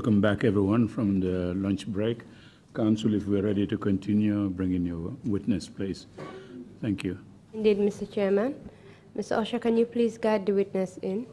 Welcome back, everyone, from the lunch break. Council, if we're ready to continue, bring in your witness, please. Thank you. Indeed, Mr. Chairman. Mr. Osha, can you please guide the witness in?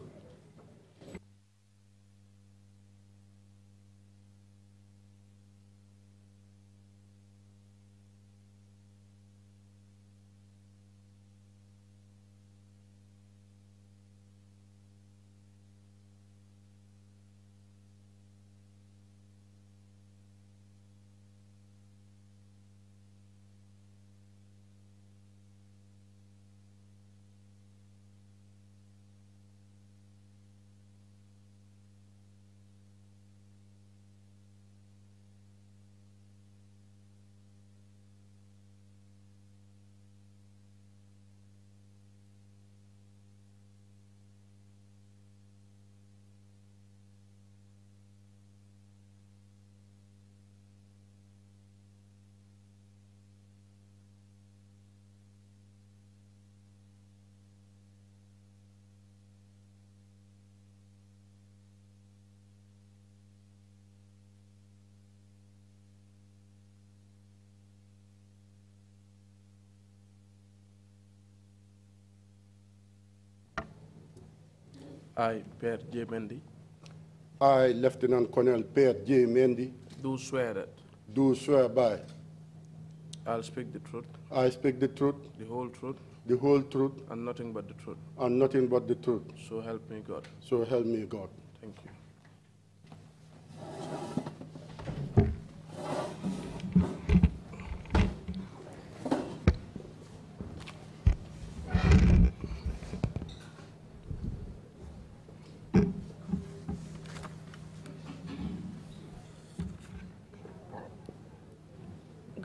I, Pierre J. Mendy, I, Lieutenant Colonel Pierre J. Mendy, do swear that do swear by I'll speak the truth, I speak the truth, the whole truth, the whole truth, and nothing but the truth. and nothing but the truth. So help me God. So help me God. Thank you.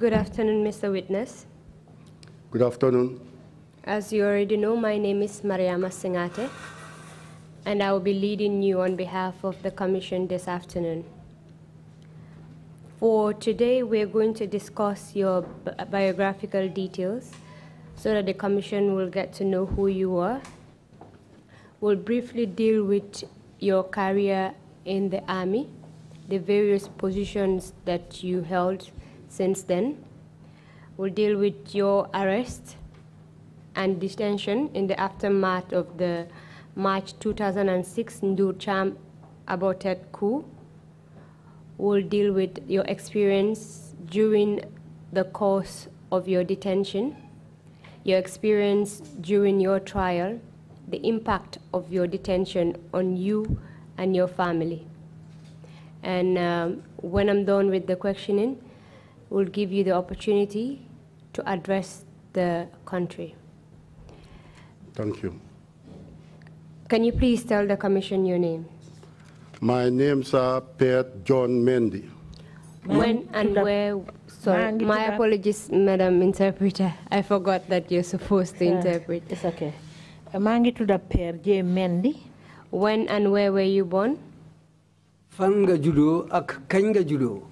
Good afternoon, Mr. Witness. Good afternoon. As you already know, my name is Mariama Singate, and I will be leading you on behalf of the Commission this afternoon. For today, we're going to discuss your bi biographical details so that the Commission will get to know who you are. We'll briefly deal with your career in the Army, the various positions that you held since then. We'll deal with your arrest and detention in the aftermath of the March 2006 Ndur aborted coup. We'll deal with your experience during the course of your detention, your experience during your trial, the impact of your detention on you and your family. And um, when I'm done with the questioning, will give you the opportunity to address the country. Thank you. Can you please tell the Commission your name? My name's uh, Pat John Mendy. When and where, sorry, my apologies, Madam Interpreter. I forgot that you're supposed to interpret. It's okay. Mangi to the J. Mendy. When and where were you born? Fanga judo ak kanga judo.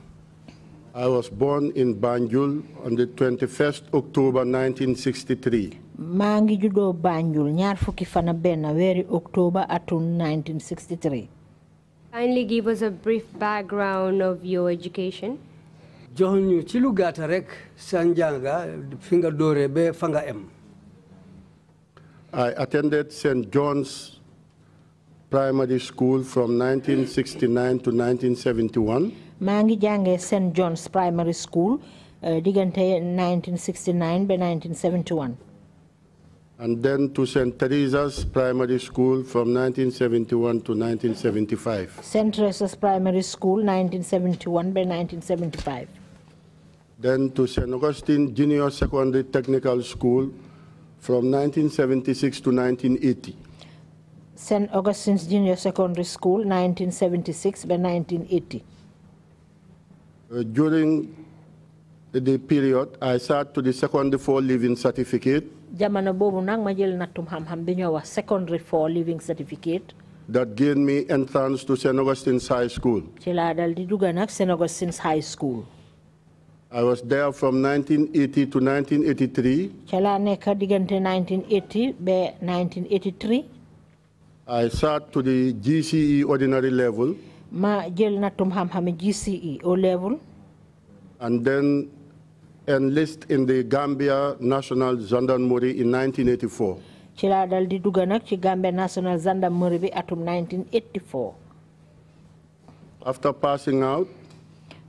I was born in Banjul on the 21st October 1963. maa ngi Banjul ñaar fukki fan ak benn weeri 1963. Kindly give us a brief background of your education. jox ñu ci lu gàtt rek sa njànga fi nga dóoree ba fa nga em. I attended St. John's Primary School from 1969 to 1971. Mangi Jange St John's Primary School eh, diggante 1969 by 1971. and then to St. Teresa's Primary School from 1971 to 1975. St. Teresa's Primary School, 1971 by 1975. Then to St. Augustine Junior Secondary Technical School from 1976 to 1980. St. Augustine's Junior Secondary School, 1976 by 1980. Uh, during the period, I sat to the secondary four living certificate. jamono boobu nag ma jël nattum xam-xam bi secondary four living certificate. that gained me entrance to St. Augustine's High School. ci laa dal di dugg nag St. Augustine's High School. I was there from 1980 to 1983. ci neka nekk 1980 ba 1983. I sat to the GCE ordinary level ma jël nattum xam-xami GCE O level. and then enlist in the Gambia National Gendarmerie in 1984. ci laa dal di dugg nag ci Gambia National Gendarmerie bi atum 1984. after passing out.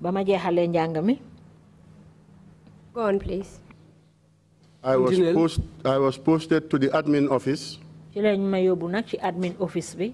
Bama ma jeexalee njàng mi. go on please. I was, post, I was posted to the admin office. ci lañ ma yóbbu nag ci admin office bi.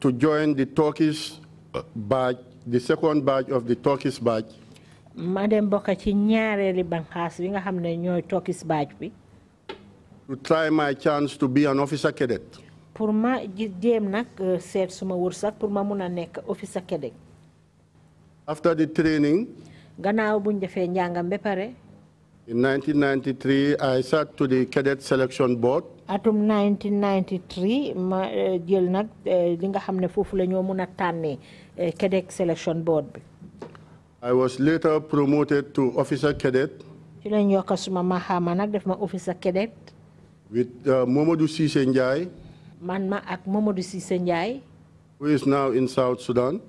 to join the Turkish uh, badge, the second badge of the Turkish badge. Madam, dem bokk ci ñaareeli banqaas bi Turkish badge to try my chance to be an officer cadet. pour ma jéem nag euh, seet suma wërsëg pour ma mun officer cadet. after the training. gannaaw buñ defee njàngam ba pare. In 1993, I sat to the cadet selection board. atum 1993 eh, jël nag eh, eh, cadet selection board I was later promoted to officer cadet. officer cadet. with uh, Momadou Cissé Ndiaye. man ma ak Ndiaye. who is now in South Sudan.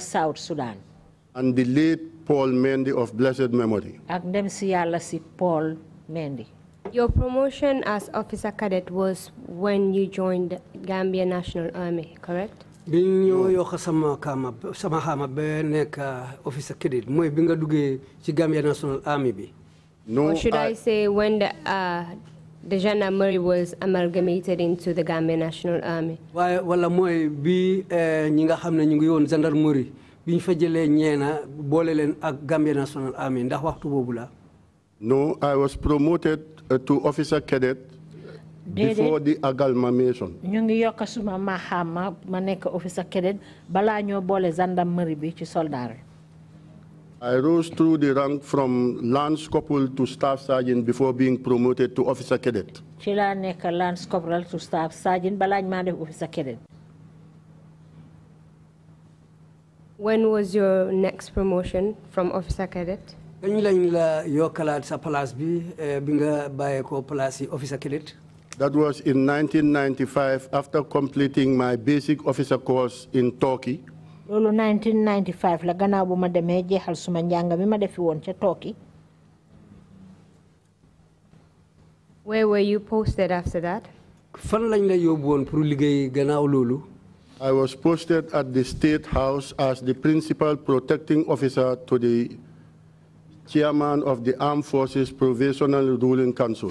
South Sudan. and the late Paul Mendy of blessed memory. Ak dem ci Yalla ci Paul Mendy. Your promotion as officer cadet was when you joined Gambia National Army, correct? Bin ñoo yo sama kama sama xama ba nekk uh, officer cadet Moy bi nga duggee ci Gambia National Army bi. no or should I, I say when the uh, the gendarmerie was amalgamated into the Gambia National Army. waaye wala moy bi uh, ñi nga xam ne ñu ngi woon gendarmerie bi fa jëlee ñeena boole leen ak Gambia National Army ndax waxtu boobu la. no I was promoted uh, to officer cadet. before the amalgamation. ñu ngi yokk suma maxaama ma nekk officer cadet balaa ñoo boole gendarmerie bi ci soldat I rose through the rank from lance corporal to staff sergeant before being promoted to officer cadet. ci laa nekk lance corporal to staff sergeant balaa ñu maa def officer cadet. When was your next promotion from officer cadet? dañ lañ la yokkalaat sa place bi eh, bi nga bàyyee ko place officer cadet. That was in 1995 after completing my basic officer course in Turkey. loolu 1995 la gannaaw bu ma demee jeexal suma njàng mi ma defi woon ca Turkey. Where were you posted after that? fan lañ la yóbbu woon pour liggéey gannaaw loolu. I was posted at the State House as the principal protecting officer to the chairman of the Armed Forces Provisional Ruling Council.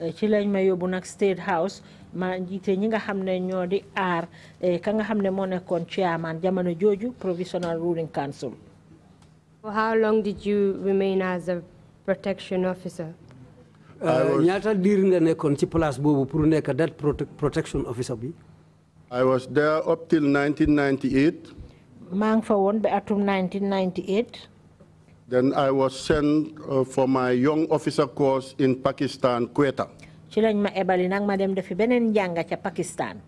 Eh, ci lañ ma yóbbu nag State House ma jite ñi nga xam ne ñoo di aar eh, ka nga xam ne moo chairman jamono jooju Provisional Ruling Council. For how long did you remain as a protection officer? Eh, ñaata diir nga nekkoon ci place boobu pour nekk that protection officer bi. I was there up till 1998. maa 1998. Then I was sent uh, for my young officer course in Pakistan, Quetta. ma Pakistan.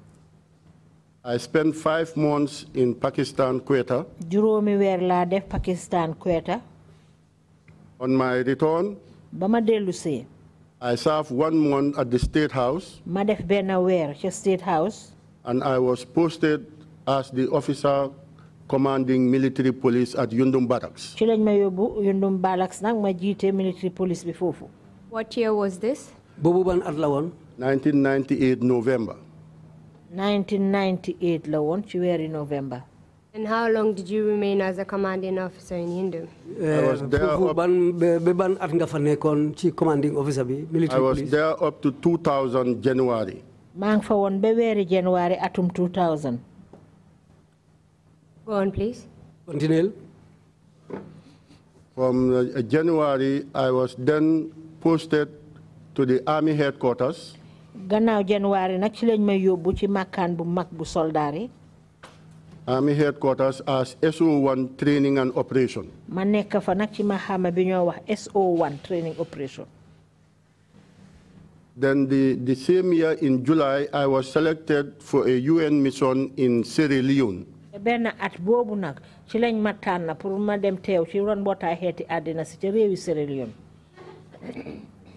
I spent five months in Pakistan, Quetta. Pakistan, Quetta. On my return. Bama I served one month at the State House. ma def benn weer State House and I was posted as the officer commanding military police at Yundum Barracks. Ci lañ ma Yundum Barracks nak ma jité military police bi What year was this? Bobu ban at 1998 November. 1998 la won ci wéru November. And how long did you remain as a commanding officer in Yundum? Eh, I was there police. I was there up to 2000 January maa ngi fa woon ba weeri January atum 2000. Go on, please. Continue. From uh, January, I was then posted to the army headquarters. Ganaw January nag ci lañ may yóbbu ci màkkaan bu mag bu soldaar Army headquarters as SO1 training and operation. Ma nekk fa nag ci maxaama bi ñoo wax SO1 training operation. Then the, the same year in July, I was selected for a UN mission in Sierra Leone. at dem Sierra Leone.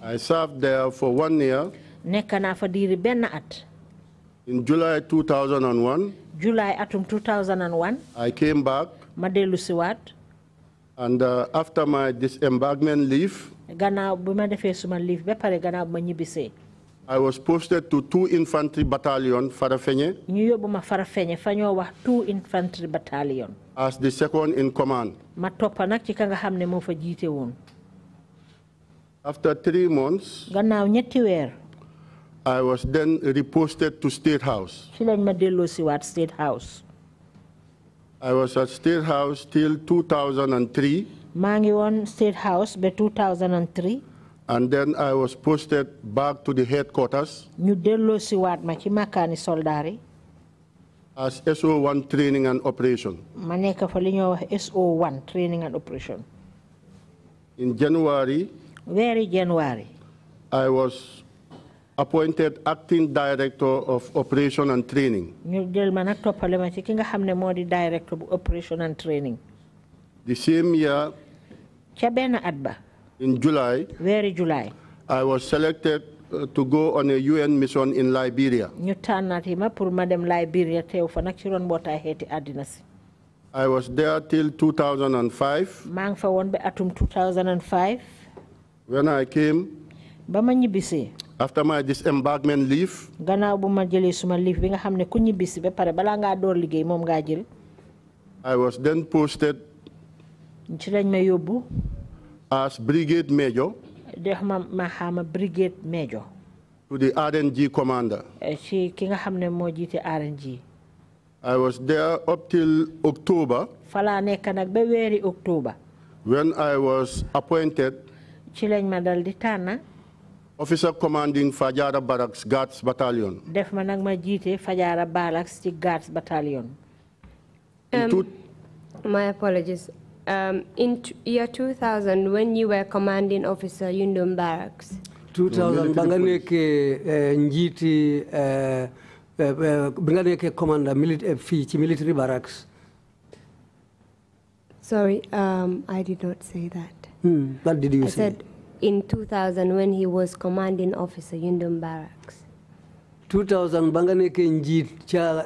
I served there for one year. at. in July 2001. July atum 2001. I came back. and uh, after my disembarkment leave gannaaw ma defee suma ba pare gannaaw ma ñibbisee. I was posted to two infantry battalion Farafenye. Ñu yóbbu ma Farafenye fa ñoo wax two infantry battalion. As the second in command. Ma toppa nag ci ka nga xam ne moo fa jiite woon. After three months. Gannaaw ñetti weer. I was then reposted to State House. Ci lañ ma delloo si waat State House. I was at State House till 2003. Mangiwon State House by 2003. And then I was posted back to the headquarters. Ñu delloo si waat ma ci As SO1 training and operation. Ma nekk fa li ñoo wax SO1 training and operation. In January. Very January. I was appointed acting director of operation and training. Ñu del ma nag toppale ma ci ki nga di director bu operation and training. The same year in July. very July. I was selected uh, to go on a UN mission in Liberia. Liberia I was there till 2005. maa ngi fa woon atum 2005. when I came. bama ma after my disembarkment leave. gannaaw bu ma jëlee suma leave bi nga xam ne ku ñibbisi ba pare balaa ngaa door liggéey moom ngaa jël. I was then posted ci lañ yóbbu. as brigade major. dex ma ma xaama brigade major. to the RNG commander. Eh, ci ki nga xam ne moo jiite RNG. I was there up till October. falaa nekk nag ba weeri when I was appointed. ci lañ ma dal di tànn. officer commanding Fajara Barracks Guards Battalion. def ma nag ma jiite Fajara Barracks ci Guards Battalion. Um, my apologies um, in year 2000 when you were commanding officer Yundum Barracks? 2000 eh, njiti eh, eh, banganeke commander military military barracks. Sorry, um, I did not say that. Hmm. What did you I say? Said in 2000 when he was commanding officer Yundum Barracks. 2000 banganeke njit cha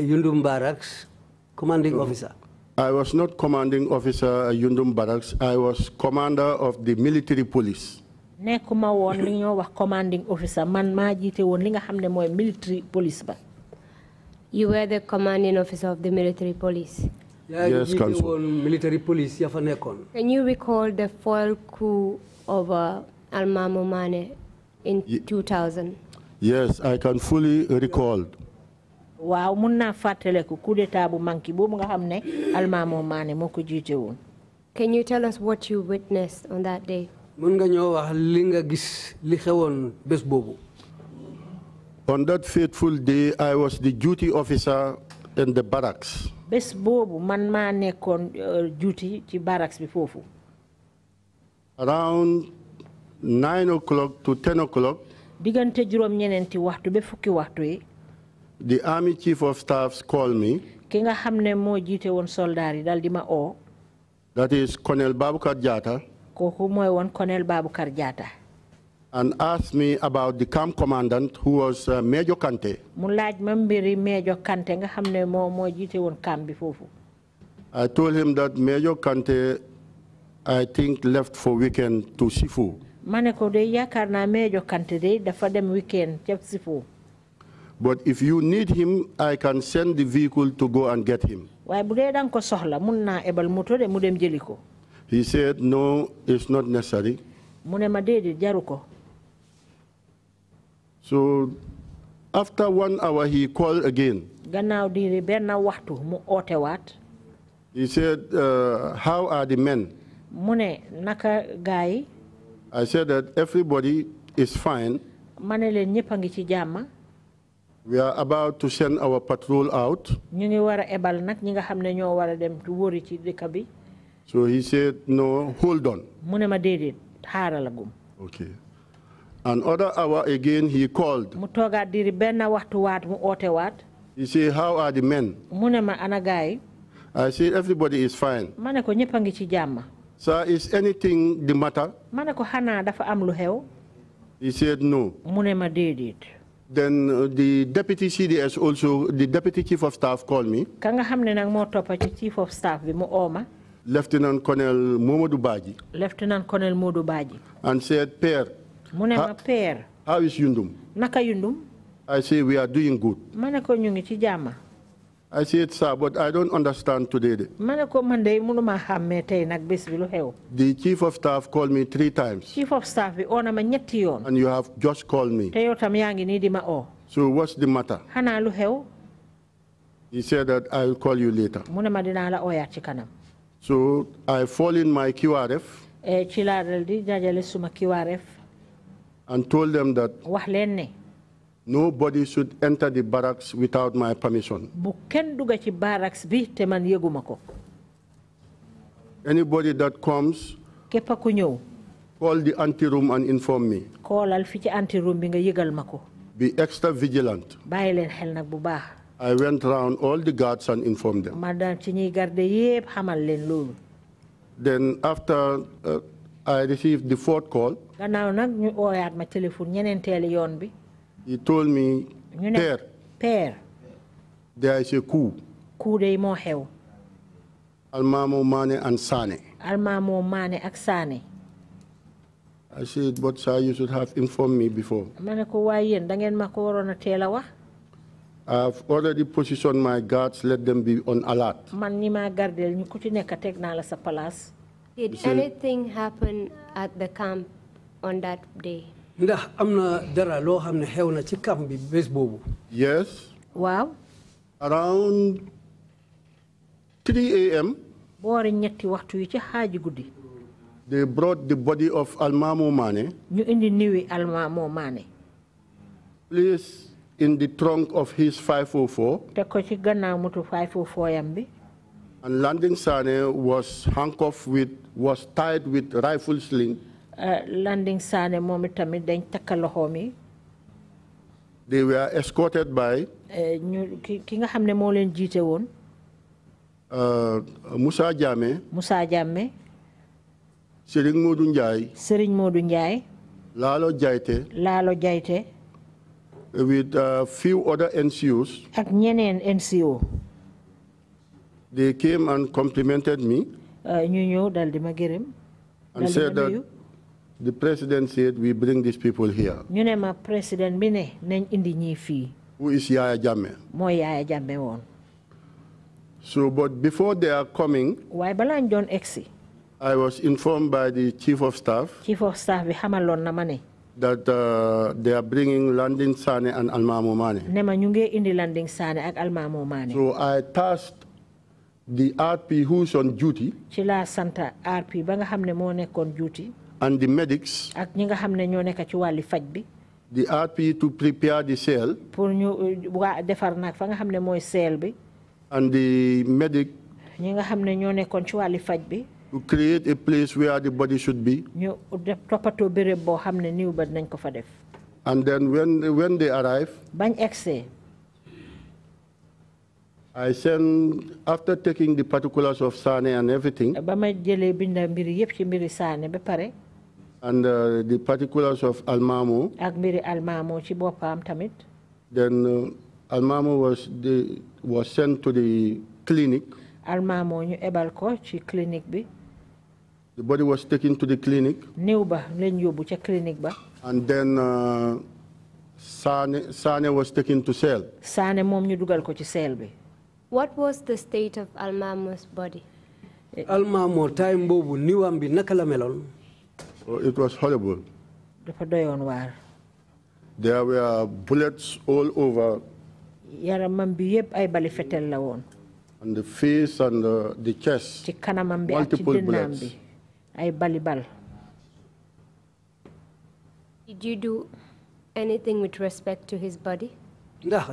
Yundum Barracks commanding mm -hmm. officer. I was not commanding officer at uh, Yundum Barracks. I was commander of the military police. nekkuma woon li ñoo wax commanding officer man maa jiite woon li nga xam military police ba. you were the commanding officer of the military police. yes council military police yafanekon. can you recall the foil coup of uh, Al Mane in 2000. yes I can fully recall waaw mun naa fàttaleku coup d'état bu manqué boobu nga xam ne Almaamoo Maane moo ko jiite woon. Can you tell us what you witnessed on that day? mën nga ñoo wax li nga gis li xewoon bés boobu. On that fateful day, I was the duty officer in the barracks. bés boobu man maa nekkoon euh, duty ci barracks bi foofu. Around nine o'clock to ten o'clock. diggante juróom-ñeneenti waxtu ba fukki waxtu yi the army chief of staffs called me. that is Colonel Babukar Jatta. Colonel Babukar Jatta. and asked me about the camp commandant who was uh, Major Kante. Major Kante I told him that Major Kante I think left for weekend to Sifu. ma de yaakaar Major Kante de dafa dem weekend ca Sifu. But if you need him, I can send the vehicle to go and get him. He said, no, it's not necessary. So after one hour, he called again. He said, uh, how are the men? I said that everybody is fine. We are about to send our patrol out. So he said, no, hold on. Okay. Another hour again he called. He said, how are the men? I said, everybody is fine. Sir, is anything the matter? He said, no. Then uh, the deputy CDS also, the deputy chief of staff called me. Kanga hamne nang mo topa chief of staff mo oma. Lieutenant Colonel Momodou Baji. Lieutenant Colonel Momodou Baji. And said, Père. Munema pair. How is Yundum? Naka Yundum? I say we are doing good. Manako nyungi chijama. I see it, sir, but I don't understand today. The chief of staff called me three times. Chief of staff bi ona ma ñetti And you have just called me. Te yow tam yaa di ma oo. So what's the matter? Xanaa lu He said that I'll call you later. Mu madina ma dinaa la So I fall in my QRF. Eh, ci laa dal di dajale suma QRF. And told them that. Wax Nobody should enter the barracks without my permission. Bu kenn dugga ci barracks bi te man yëguma Anybody that comes. Képp ku ñëw. Call the ante room and inform me. Koolal fi ci ante room bi nga yëgal ma Be extra vigilant. Bàyyi leen xel nag bu baax. I went round all the guards and informed them. Madam daan ci ñuy garde yépp xamal leen loolu. Then after uh, I received the fourth call. Gannaaw nag ñu ooyaat ma téléphone ñeneen teeli yoon bi. He told me, père, père there is a coup. coup day moo xew. Almamo Mane and Sane. Almamo Mane ak I said, but sir, you should have informed me before. ma ne ko waaye yéen da ngeen ma ko waroon I've already positioned my guards, let them be on alert. man ñi maa gardeel ñu ku la sa place. Did anything happen at the camp on that day? ndax am na dara loo xam ne xew na ci camp bi bés boobu. yes. waaw. around 3 a.m. boori ñetti waxtu yi ci xaaji guddi. they brought the body of Almamo Mane. ñu indi niwi Almamo Mane. placed in the trunk of his 504. teg ko ci gannaaw moto 504 yam bi. and Landing Sane was handcuffed with was tied with rifle sling. Uh, Landing Sane moom itamit dañ takka loxoom they were escorted by. Uh, ñu ki nga xam ne moo leen jiite woon. Uh, Moussa Jammeh. Moussa Jammeh. Serigne Modou Ndiaye. Serigne Modou Ndiaye. Lalo Jaite. Lalo Jaite. with a few other NCOs. ak ñeneen NCO. they came and complimented me. ñu ñëw dal di ma gërëm. and said that. The president said we bring these people here. ñu ma président bi neng indi ñii Who is Yaya Jame? Mo Yaya Jame woon. So, but before they are coming, waaye balaa john exi. I was informed by the chief of staff. Chief of staff we xamaloon na ma that uh, they are bringing Landing Sane and Almamo Mane. Nema nyunge indi Landing Sane ak Almamo Mane. So I tasked the RP who's on duty. Chila santa RP banga hamne xamne kon duty and the medics ak ñi nga xam ñoo nekk ci wàlli faj bi the RP to prepare the cell pour ñu euh, defar nag fa nga xam ne mooy bi and the medic ñi nga xam ñoo nekkoon ci wàlli faj bi to create a place where the body should be ñu toppatoo béréb boo xam ne niw ba nañ ko fa def and then when when they arrive bañ egsee I send, after taking the particulars of Sane and everything, and uh, the particulars of Almamo. Ak Almamo ci boppam tamit. Then uh, Almamo was the was sent to the clinic. Almamo ñu ebal ko ci clinic bi. The body was taken to the clinic. Néew ba lañ yóbbu ca clinic ba. And then uh, Sane was taken to cell. Sane mom ñu dugal ko ci cell bi. What was the state of Almamo's body? Almamo time boobu niwam bi naka la meloon. Oh, it was horrible. there were bullets all over yaramam ay on the face and the, the chest. multiple bullets. ay Did you do anything with respect to his body? def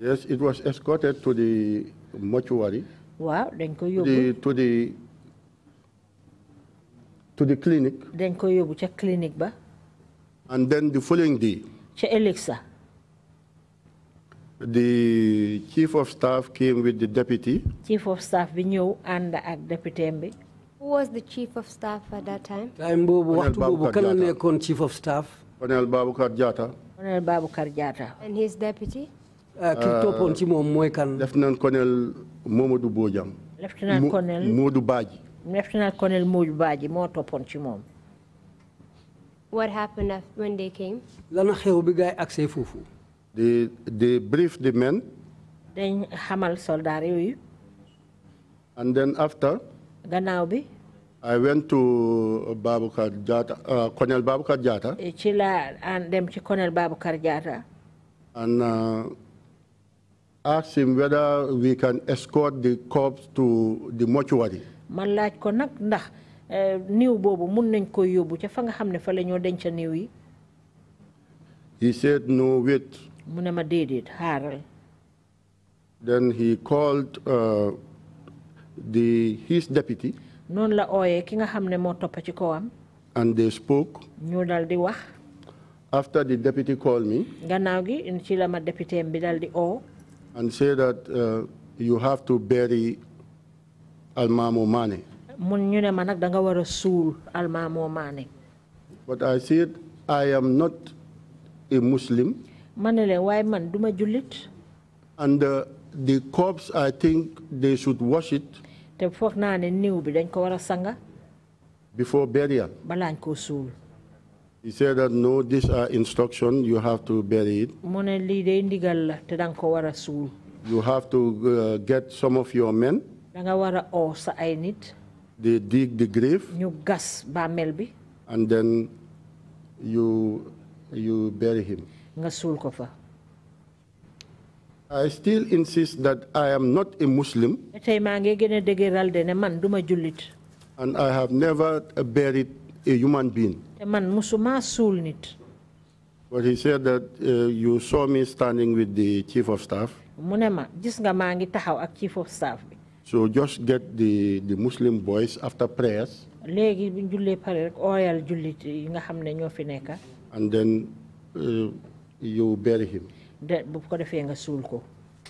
Yes, it was escorted to the mortuary. Wow, dañ to the to the clinic. dañ ko yóbbu ca clinic ba. and then the following day. ca Alexa. the chief of staff came with the deputy. Chief of staff bi ñëw ànd ak député bi. Who was the chief of staff at that time? Time boobu waxtu boobu kan la nekkoon chief of staff. Colonel Baboucar Diatta. Colonel Baboucar Diatta. And his deputy? Ah, ki uh, toppoon ci moom mooy kan. Lieutenant Colonel Mamadou Bojang. Lieutenant Colonel Modou Badji. National Colonel Mouj Badji moo toppoon ci What happened when they came? lana xew bi gaay ak see foofu. they they briefed the men. Then Hamal soldaar yooyu. and then after. gannaaw I went to Babukar Jata, uh, Colonel Babukar Jata. Eh, ci and ah, them ci Colonel Babukar Jata. and. Uh, asked him whether we can escort the corpse to the mortuary. ma laaj ko nag ndax eh, néew boobu mun nañ koy yóbbu ca fa nga xam fa la denc néew yi. he said no wait. mu ne ma déedéet xaaral. then he called uh, the his deputy. Non la oye ki nga xam ne moo topp ci kawam. and they spoke. ñu dal di wax. after the deputy called me. gannaaw gi ci la ma député bi dal di o and say that uh, you have to bury Almamo Mane. mun but I said I am not a Muslim. ma ne leen duma and uh, the cops, I think they should wash it. te before burial. balaañ koo he said that no, these are uh, instruction. You have to bury it. ko You have to uh, get some of your men. sa They dig the grave. gas And then you you bury him. ko fa. I still insist that I am not a Muslim. And I have never buried a human being man musuma suul nit. But he said that uh, you saw me standing with the chief of staff. mu ne ma gis nga maa ngi taxaw ak chief of staff bi. So just get the the Muslim boys after prayers. léegi bu jullee pare rek ooyal jullit yi nga xam ne fi nekk. and then uh, you bury him. That bu ko defee nga suul ko.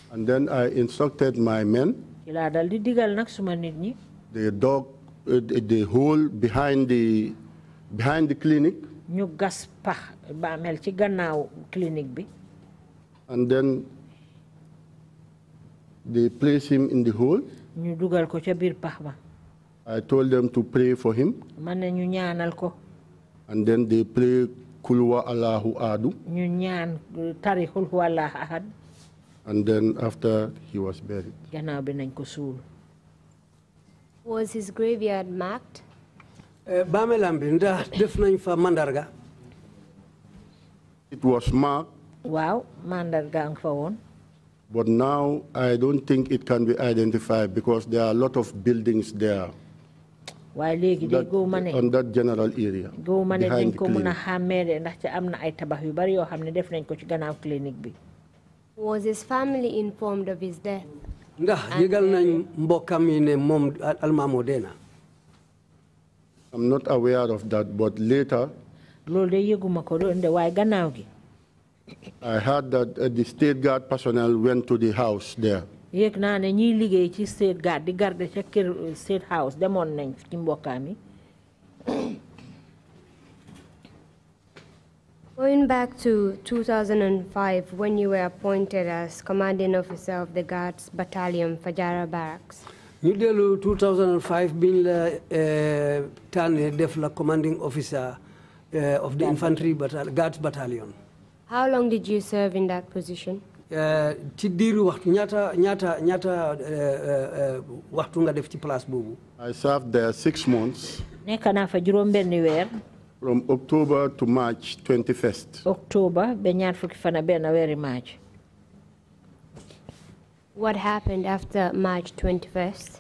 and then I instructed my men. ci laa dal di digal nag suma nit ñi. The dog, uh, the hole behind the behind the clinic. ñu gas pax bàmmeel ci gannaaw clinique bi. and then they place him in the hole. ñu dugal ko ca biir pax ba. I told them to pray for him. man na ñu ñaanal ko. and then they pray kulwa allahu adu. ñu ñaan tari kulwa allah ahad. and then after he was buried. gannaaw bi nañ ko suul. was his graveyard marked. Eh, it was marked. waaw mandarga nga fa But now I don't think it can be identified because there are a lot of buildings there. on that general area. ko ndax ci ay tabax yu bari def nañ ko ci bi. Was his family informed of his death? ndax yëgal nañ mbokkam yi ne moom almaamoo dee I'm not aware of that, but later. I heard that uh, the state guard personnel went to the house there. liggéey ci state guard di garde ca kër uh, state house demoon nañ ci mbokkaam yi. Going back to 2005 when you were appointed as commanding officer of the guards battalion Fajara Barracks ñu dellu 2005 biñ la eh, tànnee def la commanding officer eh, of the infantry battalion guards battalion. How long did you serve in that position? Eh, ci diiru waxtu ñaata ñaata ñaata waxtu nga def ci place boobu. I served there six months. nekk naa fa juróom benn weer. from October to March 21st. October ba ñaar fukki fan benn weeri what happened after March 21st?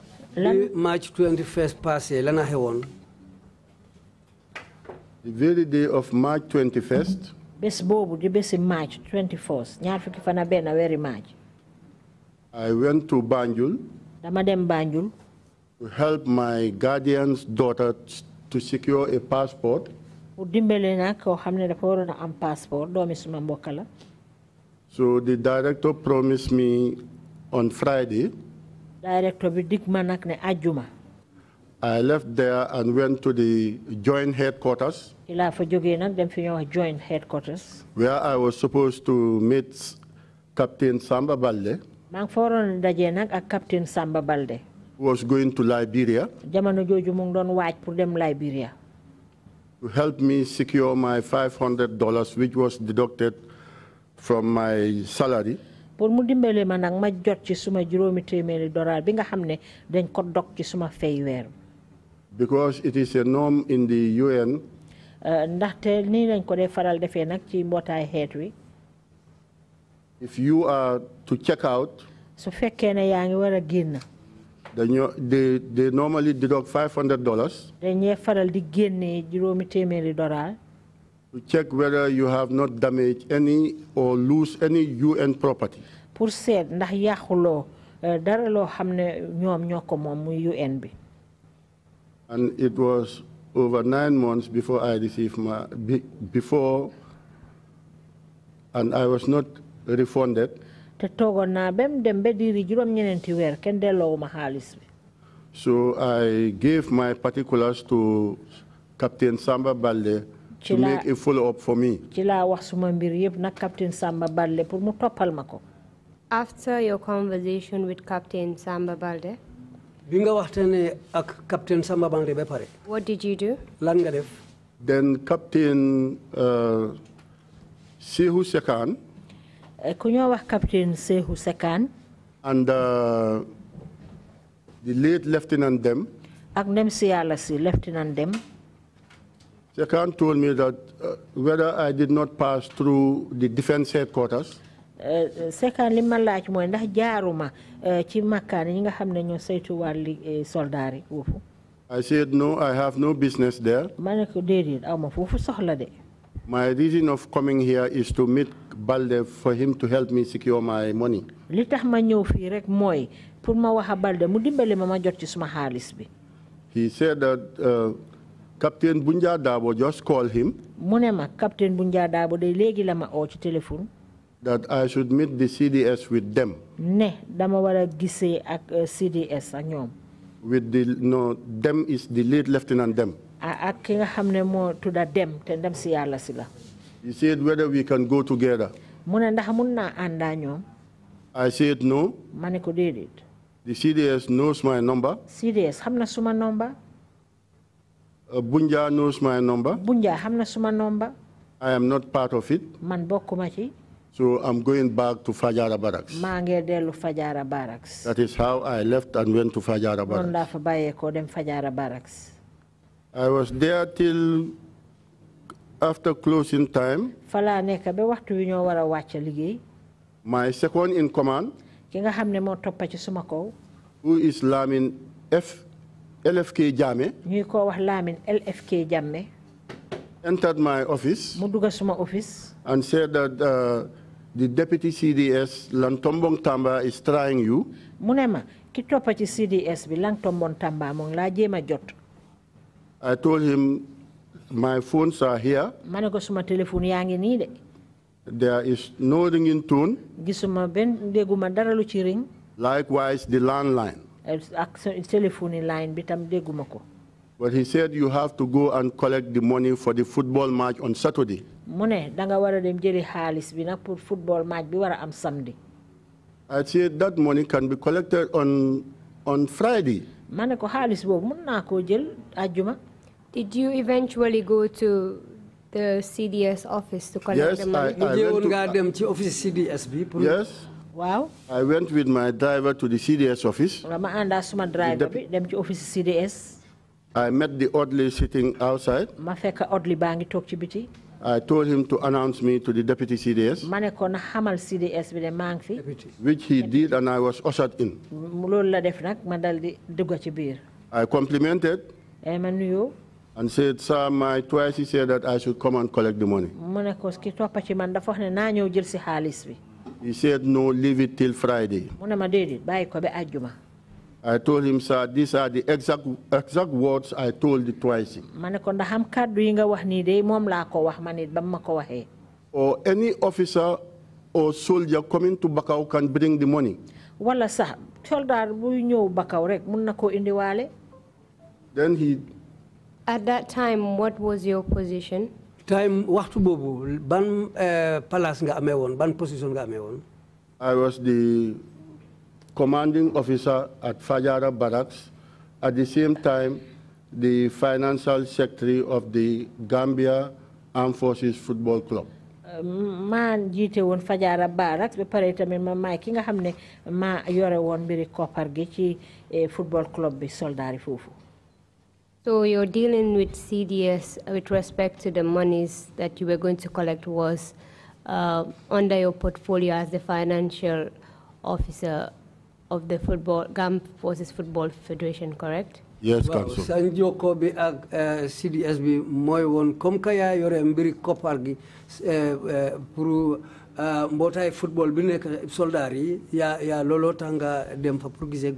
March 21st passed. Eh, la na the very day of March 21st. bés boobu di bési March 21st ñaar fukki fan ak benn I went to Banjul. dama dem Banjul. to help my guardian's daughter to secure a passport. pour dimbali nag koo am passeport doomi suma mbokk so the director promised me on Friday. Director bi dig ma I left there and went to the joint headquarters. ci laa fa jógee nag dem fi ñuy joint headquarters. where I was supposed to meet Captain Samba Balde. maa ngi fa waroon dajee nag ak Captain Samba Balde. was going to Liberia. jamono jooju mu ngi doon waaj pour dem Liberia. to help me secure my $500 which was deducted from my salary pour mu dimbale ma jot ci suma dollar bi nga dañ ko ci suma fay because it is a norm in the UN. Euh, ndaxte nii lañ ko dee faral defee nag ci mbootaay xeet wi. if you are to check out. su fekkee ne yaa ngi a génn. they they normally deduct five hundred dollars. dañuy faral di génne juróomi téeméeri dollar to check whether you have not damaged any or lose any UN property. Pour seet ndax yaxulo eh, dara lo xamne ñom ñoko mom UN bi. And it was over 9 months before I received my before and I was not refunded. Te togon na bem dem be diri juroom ñenenti wër ken delowuma xaliss bi. So I gave my particulars to Captain Samba Balde to make a follow up for me. ci laa wax captain Samba Balde pour mu toppal ma after your conversation with captain Samba Balde. bi nga ak captain Samba Balde ba pare. what did you do. lan nga def. then captain uh, Sehu Sekan. Eh, ku ñoo wax captain Sehu Sekan. and uh, the late lieutenant Dem. ak ndem si si lieutenant Dem. The account told me that uh, whether I did not pass through the defense headquarters. Uh, uh, second, li ma laaj mooy ndax jaaruma uh, ci makkaan yi nga xam ne ñoo saytu wàlli soldaar yi foofu. I said no, I have no business there. ma ne ko déedéet aw ma foofu soxla de. My reason of coming here is to meet Balde for him to help me secure my money. li tax ma ñëw fii rek mooy pour ma wax a Balde mu dimbale ma ma jot ci suma xaalis bi. He said that. Captain Bunja Dabo just called him. Munema Captain Bunja Dabo de legi lama o ci telephone. That I should meet the CDS with them. Ne dama wara gisee ak euh, CDS ak With the no them is the lead lieutenant them. A ak ki nga xam ne moo tudda dem te dem si yàlla si He said whether we can go together. Mu ne ndax mun naa I said no. Ma ne The CDS knows my number. CDS xam suma number. Uh, Bunja knows my number. Bunja hamna suma number. I am not part of it. Man bokkuma ci. So I'm going back to Fajara Barracks. Maa ngi dellu Fajara Barracks. That is how I left and went to Fajara Barracks. Noonu laa fa bàyyeekoo dem Fajara Barracks. I was there till after closing time. Fala nekk ba waxtu wi ñoo war wàcc liggéey. My second in command. Ki nga xam ne moo ci suma kaw. Who is Lamin F. LFK Jame. ñuy ko wax Lamine LFK entered my office. mu dugg suma office. and said that uh, the deputy CDS Lantombong Tamba is trying you. ki ci CDS bi Lantombong Tamba jot. I told him my phones are here. ma suma téléphone yaa ngi de. there is no ringing tone. gisuma ben dégguma dara lu ci ring. likewise the landline téléphone line bi tam But he said you have to go and collect the money for the football match on Saturday. mu ne da dem jëli xaalis bi nag pour football match bi war am samedi. I said that money can be collected on on Friday. ma ne ko xaalis boobu mun naa koo jël àjjuma. Did you eventually go to the CDS office to collect yes, the money? Yes, I, I went to. dem ci office CDS bi. Yes. I went with my driver to the CDS office. suma driver bi dem ci office CDS. I met the orderly sitting outside. ma fekk ci biti. I told him to announce me to the deputy CDS. ko na xamal CDS bi de fi. which he did and I was ushered in. loolu la def nag ma ci biir. I complimented. Eh, ma and said, Sir, my twice he said that I should come and collect the money. He said, no, leave it till Friday. I told him, sir, these are the exact, exact words I told it twice. Or any officer or soldier coming to Bakau can bring the money. Then he. At that time, what was your position? time waxtu boobu ban eh, palace nga amee woon ban position nga amee woon. I was the commanding officer at Fajara Barracks. At the same time, the financial secretary of the Gambia Armed Forces Football Club. Eh, maa jiite won Fajara Barracks ba pare tamit ma maay ki nga xam ne maa yore woon mbiri koppar gi ci eh, football club bi soldaari foofu. So you're dealing with CDS with respect to the monies that you were going to collect was uh, under your portfolio as the financial officer of the football GAM Forces Football Federation, correct? Yes, Council. Sanjo Kobe ak uh, uh, CDS bi mooy woon comme yore mbiri koppar gi eh, eh, pour uh, football bi nekk ya yi yaa yaa looloo tax dem fa pour gisee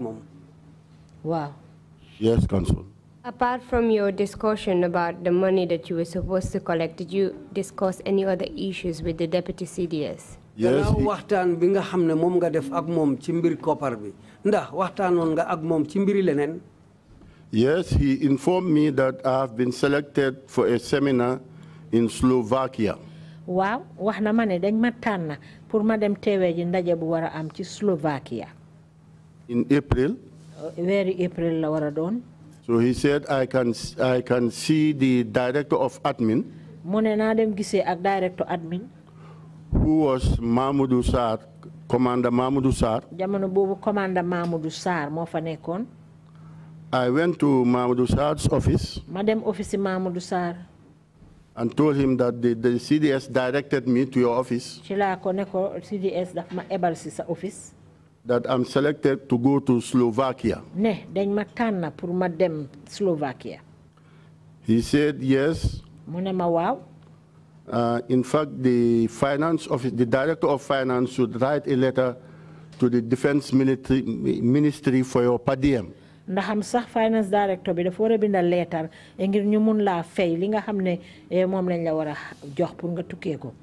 yes council. Apart from your discussion about the money that you were supposed to collect, did you discuss any other issues with the deputy CDS? Yes. def Yes, he informed me that I have been selected for a seminar in Slovakia. Wow, wax na ma ne dañ ma tànn pour ma dem teewee Slovakia. In April. Very April la war a so he said, I can, I can see the director of admin. Who was Mamoudou Sar, Commander Mamoudou Sar. Commander Mamoudou Sar mo fa nekkon. I went to Mamoudou Sar's office. Madame, office Mamoudou Sar. And told him that the, the CDS directed me to your office. Ci la ko ne CDS daf ma ebal ci sa office that I'm selected to go to Slovakia. Ne, dañ makana tànn pour ma Slovakia. He said yes. Mu ne Uh, in fact, the finance office, the director of finance should write a letter to the defense ministry, ministry for your per diem. ndax finance director bi dafa war a letter leetar ngir ñu mun laa fay li nga xam ne eh, lañ la war a jox pour nga tukkee ko.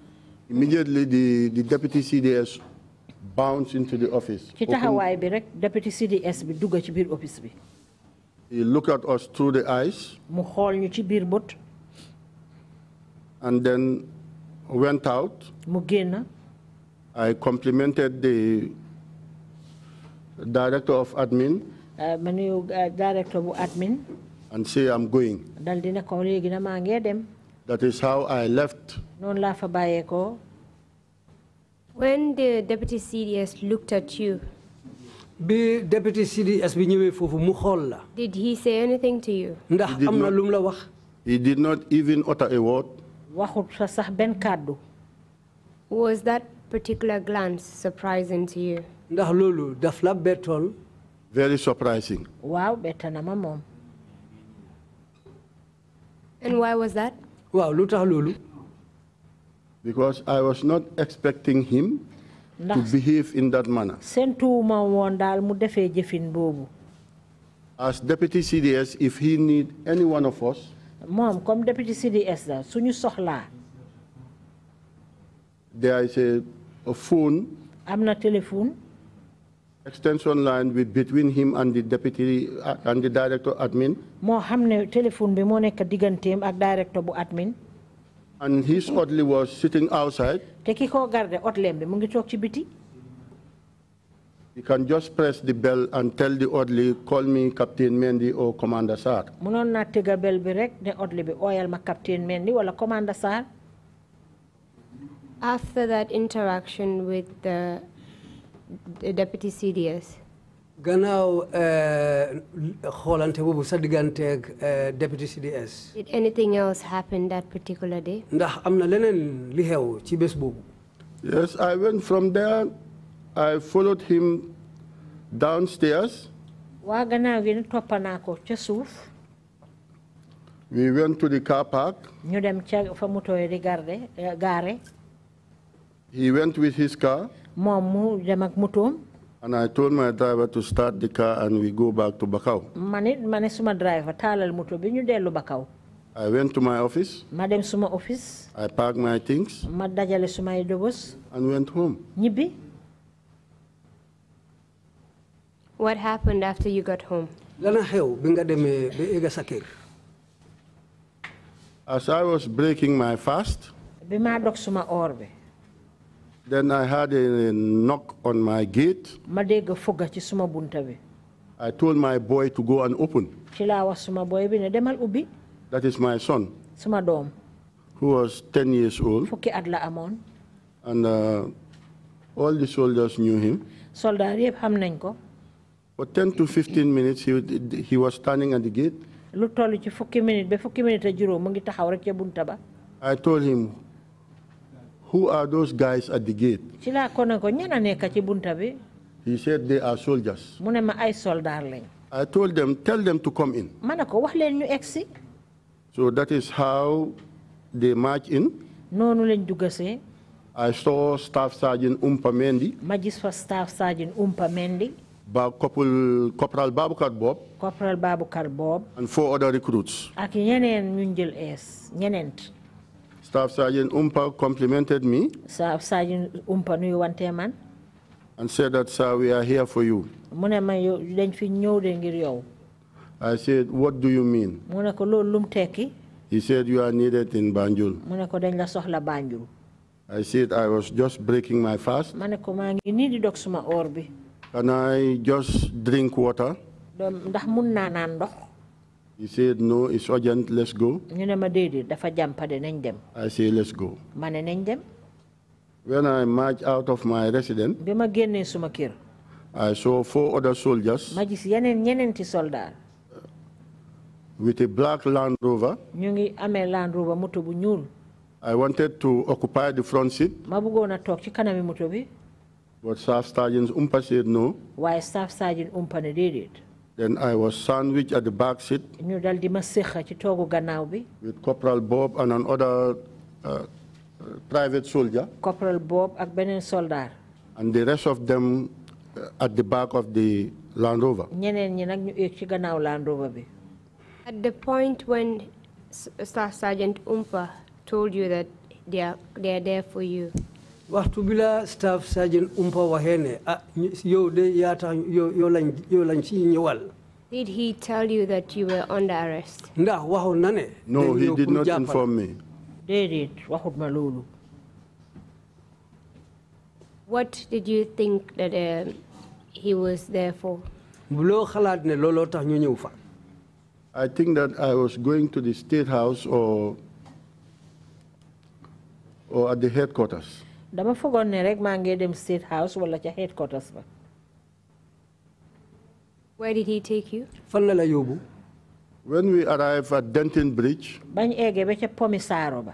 immediately the the deputy CDS bounce into the office. ci deputy CDS office he looked at us through the eyes. and then went out. I complimented the director of admin. Eh, eh, admin. and say I'm going. that is how I left. fa when the deputy CDS looked at you, bi deputy CDS bi ñëwee foofu mu xool la. did he say anything to you. ndax am na lu mu la wax. he did not even utter a word. waxut fa sax benn kàddu. was that particular glance surprising to you. ndax loolu daf la bettoon. very surprising. waaw bett na ma moom. and why was that. waaw lu tax loolu. Because I was not expecting him to behave in that manner. As Deputy CDS, if he need any one of us, Mom, come Deputy CDS, la, suñu soxla. There is a, a phone. Amna telephone. Extension line with, between him and the deputy uh, and the director admin. Mo xamne telephone bi mo nek digantem ak director bu admin. And his orderly was sitting outside. te ki ko garde otleem bi mu ngi toog ci biti. You can just press the bell and tell the orderly, call me Captain Mendy or Commander Sar. munoon naa tëgga bell bi rek ne orderly bi ooyal ma Captain Mendy wala Commander Sar. After that interaction with the, the deputy CDS. Gannaaw eh, xoolante boobu sa digganteeg eh, deputy CDS. Did anything else happen that particular day? ndax am na leneen li xew ci Yes, I went from there. I followed him downstairs. waa gannaaw gi topp naa We went to the car park. ñu dem chag fa moto yi di eh, He went with his car. moom mu dem and I told my driver to start the car and we go back to Bakau. Manit mané suma driver talal moto bi ñu delu Bakau. I went to my office. Madam suma office. I packed my things. Ma dajale suma dogos. And went home. Ñibi. What happened after you got home? Lana xew bi nga démé ba éga sa As I was breaking my fast. Bi ma suma orbe. Then I had a knock on my gate. I told my boy to go and open. That is my son. Who was 10 years old. And uh, all the soldiers knew him. For 10 to 15 minutes, he, he was standing at the gate. I told him, who are those guys at the gate? He said they are soldiers. mu ma ay I told them, tell them to come in. ko So that is how they march in. I saw Staff Sergeant Umpamendi. ma Staff Sergeant Umpamendi. ba couple Corporal Babukar Bob. Corporal Babukar Bob. and four other recruits. Staff Sergeant Umpa complimented me. Staff Sergeant Umpa nuyu wante man. And said that, sir, we are here for you. Mu ne ma yow dañ ñëw de ngir yow. I said, what do you mean? Mu ne ko He said, you are needed in Banjul. Mu ne ko Banjul. I said, I was just breaking my fast. Ma ne you need ngi nii orbi. Can I just drink water? Ndax mun he said, no, it's urgent, let's go. I say, let's go. When I marched out of my residence, I saw four other soldiers with a black Land Rover. I wanted to occupy the front seat. But Staff Sergeant Umpa said no. Why Staff Sergeant Umpa did it? Then I was sandwiched at the back seat. with Corporal Bob and another uh, private soldier. Corporal Bob ak beneen soldaar. and the rest of them uh, at the back of the Land Rover. At the point when Staff Sergeant Umpa told you that they are, they are there for you waxtu bi la staff sergeant Umpa waxee ah yow de yaa tax yow yow lañ yow lañ si ñëwal. Did he tell you that you were under arrest? ndax waxoon na ne. no he did not inform me. déedéet waxut ma loolu. What did you think that uh, he was there for? loo xalaat ne looloo tax ñu ñëw fa. I think that I was going to the state house or or at the headquarters dama fogoon ne rek maa ngee dem state house wala ca headquarters ba. where did he take you. fan la la when we arrived at Denton Bridge. bañ eggee ba ca Pomisaro ba.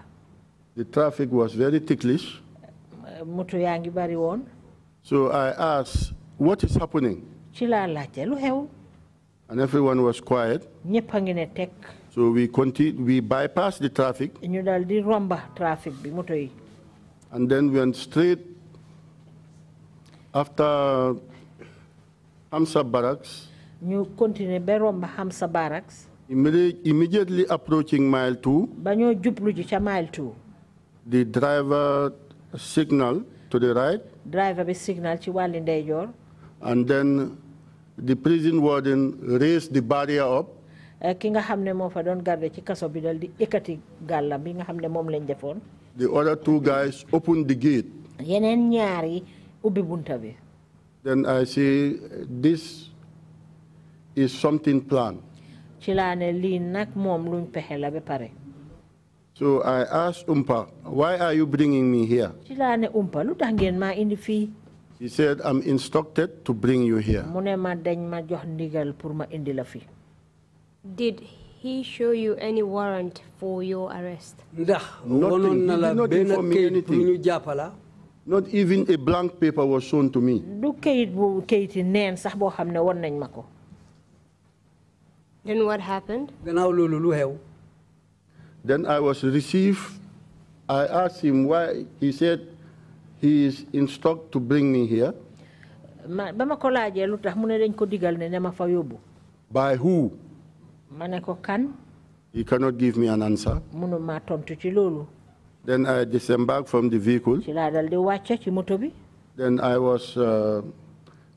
the traffic was very ticklish. moto yaa bari woon. so I asked what is happening. ci laa laajte lu xew. and everyone was quiet. ñëpp a ne teg. so we continue we bypass the traffic. ñu daal di romba trafic bi moto yi and then went straight after Hamsa Barracks. You continue ba romb Hamsa Barracks. Immediately approaching mile two. Ba ñoo jublu mile two. The driver signal to the right. Driver be signal ci wàlli ndeyjoor. And then the prison warden raised the barrier up. Eh, Kinga hamne xam ne moo fa doon garde ci kaso bi di ekkati gàllam bi nga xam ne the other two guys opened the gate. Then I see this is something planned. So I asked Umpa, why are you bringing me here? He said, I'm instructed to bring you here. Did he show you any warrant for your arrest? Nothing. He did not inform me anything. Not even a blank paper was shown to me. Then what happened? Then I was received. I asked him why. He said he is in stock to bring me here. By who? You kan. cannot give me an answer. tontu ci Then I disembarked from the vehicle. ci dal di wàcce ci moto bi. Then I was uh,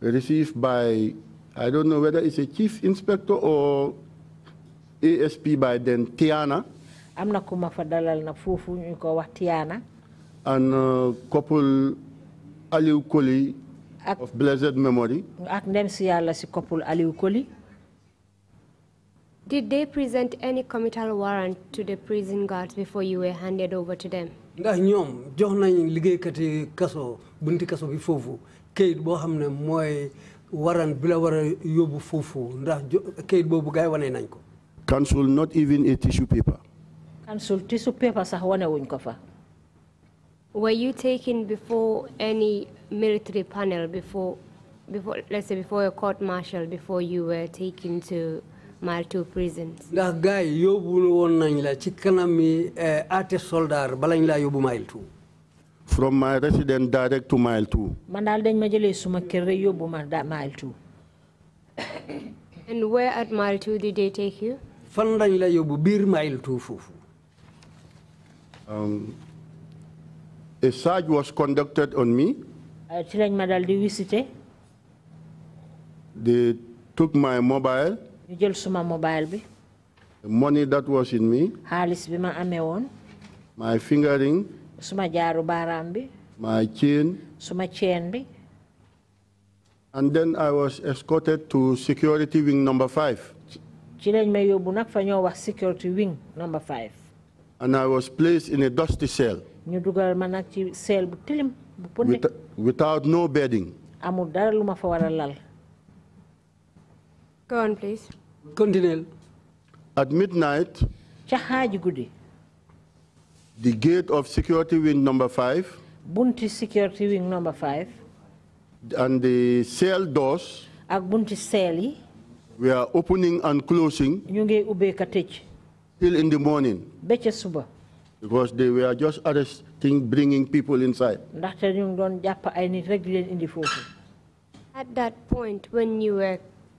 received by, I don't know whether it's a chief inspector or ASP by then, Tiana. am na fa dalal na ñu ko wax Tiana. and uh, couple Aliou Koli of blessed memory. ak ndem si yàlla si couple Aliou Koli. Did they present any committal warrant to the prison guards before you were handed over to them? ndax ñoom jox nañ liggéeykati kaso bunti kaso bi foofu kayit boo xam ne mooy waran bi la war a yóbbu foofu ndax kayit boobu gaay wane nañ ko. council not even a tissue paper. council tissue paper sax wane wuñ ko fa. were you taken before any military panel before before let's say before a court martial before you were taken to prisons. nañ la ci ate eh, balañ from my residence direct to Mile 2. man dañ ma suma kër ma da and where at Mile 2 did they take you. fan lañ la yóbbu biir Mile 2 um, a search was conducted on me. Eh, ci lañ ma di They took my mobile mobile the money that was in me. my fingering. suma my chain. suma chain and then I was escorted to security wing number five. security wing number five. and I was placed in a dusty cell. dugal ci cell bu tilim bu without no bedding. dara fa lal. Go on, please. Continue. At midnight, the gate of security wing number five, bunti security wing number five, and the cell doors, ak bunti cell yi, are opening and closing, ñu till in the morning, suba. Because they were just arresting, bringing people inside. At that point, when you were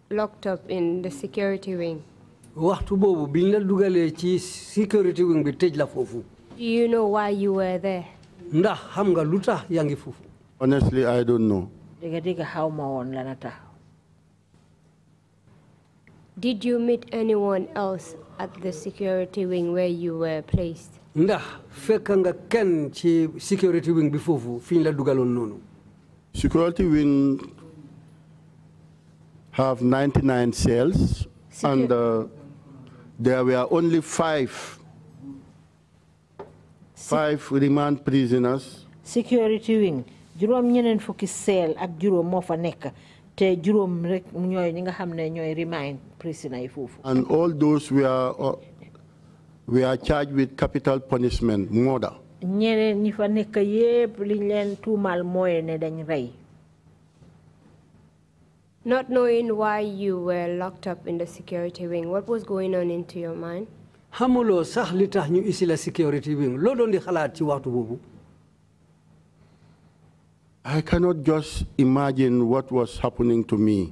locked up in the security wing. security wing do you know why you were there. ndax hamga luta lu fufu. honestly I don't know. Did you meet anyone else at the security wing where you were placed? nda fekk nga ci security wing bi foofu fiñ la dugaloon noonu. security wing have 99 cells, and uh, there were only five, five remand prisoners. Security wing, juróom ñeneen fukki cell ak juróom moo fa nekk te juróom rek ñooy ñi nga xam ne prisoner yi And all those were uh, were charged with capital punishment, murder. ñeneen ñi fa nekk yépp liñ leen tuumaal mooy ne dañ rey. Not knowing why you were locked up in the security wing, what was going on into your mind? Hamulo sax li tax ñu isi la security wing loo doon di xalaat ci waxtu boobu. I cannot just imagine what was happening to me.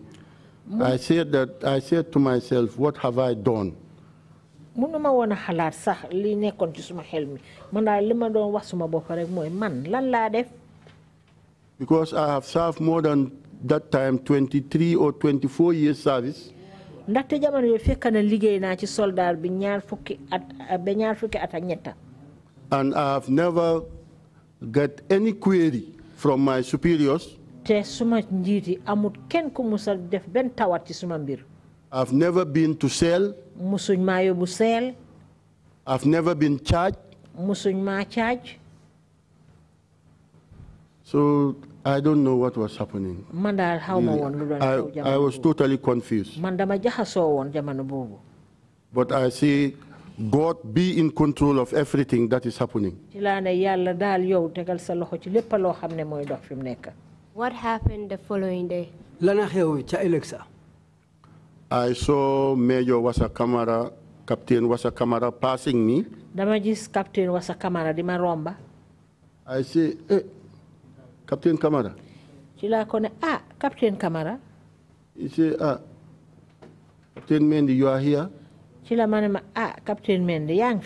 I said that I said to myself, what have I done? mënuma woon a xalaat sax li nekkoon ci suma xel mi man daal li ma doon wax suma bopp rek mooy man lan laa def. Because I have served more than that time 23 or 24 years service ndaxte jamono yo fekk na liggéey naa ci soldaar bi ñaar fukki at ba ñaar fukki at ak ñetta and I have never got any query from my superiors te suma njiit yi amut kenn ku musa def benn tawat ci suma mbir I've never been to cell musuñ maa yóbbu cell I've never been charged musuñ maa charge so I don't know what was happening. I was totally confused. but I see God be in control of everything that is happening. what happened the following day. I saw Major Wasa Captain Wasa passing me. Captain I say eh, Captain Camara. ci la ko ah Captain Camara. he say ah Captain Mendy you are here. ci la ma ah Captain Mendy yaa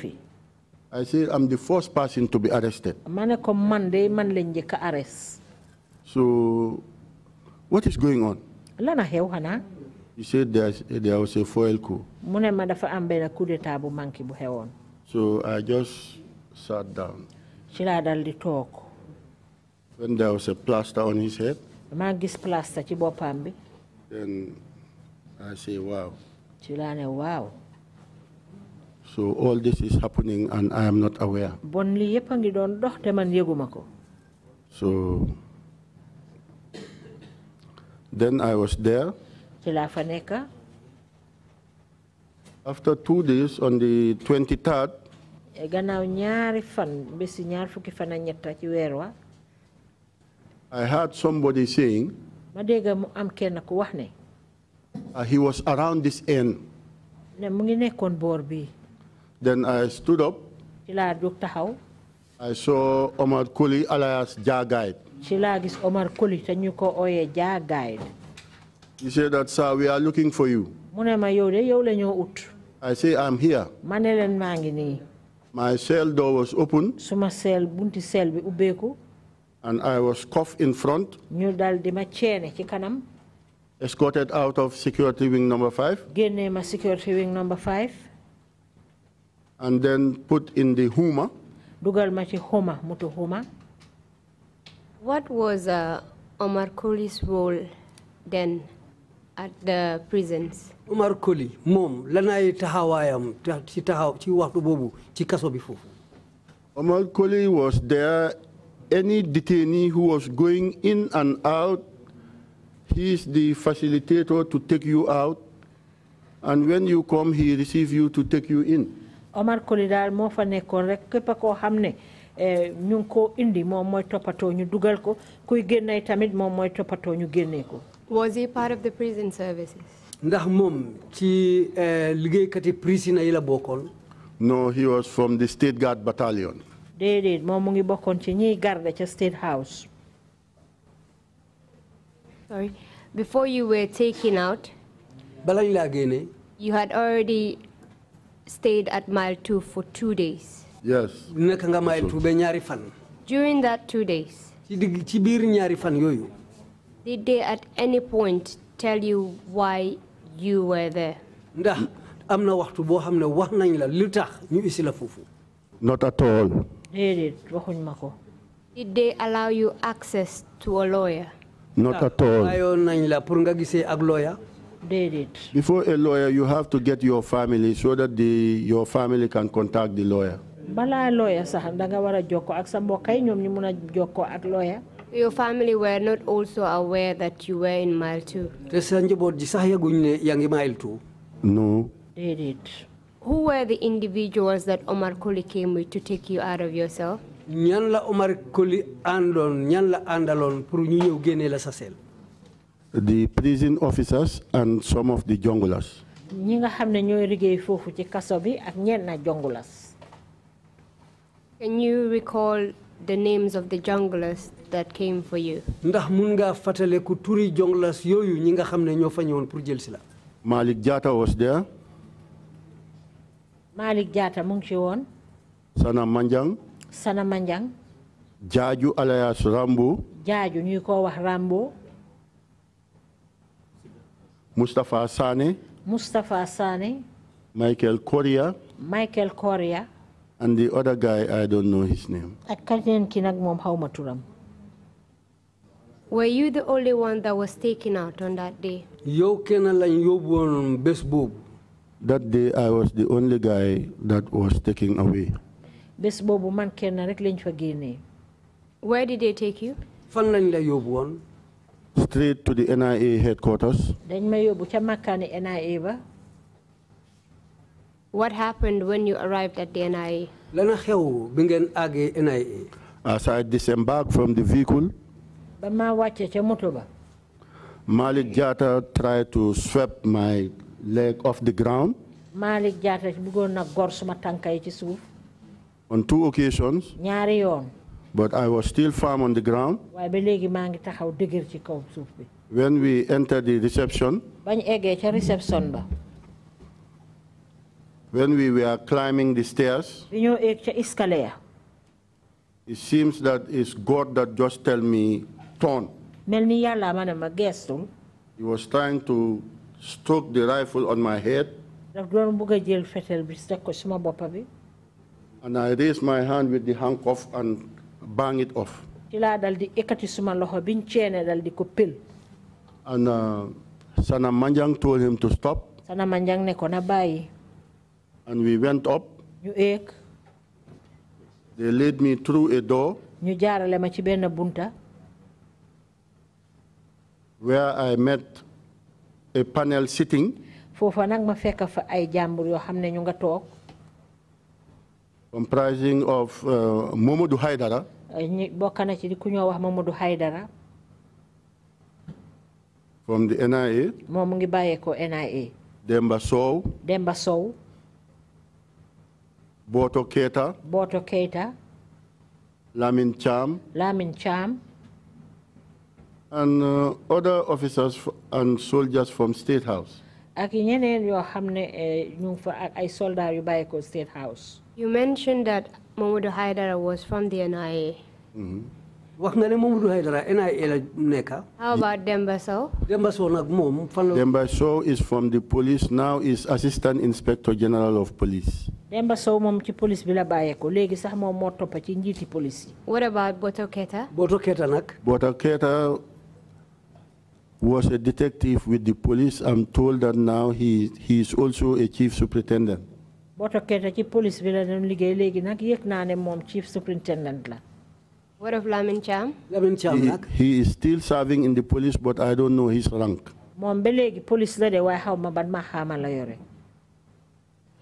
I say I'm the first person to be arrested. ma ne ko man de man lañ njëkk arrest. so what is going on. lana xew xanaa. you said there, there was a foil coup. mu ne ma dafa am benn coup d'état bu manqué bu xewoon. so I just sat down. ci laa dal di toog. When there was a plaster on his head. maa gis plaster ci boppam bi. Then I say wow. ci laa ne waaw. So all this is happening and I am not aware. Bonli lii don doh ngi doon dox So then I was there. ci laa fa nekk. After two days on the 23rd. gannaaw ñaari fan bési ñaar fukki fan ak ñett I heard somebody saying uh, he was around this end. Then I stood up. I saw Omar Kuli, alias Jah Guide. He said that sir we are looking for you. I say I'm here. My cell door was open and I was cuffed in front. escorted out of security wing number five. security wing number five. and then put in the Huma. dugal Huma Huma. What was uh, Omar Kuli's role then at the prisons? Omar Kuli, mom, lanay ta ci taxaw ci waxtu bobu. ci kaso bi Omar Kuli was there any detainee who was going in and out, he is the facilitator to take you out. And when you come, he receives you to take you in. Omar Koli daal moo fa nekkoon rek képp koo xam ne eh, ñu indi moom mooy toppatoo ñu dugal ko kuy génnee tamit moom mooy toppatoo ñu génnee ko. Was he part of the prison services? ndax moom ci eh, liggéeykati prisina yi la bokkoon. No, he was from the State Guard Battalion mu ngi ci State House. sorry before you were taken out. bala ñu you had already stayed at mile two for two days. yes. nga mile two ñaari fan. during that two days. ci ci ñaari fan did they at any point tell you why you were there. ndax am waxtu boo xam wax nañ la lu ñu isi la not at all. Did they allow you access to a lawyer? Not at all. Before a lawyer you have to get your family so that the your family can contact the lawyer. Bala lawyer sax da nga war a jokkoo ak sa mbokk yi ñoom ñu mun a jokkoo ak lawyer. Your family were not also aware that you were in Mile 2. te sa njaboot ji sax yëguñ ne yaa ngi Mile 2. no. déedéet who were the individuals that Omar Koli came with to take you out of yourself? ñan la Omar Koli ñan la pour ñu ñëw la sa sel. the prison officers and some of the jonglers. ñi nga liggéey ci bi ak na Can you recall the names of the jonglers that came for you? ndax turi ñi nga fa pour jël la. Malik Jatta was there. Malik Diatta mu ngi ci Sana Manjang. Sana Manjang. Jaaju alias Rambo. Jaaju ñuy ko wax Rambo. Mustafa Sane. Mustafa Sane. Michael Koria. Michael Koria. And the other guy, I don't know his name. Ak keneen ki xawma turam. Were you the only one that was taken out on that day? yow kenn lañ yóbbuwoon bés that day I was the only guy that was taken away. This Bobo man kenn rek lañ fa Where did they take you? Fan lañ la yobbu won? Straight to the NIA headquarters. Dañ ma yobbu ca makani NIA ba. What happened when you arrived at the NIA? Lana xew bi ngeen agé NIA. As I disembarked from the vehicle, ba ma wàcce ca moto ba. Malik Jata tried to sweep my leg off the ground. Malik Jatta bëggoon na gor suma tanka yi ci suuf. On two occasions. ñaari yoon. But I was still firm on the ground. waaye ba léegi maa ngi taxaw dëgër ci kaw suuf bi. When we entered the reception. bañ eggee ca reception ba. When we were climbing the stairs. bi ñoo egg ca escalier. It seems that it's God that just tell me turn. mel ni yàlla ma ne ma geestul. He was trying to struck the rifle on my head. and I raised my hand with the handcuff and banged it off. and uh, Sana Manjang told him to stop. Sana Manjang ne konabai. and we went up. they led me through a door. ñu jaarale ma ci benn bunta. where I met a panel sitting. comprising of uh, Momo Duhaidara uh, Haidara. from the NIA. moom mu ngi NIA. Demba Sow. Demba Sow. Boto Keita. Boto Lamin Cham. Lamin Cham and uh, other officers and soldiers from State House. ak ñeneen yoo xam ne eh, ñu ngi fa ak ay soldats yu bàyyi ko State House. you mentioned that Mamadou Haidara was from the NIA. Mm-hmm. wax nga ne Mamadou Haidara NIA la nekk. how about Demba Sow. Demba Sow nag moom fan la. Demba Sow is from the police now is assistant inspector general of police. Demba Sow moom ci police bi la bàyyeekoo léegi sax moom moo topp ci njiiti police yi. what about Boto Keta. Boto Keta nag. Boto Keta was a detective with the police. I'm told that now he, he is also a chief superintendent. botoketa ci police bi la doon liggéey léegi nag yëg naa ne moom chief superintendent la. What of Lamin Cham? Lamin Cham nag. He is still serving in the police but I don't know his rank. moom ba léegi police la de waaye xaw ma ban ma xaama la yore.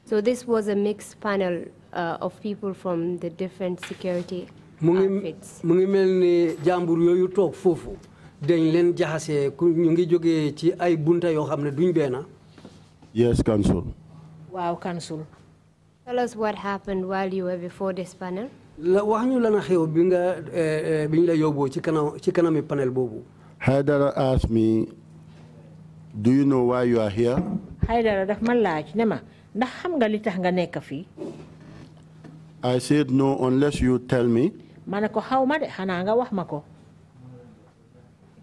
So this was a mixed panel uh, of people from the different security outfits. mu ngi mu ngi mel ni jàmbur yooyu toog foofu dañ leen jaxasee ku ñu ay bunta yoo xam ne yes council. Wow, council. tell us what happened while you were before this panel. la wax ñu lan a binga yobo nga eh, eh, bi mi panel bobo. Haidara asked me do you know why you are here. Haidara daf ma Nema ne ma ndax xam nga I said no unless you tell me. ma ne ko xaw ma de xanaa nga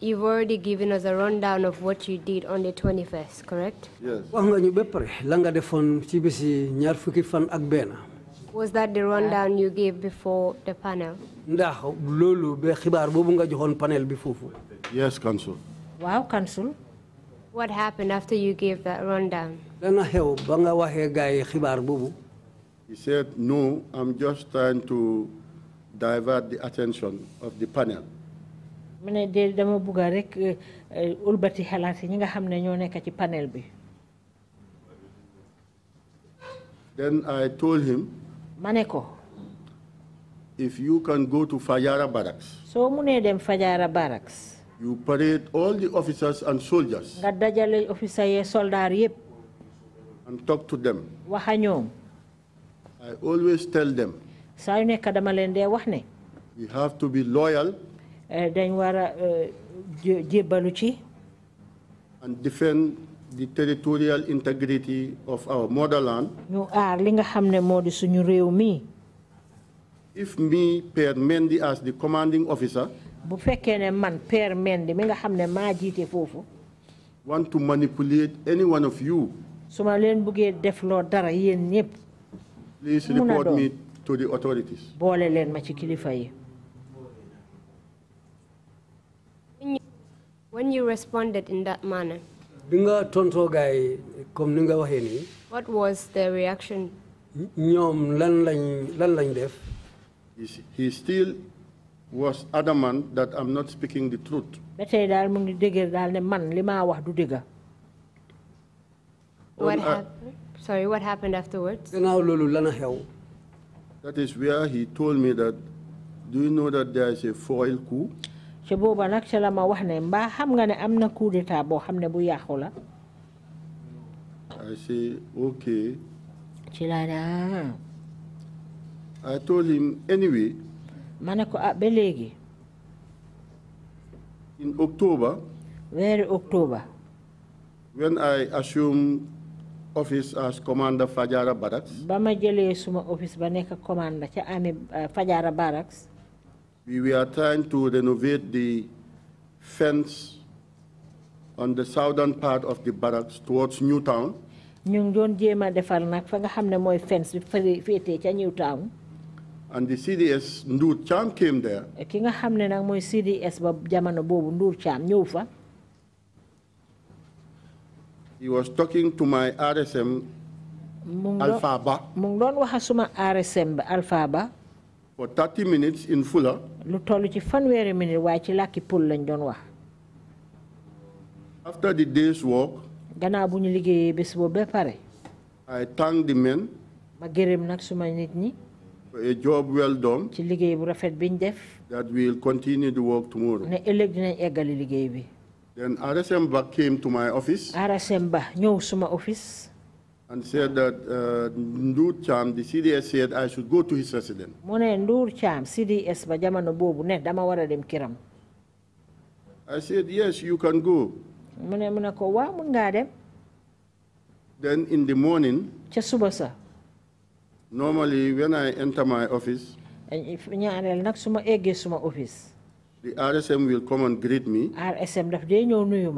You've already given us a rundown of what you did on the 21st, correct? Yes. Was that the rundown you gave before the panel? Yes, Council. Wow, Council. What happened after you gave that rundown? He said, no, I'm just trying to divert the attention of the panel. mané dé dama bugg rek eh, ulbati xalaat yi nga xamné ño nekk ci panel bi Then I told him, Maneko, if you can go to Fajara Barracks, so mune dem Fajara Barracks, you parade all the officers and soldiers, nga dajalé officer ye soldar yep, and talk to them. Wahanyom. I always tell them, say ne kadama leen dé wax ne, we have to be loyal Eh, dañ war a eh, jébbalu ci. and defend the territorial integrity of our motherland. ñu aar li nga xam ne moo di suñu réew if me Per Mendi as the commanding officer. bu fekkee ne man mi nga xam ne maa jiite foofu. want to manipulate any one of you. su ma leen buggee def loo dara yéen ñëpp. please report me to the authorities. boole leen ma ci kilifa yi. When you responded in that manner, bi nga tontoo gars ni nga What was the reaction? lan lañ lan lañ def. He still was adamant that I'm not speaking the truth. ba tey mu ngi dëgër daal ne man lima wax du dëgg. What happened? Sorry, what happened afterwards? gannaaw loolu lan xew. That is where he told me that do you know that there is a foil coup? ca booba nag ca la ma wax ne mbaa xam nga ne am na coup d'état boo xam ne bu yàqu la. I say okay. ci laa ne ah. I told him anyway. ma ne ko ah ba léegi. in October. weeri October. when I assume office as commander Fajara Barracks. ba ma jëlee suma office ba nekk commander ca ami eh, Fajara Barracks. We were trying to renovate the fence on the southern part of the barracks towards Newtown. Newtown. and the CDS Newtown came there. CDS ñëw he was talking to my RSM. Alphaba. Ba mu RSM Alphaba. Ba for 30 minutes in Fula. lu toll ci fanweeri minute waaye ci làkki pël lañ doon wax. after the day's work. Gana bu ñu liggéeyee bés boobu ba pare. I thank the men. ma gërëm nag suma nit ñi. for a job well done. ci liggéey bu rafet biñ def. that we will continue the work tomorrow. ne ëllëg dinañ eggali liggéey bi. then RSM Ba came to my office. RSM Ba ñëw suma office and said that Ndu uh, Ndur Cham, the CDS said I should go to his residence. Mune Ndu Cham, CDS bajama no bobu ne dama wara kiram. I said yes, you can go. Mune muna ko wa mun Then in the morning. Ca suba Normally when I enter my office. And Ñaarel nak suma eggé suma office. The RSM will come and greet me. RSM daf dé ñew nuyu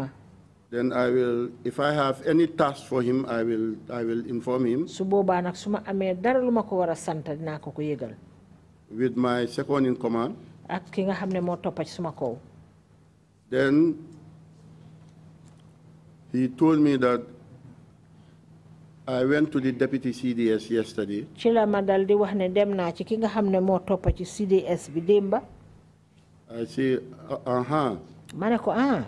then I will if I have any task for him I will I will inform him. yëgal. with my second in command. ak ki nga xam then he told me that I went to the deputy CDS yesterday. dem CDS I say uh-huh. ah ah.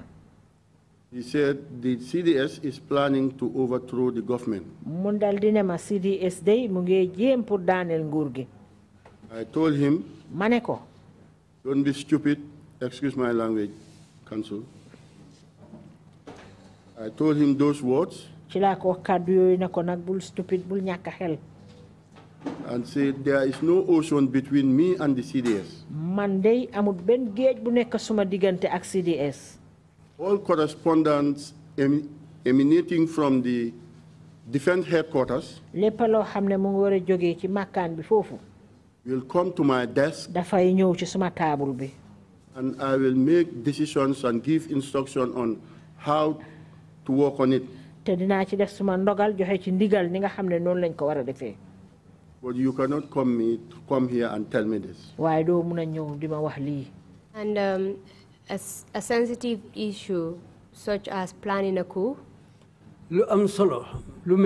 He said the CDS is planning to overthrow the government. mu dal CDS day pour I told him. ma don't be stupid excuse my language council. I told him those words. ko ko bul stupid bul and said there is no ocean between me and the CDS. Monday, i amut benn géej bu nekk suma diggante ak CDS all correspondents emanating from the defense headquarters will come to my desk and I will make decisions and give instructions on how to work on it. But you cannot come, come here and tell me this. And a sensitive issue such as planning a coup. lu am solo lu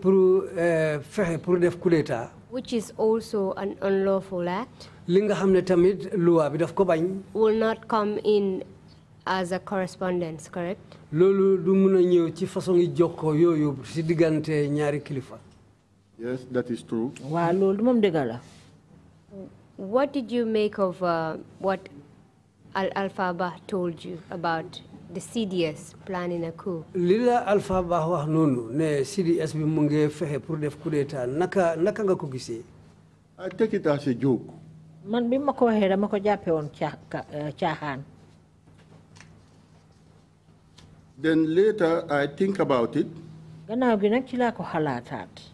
pour eh, fexe pour def coup d'état. which is also an unlawful act. li nga tamit loi bi daf ko bañ. will not come in as a correspondence correct. du ñëw ci façon yi ci ñaari kilifa. yes that is true. la. what did you make of uh, what Al Alfaba told you about the CDS planning a coup. Lila Alfaba wax nunu ne CDS bi mu ngi fexé pour def coup d'état naka naka nga ko gisé. I take it as a joke. Man bi ma ko waxé dama ko jappé won ciaxaan. Eh, then later I think about it. Gannaaw bi nak ci la ko xalaataat.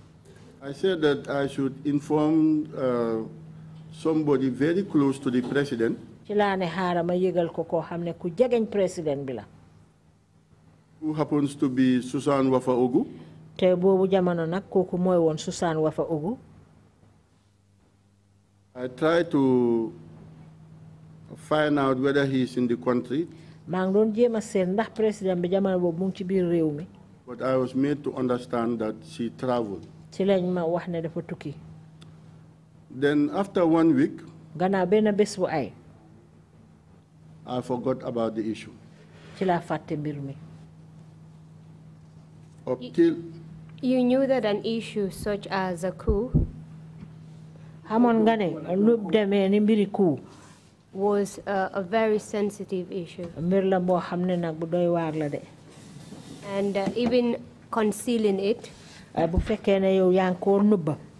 I said that I should inform uh, somebody very close to the president. ci laa ne xaaral ma yëgal ko koo xam ne ku jegeñ président bi la. who happens to be Susan Wafa-Ogu. te boobu jamono nag kooku mooy woon Susan Wafa-Ogu. I try to find out whether he is in the country. maa ngi doon jéem a seen ndax président bi jamono boobu mu ci biir réew mi. but I was made to understand that she traveled. ci lañ ma wax ne dafa tukki. then after one week. gannaaw benn bés bu ay. I forgot about the issue. ci laa Up till You knew that an issue such as a coup was uh, a very sensitive issue, and uh, even concealing it, Uh, bu fekkee ne you are ngi koo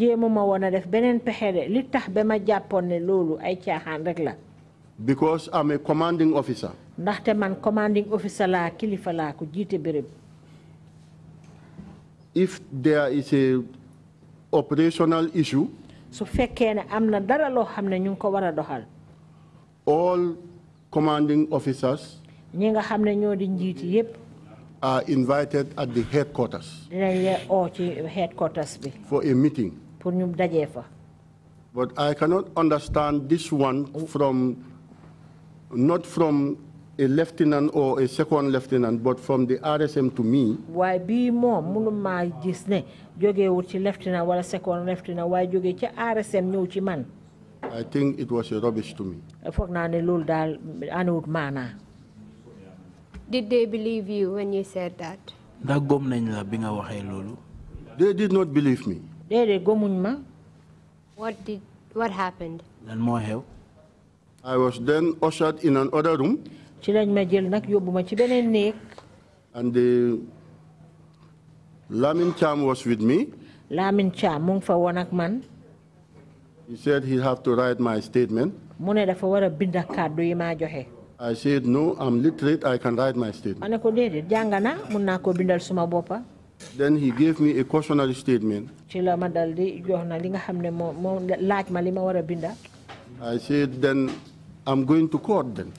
a def beneen li tax ba ma jàppoon ne loolu ay caaxaan rek la. because I'm a commanding officer. ndaxte man commanding officer laa kilifa laa ko jiite béréb. if there is a operational issue. su fekkee ne am na dara loo xam ne ñu ngi ko war a doxal. all commanding officers. ñi nga xam ne ñoo di yépp. are invited at the headquarters. dinañ leen oo ci headquarters bi. for a meeting pour ñu fa. But I cannot understand this one from, not from a lieutenant or a second lieutenant, but from the RSM to me. Why be more? Munuma gisne joge uchi lieutenant wala second lieutenant. Why joge cha RSM nyuchi man? I think it was a rubbish to me. Fogna ne lul dal anut mana. Did they believe you when you said that? They did not believe me déedéet gëmuñ ma. what did what happened. lan moo xew. I was then ushered in an other room. ci lañ ma jël nag yóbbu ma ci beneen néeg. and the Lamin Cham was with me. Lamin Cham mu fa woon ak man. He said he have to write my statement. mu ne dafa war a bind ak kàddu yi maa joxe. I said no I'm literate I can write my statement. ma ne ko déedéet jàng naa mun naa bindal suma boppa. Then he gave me a cautionary statement. I said, then I'm going to court then.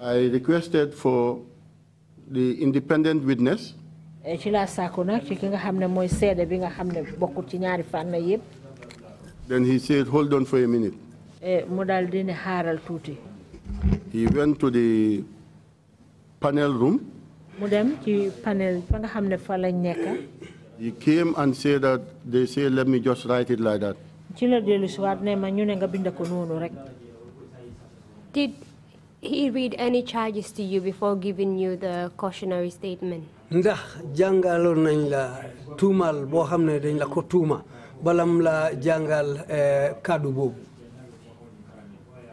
I requested for the independent witness. Eh, then he said, hold on for a minute. Eh, he went to the panel room. panel he came and said that they say let me just write it like that. Did he read any charges to you before giving you the cautionary statement? ndax nañ la dañ la ko balam la jàngal eh,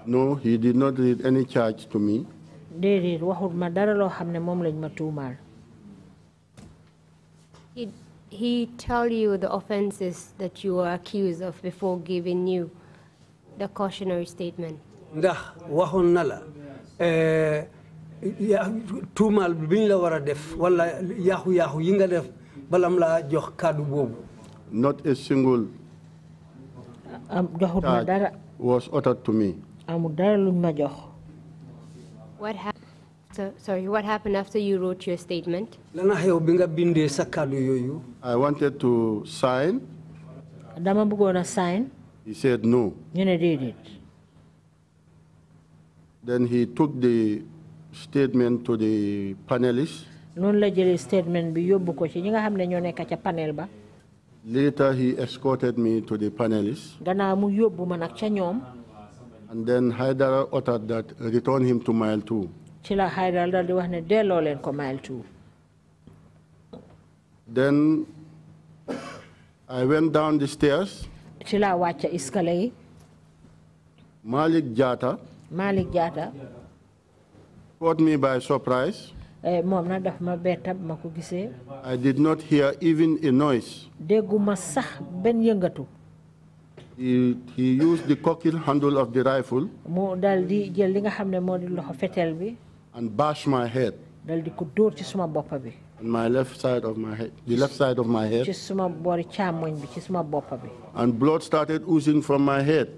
No, he did not read any charge to me dara loo xam ne moom lañ ma tuumaal. he tell you the offences that you were accused of before giving you the cautionary statement? ndax waxoon na la eh, tuumaal biñ la war a def wala yaaxu-yaaxu yi nga def balam laa jox kàddu boobu. Not a single. joxut ma dara. was uttered to me. amul dara luñ ma jox. What happened? So, sorry, what happened after you wrote your statement? I wanted to sign. Dama bugona sign. He said no. You did it. Then he took the statement to the panelists. noonu la jëlee statement bi yóbbu ko ci ñi nga xam ne ñoo nekk ca panel ba. later he escorted me to the panelists. gannaaw mu yóbbu ma nag ca ñoom. And then Haidara ordered that, return him to mile two. Chila Haidara daldi wax ne delloo leen ko mile two. Then I went down the stairs. Chila wacha wàcc Malik Jata. Malik Jata. Caught me by surprise. Eh, moom nag daf ma bettab ma ko I did not hear even a noise. He, he used the cocking handle of the rifle. and bash my head. my left side of my head, the left side of my head. and blood started oozing from my head.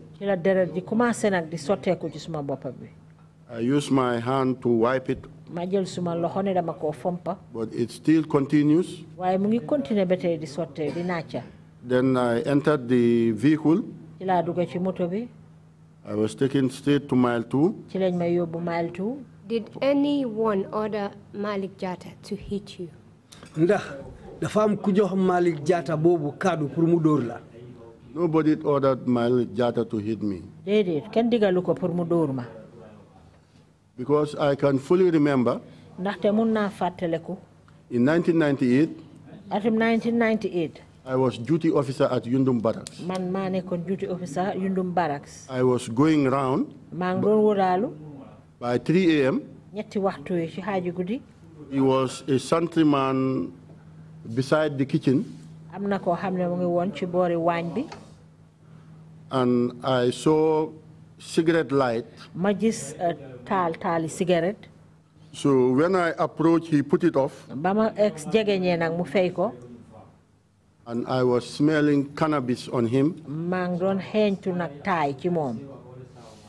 I used my hand to wipe it. ma jël suma loxo ne dama fompa. but it still continues. waaye mu ngi continuer ba tey di sottee di naaca. Then I entered the vehicle. I was taken straight to mile two. did anyone order Malik Jatta to hit you. ndax dafa am ku Malik Jatta boobu kadu pour nobody ordered Malik Jatta to hit me. They did. Can diga pour mu dóor ma. because I can fully remember. ndaxte mun in 1998. atum 1998. I was duty officer at Yundum Barracks. Man maa nekkoon duty officer Yundum Barracks. I was going round. maa ngi doon By 3 a.m. ñetti watu yi ci xaaji guddi. He was a sentryman beside the kitchen. am na koo xam ne mu ngi bi. and I saw cigarette light. ma gis eh, tal taali cigarette. so when I approached he put it off. Bama ma ex jegeñee nag mu fay ko. And I was smelling cannabis on him. Mangron ngi to xeeñtu nag taay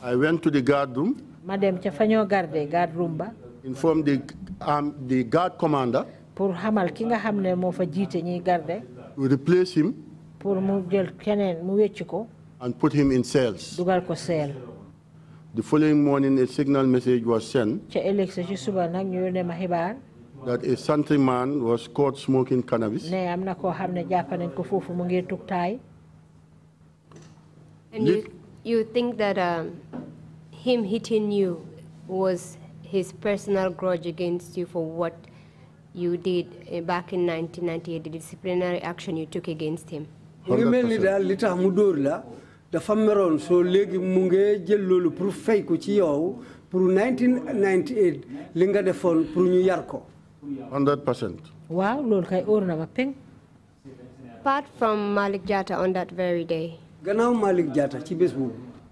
I went to the guard room. Madam, dem ca garde guard room ba. informed the um, the guard commander. pour hamal ki nga mo ne fa jiite ñuy garde. to replace him. pour mu jël keneen mu ko. and put him in cells. dugal ko cell. The following morning, a signal message was sent. ca ëllëg ci suba nag ñu ma xibaar that a Santi man was caught smoking cannabis. ne am na ne jàpp nañ ko foofu mu ngi and you you think that um, him hitting you was his personal grudge against you for what you did eh, back in 1998, the disciplinary action you took against him? You mean that mudur la the fameron so legi munge jellolu pour fay ko ci yow pour 1998 li nga defone pour ñu yar ko 100%. Wow, lol kay or na peng. Apart from Malik Jata on that very day. Ganaw Malik Jata ci bes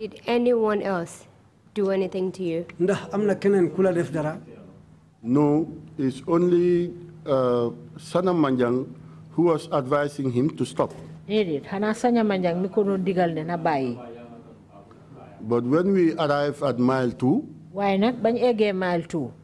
Did anyone else do anything to you? Ndax amna kenen kula def dara? No, it's only uh, Sana Manjang who was advising him to stop. Edit, hana Sanam Manjang mi ko don digal ne na bayyi. But when we arrive at mile 2, why nak bañ eggé mile 2,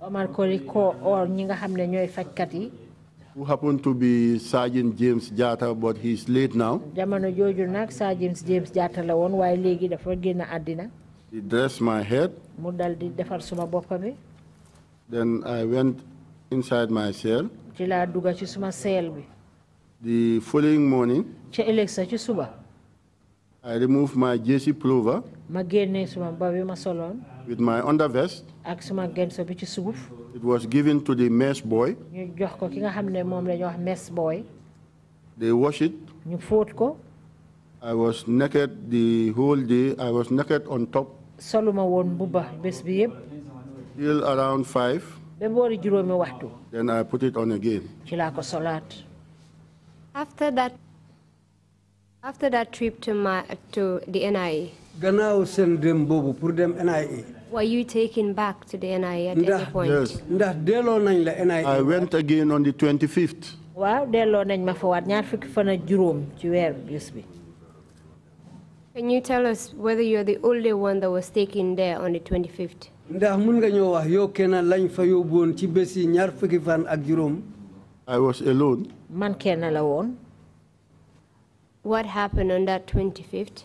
who happened to be Sergeant James Jatta, but he's late now. jamono jooju nag Sergeant James Jatta la one waaye léegi dafa génn adina. he dressed my head. mu dal di defar suma bopp then I went inside my cell. ci laa dugg ci suma cell bi. the following morning. ca ëllëg sa ci suba. I removed my jersey pullover. ma génne suma ba ma soloon with my undervest. ak suma genso bi ci suuf. it was given to the mess boy. ñu jox ko ki nga xam ne moom wax mess boy. they wash it. ñu fóot ko. I was naked the whole day. I was naked on top. Saluma woon buba bés bi yëpp. till around five. ba boori juróomi waxtu. then I put it on again. ci laa ko solaat. after that after that trip to my to the NIA gannaaw seen dem boobu pour dem NIA. Were you taken back to the NIA at any point? Yes. Ndax delloo nañ NIA. I went again on the 25th. Wow! delloo nañ ma fa waat ñaar fukki fan ak juróom ci weer bis bi. Can you tell us whether you're the only one that was taken there on the 25th? ndax mun nga ñoo wax yow kenn lañ fa yóbbuwoon ci bés yi ñaar fukki fan ak juróom. I was alone. man kenn la woon. What happened on that 25th?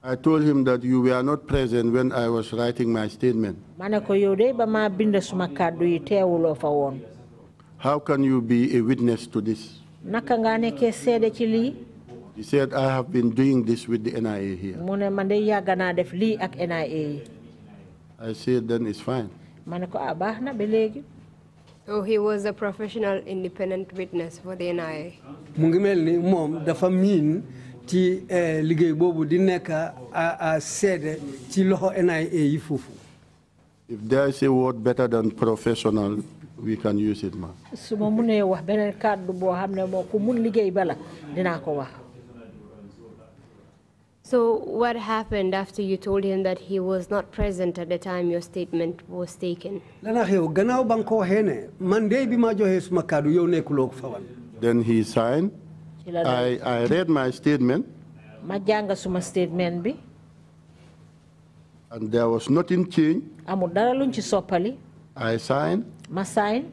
I told him that you were not present when I was writing my statement. How can you be a witness to this? He said, I have been doing this with the NIA here. I said, then it's fine. So ah, oh, he was a professional independent witness for the NIA ci eh, di à ci loxo NIA yi if there is a word better than professional we can use it ma. wax mun bala ko wax. So what happened after you told him that he was not present at the time your statement was taken? Then he signed. I, I read my statement. ma jàng suma statement bi. and there was nothing changed. amul dara luñ ci soppali. I signed. ma sign.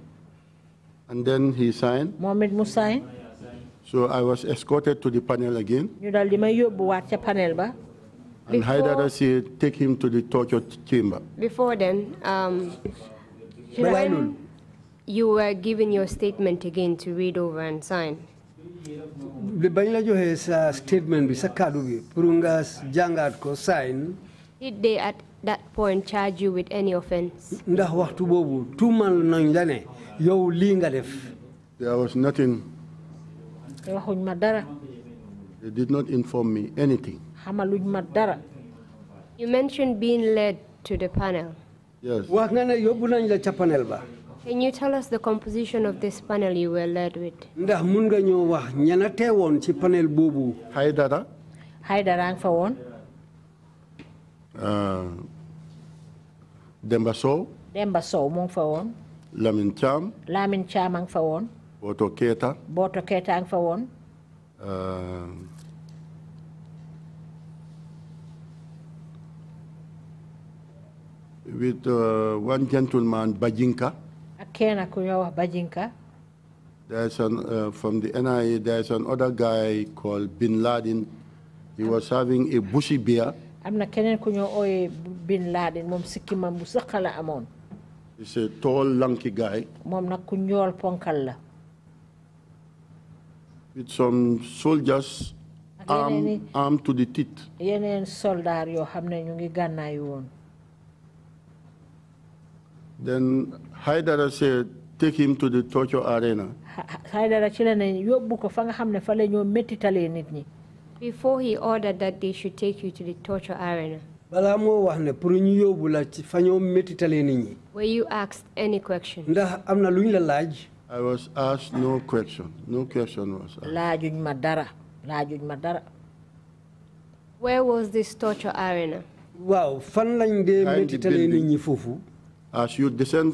and then he signed. Mohamed it mu sign. So I was escorted to the panel again. ñu daal di may yóbbuwaat ca panel ba. and Haidara said, take him to the torture chamber. Before then, um, Shireen, you were given your statement again to read over and sign statement did they at that point charge you with any offense there was nothing they did not inform me anything you mentioned being led to the panel yes ba can you tell us the composition of this panel you were led with? ndax mun nga ñoo wax ñana teewoon ci panel boobu. Haidara. Haidara nga fa woon. Uh, Demba Sow. Demba Sow mu fa woon. Lamine Thiam. Lamine Thiam a fa woon. Boto Keita. Boto Keita a ngi fa woon. Uh, with uh, one gentleman Bajinka. Bajinka. There's an, uh, from the NIA, there's another guy called Bin Laden. He was having a bushy beard. am not keneen ku Bin Laden Mom, sikkimam bu sëqa la amoon. He's a tall, lanky guy. Mom, nag ku ñool ponkal la. With some soldiers armed, to the teeth. Then Haidara say take him to the torture arena. Haidara ci la ne yóbbu ko fa nga xam ne fa la ñoo méttitalee nit ñi. Before he ordered that they should take you to the torture arena. balaa moo wax ne pour ñu la ci fa ñoo ñi. Were you asked any question? ndax am na luñ I was asked no question. No question was asked. Laajuñ ma dara. Laajuñ ma dara. Where was this torture arena? Wow, fan lañ dee méttitalee nit ñi foofu. As you descend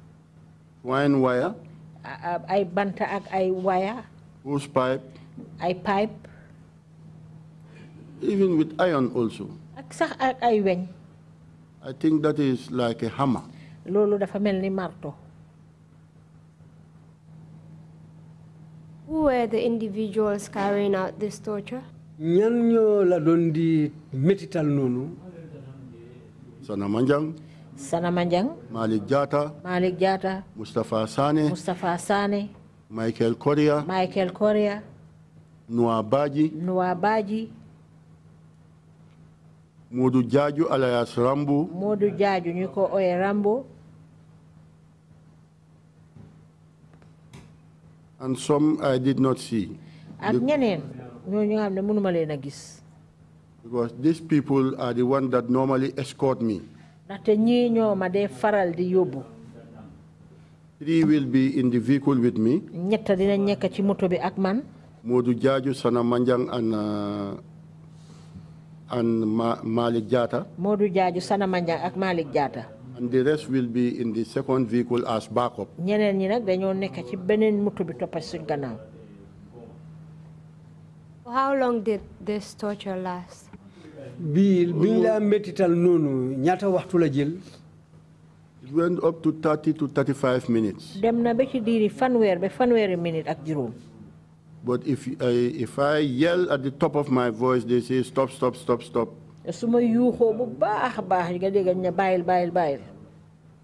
Wine wire. Ay banta ak ay wire. Hose pipe. Ay pipe. Even with iron also. Ak sax ak ay weñ. I think that is like a hammer. Loolu dafa mel marto. Who were the individuals carrying out this torture? ñan ñoo la doon di métital noonu. Sana Manjang. Sanamanjang, Malik Jata, Malik Jata, Mustafa Sane, Mustafa Sane, Michael Korea, Michael Korea, Nuabaji. Nuabaji. Noa Baji, Modu Jaju alias Rambo, Modu Jaju Nyuko Oye Rambo, and some I did not see. Ak ñeneen ñoo ñu xam ne mënuma leen a gis. Because these people are the ones that normally escort me. nate ñi ñoo ma faral di yobbu three will be in the vehicle with me. ñetta dina nekk ci moto bi ak man. Modou Jaaju Sana Manjang an uh, an Malik Jata. Modou Jaaju Sana Manjang ak Malik Jata. And the rest will be in the second vehicle as backup. ñeneen ñi nak dañoo nekk ci benen moto bi toppat suñu gannaaw. How long did this torture last? bi la noonu ñaata waxtu la jël. it went up to thirty to thirty five minutes. dem na ba ci diiri fanweer ba fanweeri minute ak juróom. but if I if I yell at the top of my voice they say stop stop stop stop. su yuuxoo bu baax baax nga dégg ne bàyyil bàyyil bàyyil.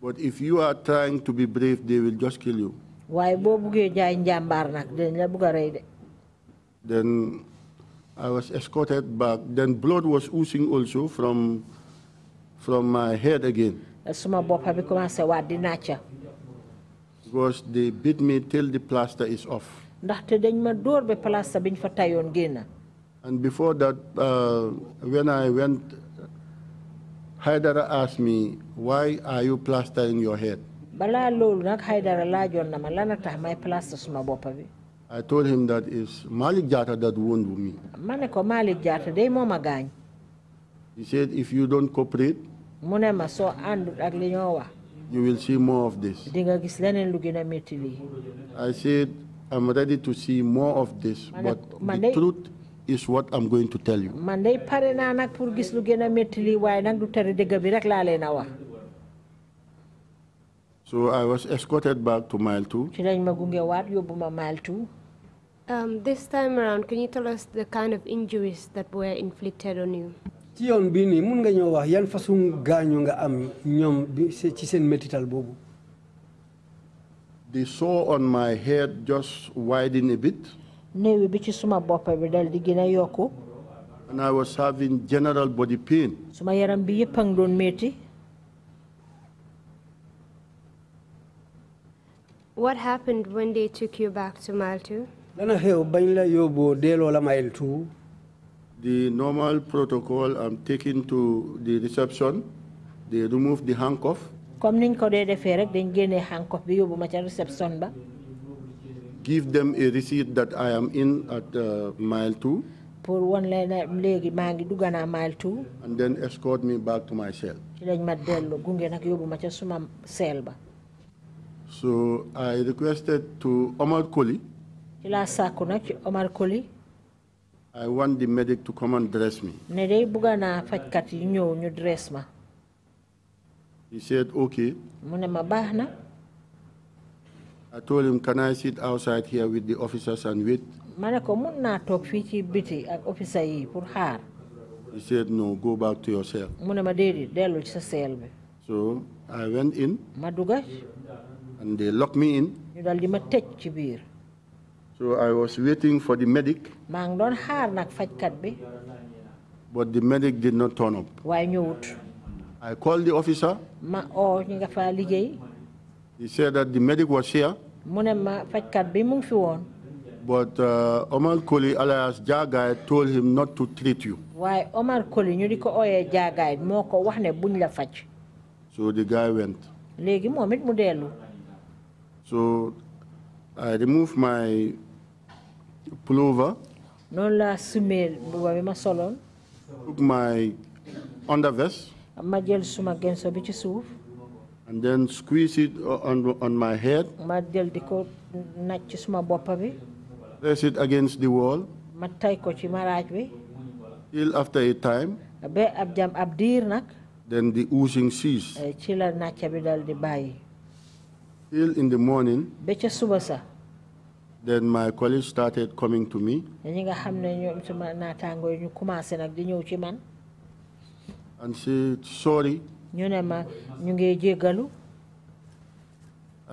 but if you are trying to be brave they will just kill you. waaye boo buggee jaay njàmbaar nag dinañ la bugg a rey de. then I was escorted back. Then blood was oozing also from, from my head again. Because they beat me till the plaster is off. And before that, uh, when I went, Haidara asked me, why are you plastering your head? balaa loolu nag Haidara laajoon na malana lan a plaster suma bopp I told him that it's Malik Jata that wounded me. Maneko Malik Jata, they mama gañ. He said, if you don't cooperate, Munema so and Aglinowa. You will see more of this. Dinga gis I said, I'm ready to see more of this, but the truth is what I'm going to tell you. paré na nak gis nak du téré So I was escorted back to mile 2. yobuma mile 2. Um, this time around, can you tell us the kind of injuries that were inflicted on you? ci yoon bii nii mun nga ñoo wax yan façon gaañu nga am ñoom ci seen métital boobu. the saw on my head just widened a bit. néewi bi ci suma bopp bi dal di gën a yokku. and I was having general body pain. suma yaram bi yëpp a ngi doon métti. What happened when they took you back to Malta? the normal protocol I'm taking to the reception they remove the handcuff comme niñ ko dee defee rek dañ génnee handcuff bi yóbbu ma reception ba give them a receipt that I am in at uh, mile two pour one leen léegi maa ngi dugg mile two and then escort me back to my cell ci lañ ma dellu gunge nag yóbbu ma suma cell ba so I requested to Omar Koli Omar Koli. I want the medic to come and dress me. He said okay. I told him can I sit outside here with the officers and wait. ma ne ko mun ci biti ak officer yi pour xaar. He said no go back to your cell. mu ma déedéet dellu ci sa bi. So I went in. ma dugga. and they locked me in. ñu dal di ma ci biir. So I was waiting for the medic. maa ngi doon xaar nag fajkat bi. but the medic did not turn up. Why not? I called the officer. ma oo oh, ñi nga fa liggéey. He said that the medic was here. mu ne ma fajkat bi mu fi woon. But uh, Omar Koli alias Jagai told him not to treat you. Why Omar Koli ñu di ko ooyee Jagai moko ko wax ne buñ la faj. So the guy went. Legi moom it mu dellu. So I removed my pullover. noonu la sumeel mbuba bi ma soloon. took my undervest. ma jël suma genso bi ci suuf. and then squeeze it uh, on, on my head. ma jël di ko naaj ci suma bopp bi. press it against the wall. ma tay ko ci maraaj bi. till after a time. ba ab jam ab diir nag. then the oozing ceased. Eh, ci la nàcca bi dal di bàyyi. till in the morning. ba ca suba sa. Then my colleagues started coming to me. and said sorry. I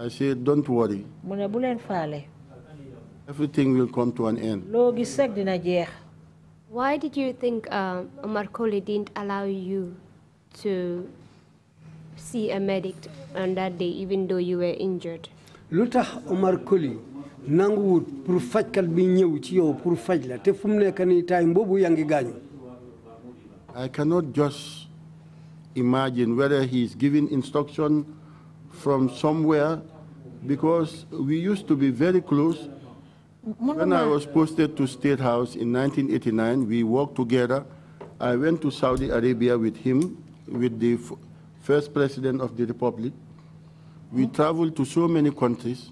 said don't worry. everything will come to an end. Why did you think um, Omar Koli didn't allow you to see a medic on that day, even though you were injured? Lutah Omar Koli pour bi ñëw ci yow pour faj la te I cannot just imagine whether he is giving instruction from somewhere because we used to be very close. When I was posted to State House in 1989, we worked together. I went to Saudi Arabia with him, with the first president of the republic. We traveled to so many countries.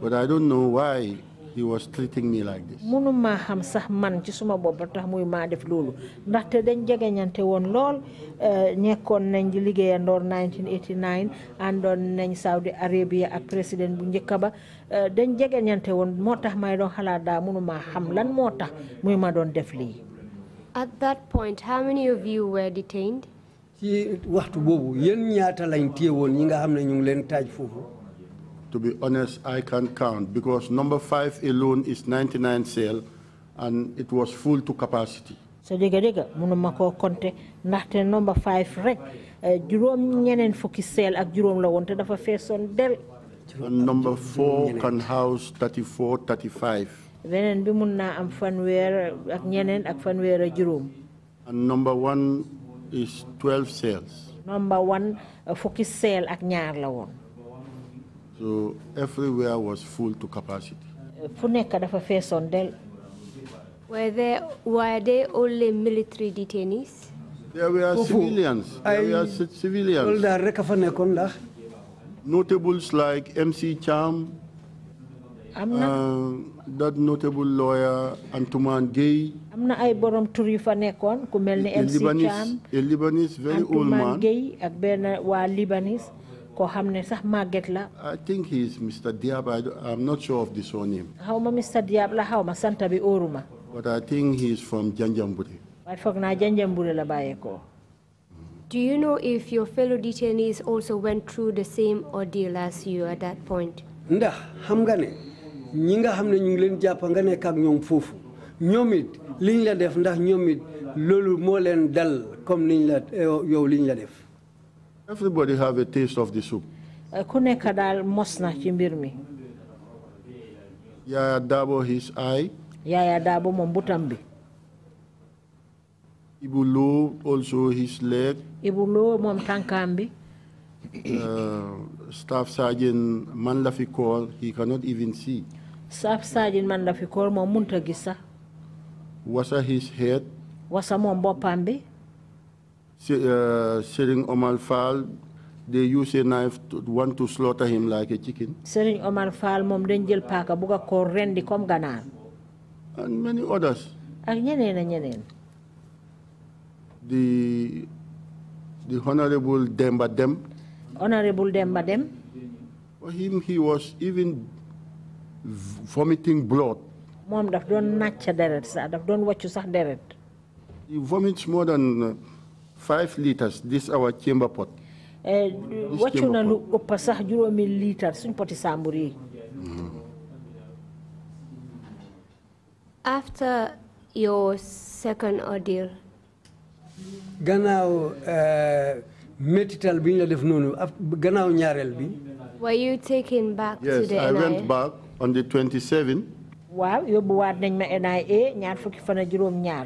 but I don't know why he was treating xam sax man ci suma bopp tax muy maa def loolu ndaxte dañ jegeñante woon lool eh, nekkoon nañ di liggéeyandoor 1989 àndoon nañ Saudi Arabia ak président bu njëkk ba eh, dañ jegeñante woon moo tax may doon xalaat daa mënuma xam lan moo tax muy ma doon def lii. at that ci waxtu boobu yéen ñaata lañ téye woon ñi nga xam ne ñu ngi leen taaj foofu. to be honest, I can't count because number five alone is 99 cell and it was full to capacity. So dega dega munuma ko konte ndaxte number 5 rek eh, juroom ñeneen fukki cell ak juroom la won te dafa fesson del. And number 4 can house 34 35. Beneen bi mun na am fanweer ak ñeneen ak fanweer ak And number 1 is 12 cells. Number 1 eh, fukki cell ak nyar la won. So everywhere was full to capacity. Were there were they only military detainees? There were civilians. There were civilians. Notables like MC Cham, uh, that notable lawyer Antuman Gay. amna ay borom tur yu fa nekkon ku melni MC Cham. A Libanese, very old man. Gay ak wa Libanese koo xam sax màgget la. I think he is Mr. Diab I am not sure of the surname. xaw ma Mr. Diab la xaw Santa? bi óoruma. but I think he is from Janjambure. waaye foog naa Janjambure la bàyyeekoo. Do you know if your fellow detainees also went through the same ordeal as you at that point? ndax xam nga ne ñi nga xam ne ñu ngi leen jàpp nga nekk ak ñoom foofu ñoom liñ la def ndax ñoom loolu moo leen dal comme liñ la eh, yow liñ la def everybody have a taste of the soup eh, ku nekk daal mos na ci Yaya Dabo his eye Yaya Dabo moom butam also his leg Ibu Lo moom eh, staff sergeant man he cannot even see staff sergeant man la fi wasa his head wasa moom uh, Sering Omar Fall, they use a knife to want to slaughter him like a chicken. Sering Omar Fall mom dañ jël paaka bu ko rendi comme ganaar. And many others. Ak ñeneen ak ñeneen. The the honorable Demba Dem. Honorable Demba Dem. For him he was even vomiting blood. Mom daf doon nàcc deret sax daf doon waccu sax deret. He vomits more than uh, five liters this our chamber pot waccu na lu ëpp sax juróomi litre suñ poti after your second ordeal gannaaw eh, métital bi ñu la def noonu were you taken back yes, to the I NIA? went back on the 27 waaw yóbbu waat nañ ma NIA ñaar fukki fan a juróom ñaar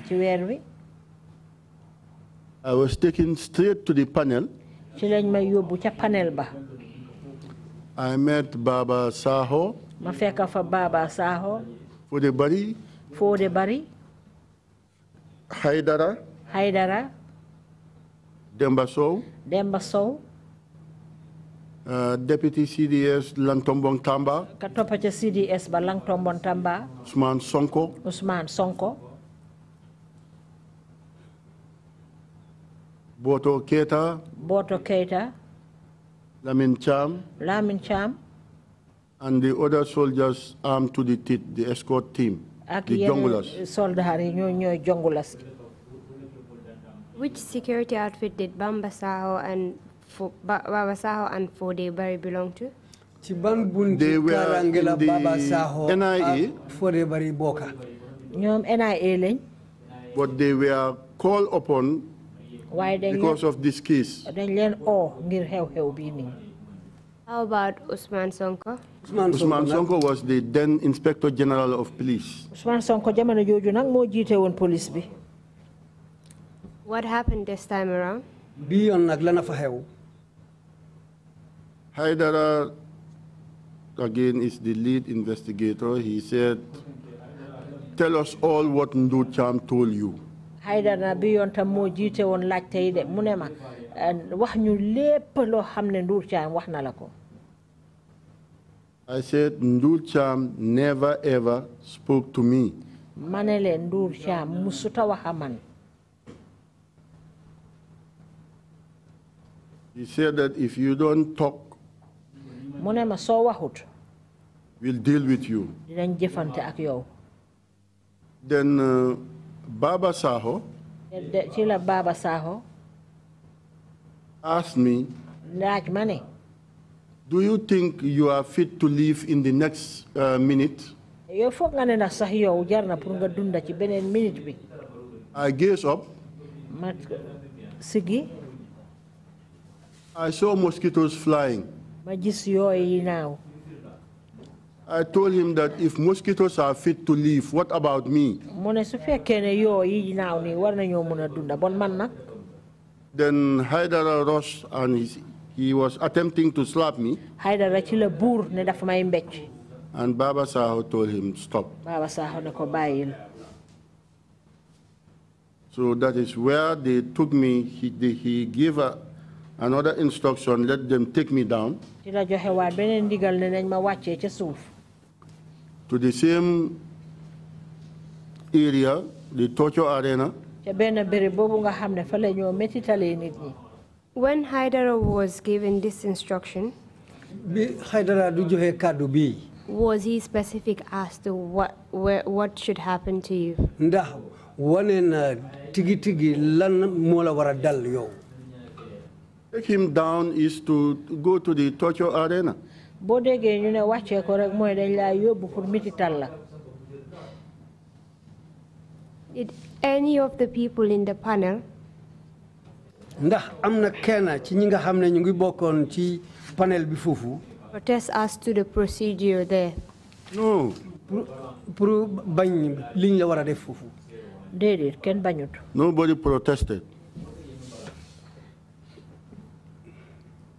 I was taken straight to the panel. panel ba. I met Baba Saho. ma fekk Baba Saho. For the Fodé Haidara. Haidara. Demba Sow. Demba uh, Deputy CDS Lantombong Tamba. ka CDS ba Lantombong Tamba. Ousmane Sonko. Ousmane Sonko. Boto Keta, Boto Keta, Lamin Cham. Lamin Cham. And the other soldiers armed to the teeth, the escort team, Ak the junglers. junglers. Which security outfit did Bambasaho and Fo Babasaho and Fode Barry belong to? They were in the NIA. Fode NIA But they were called upon waaye dañ because of this case dañ learn all. Oh, ngir xew-xew bii How about Usman Sonko? Usman, Usman Sonko was the then Inspector General of Police. Usman Sonko jamono jooju nag moo jiite woon police bi. What happened this time around? bii on nag lana fa xew. Haidara again is the lead investigator. He said, tell us all what Ndu Cham told you. Haydara Biyonta moo jiite woon laajte yi de mu ne ma wax ñu lépp loo xam ne wax na la ko. I said Ndour never ever spoke to me. ma musuta He said that if you don't talk. mu ne we'll deal with you. Then jëfante uh, then. Baba Saho ci Baba Saho asked me laaj money. do you think you are fit to live in the next uh, minute nga ne sax yow jar na pour nga dunda ci minute bi I gazed up sigi I saw mosquitoes flying ma gis yooyu naaw I told him that if mosquitoes are fit to live, what about me? Then Haidara rushed and he, he was attempting to slap me. And Baba Saho told him, stop. So that is where they took me. He, they, he gave a, another instruction, let them take me down to the same area, the Tocho Arena. When Haidara was given this instruction, was he specific as to what, where, what should happen to you? Take him down is to go to the Tocho Arena ñu ne ko rek dañ yóbbu pour la did any of the people in the panel ndax ci ñi nga ñu ngi ci panel bi protest as to the procedure there non pour bañ liñ la war def foofu déedéet kenn bañut nobody protested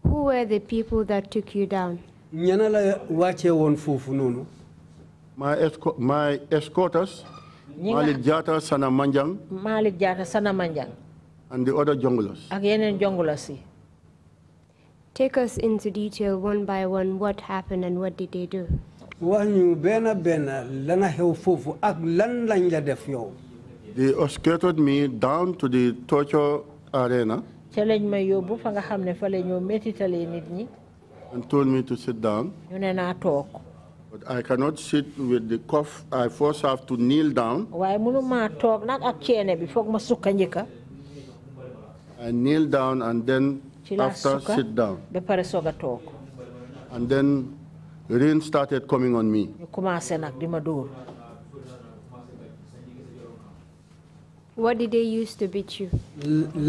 Who were the people that took you down? my escort my escorters. Malik Jata Sana Manjang. Malik Jata Sana Manjang. And the other junglers. Ak junglers Take us into detail one by one what happened and what did they do. lana ak lan lañ la def yow. They escorted me down to the torture arena. lañ yóbbu fa nga fa métitale nit ñi and told me to sit down. You ne naa toog. but I cannot sit with the cough. I first have to kneel down. Why munu maa talk? Not a ceene Before foog ma sukka njëkka. I kneel down and then ci after sukka sit down. Be pare soga talk. and then rain started coming on me. ñu commencé nag di ma What did they use to beat you?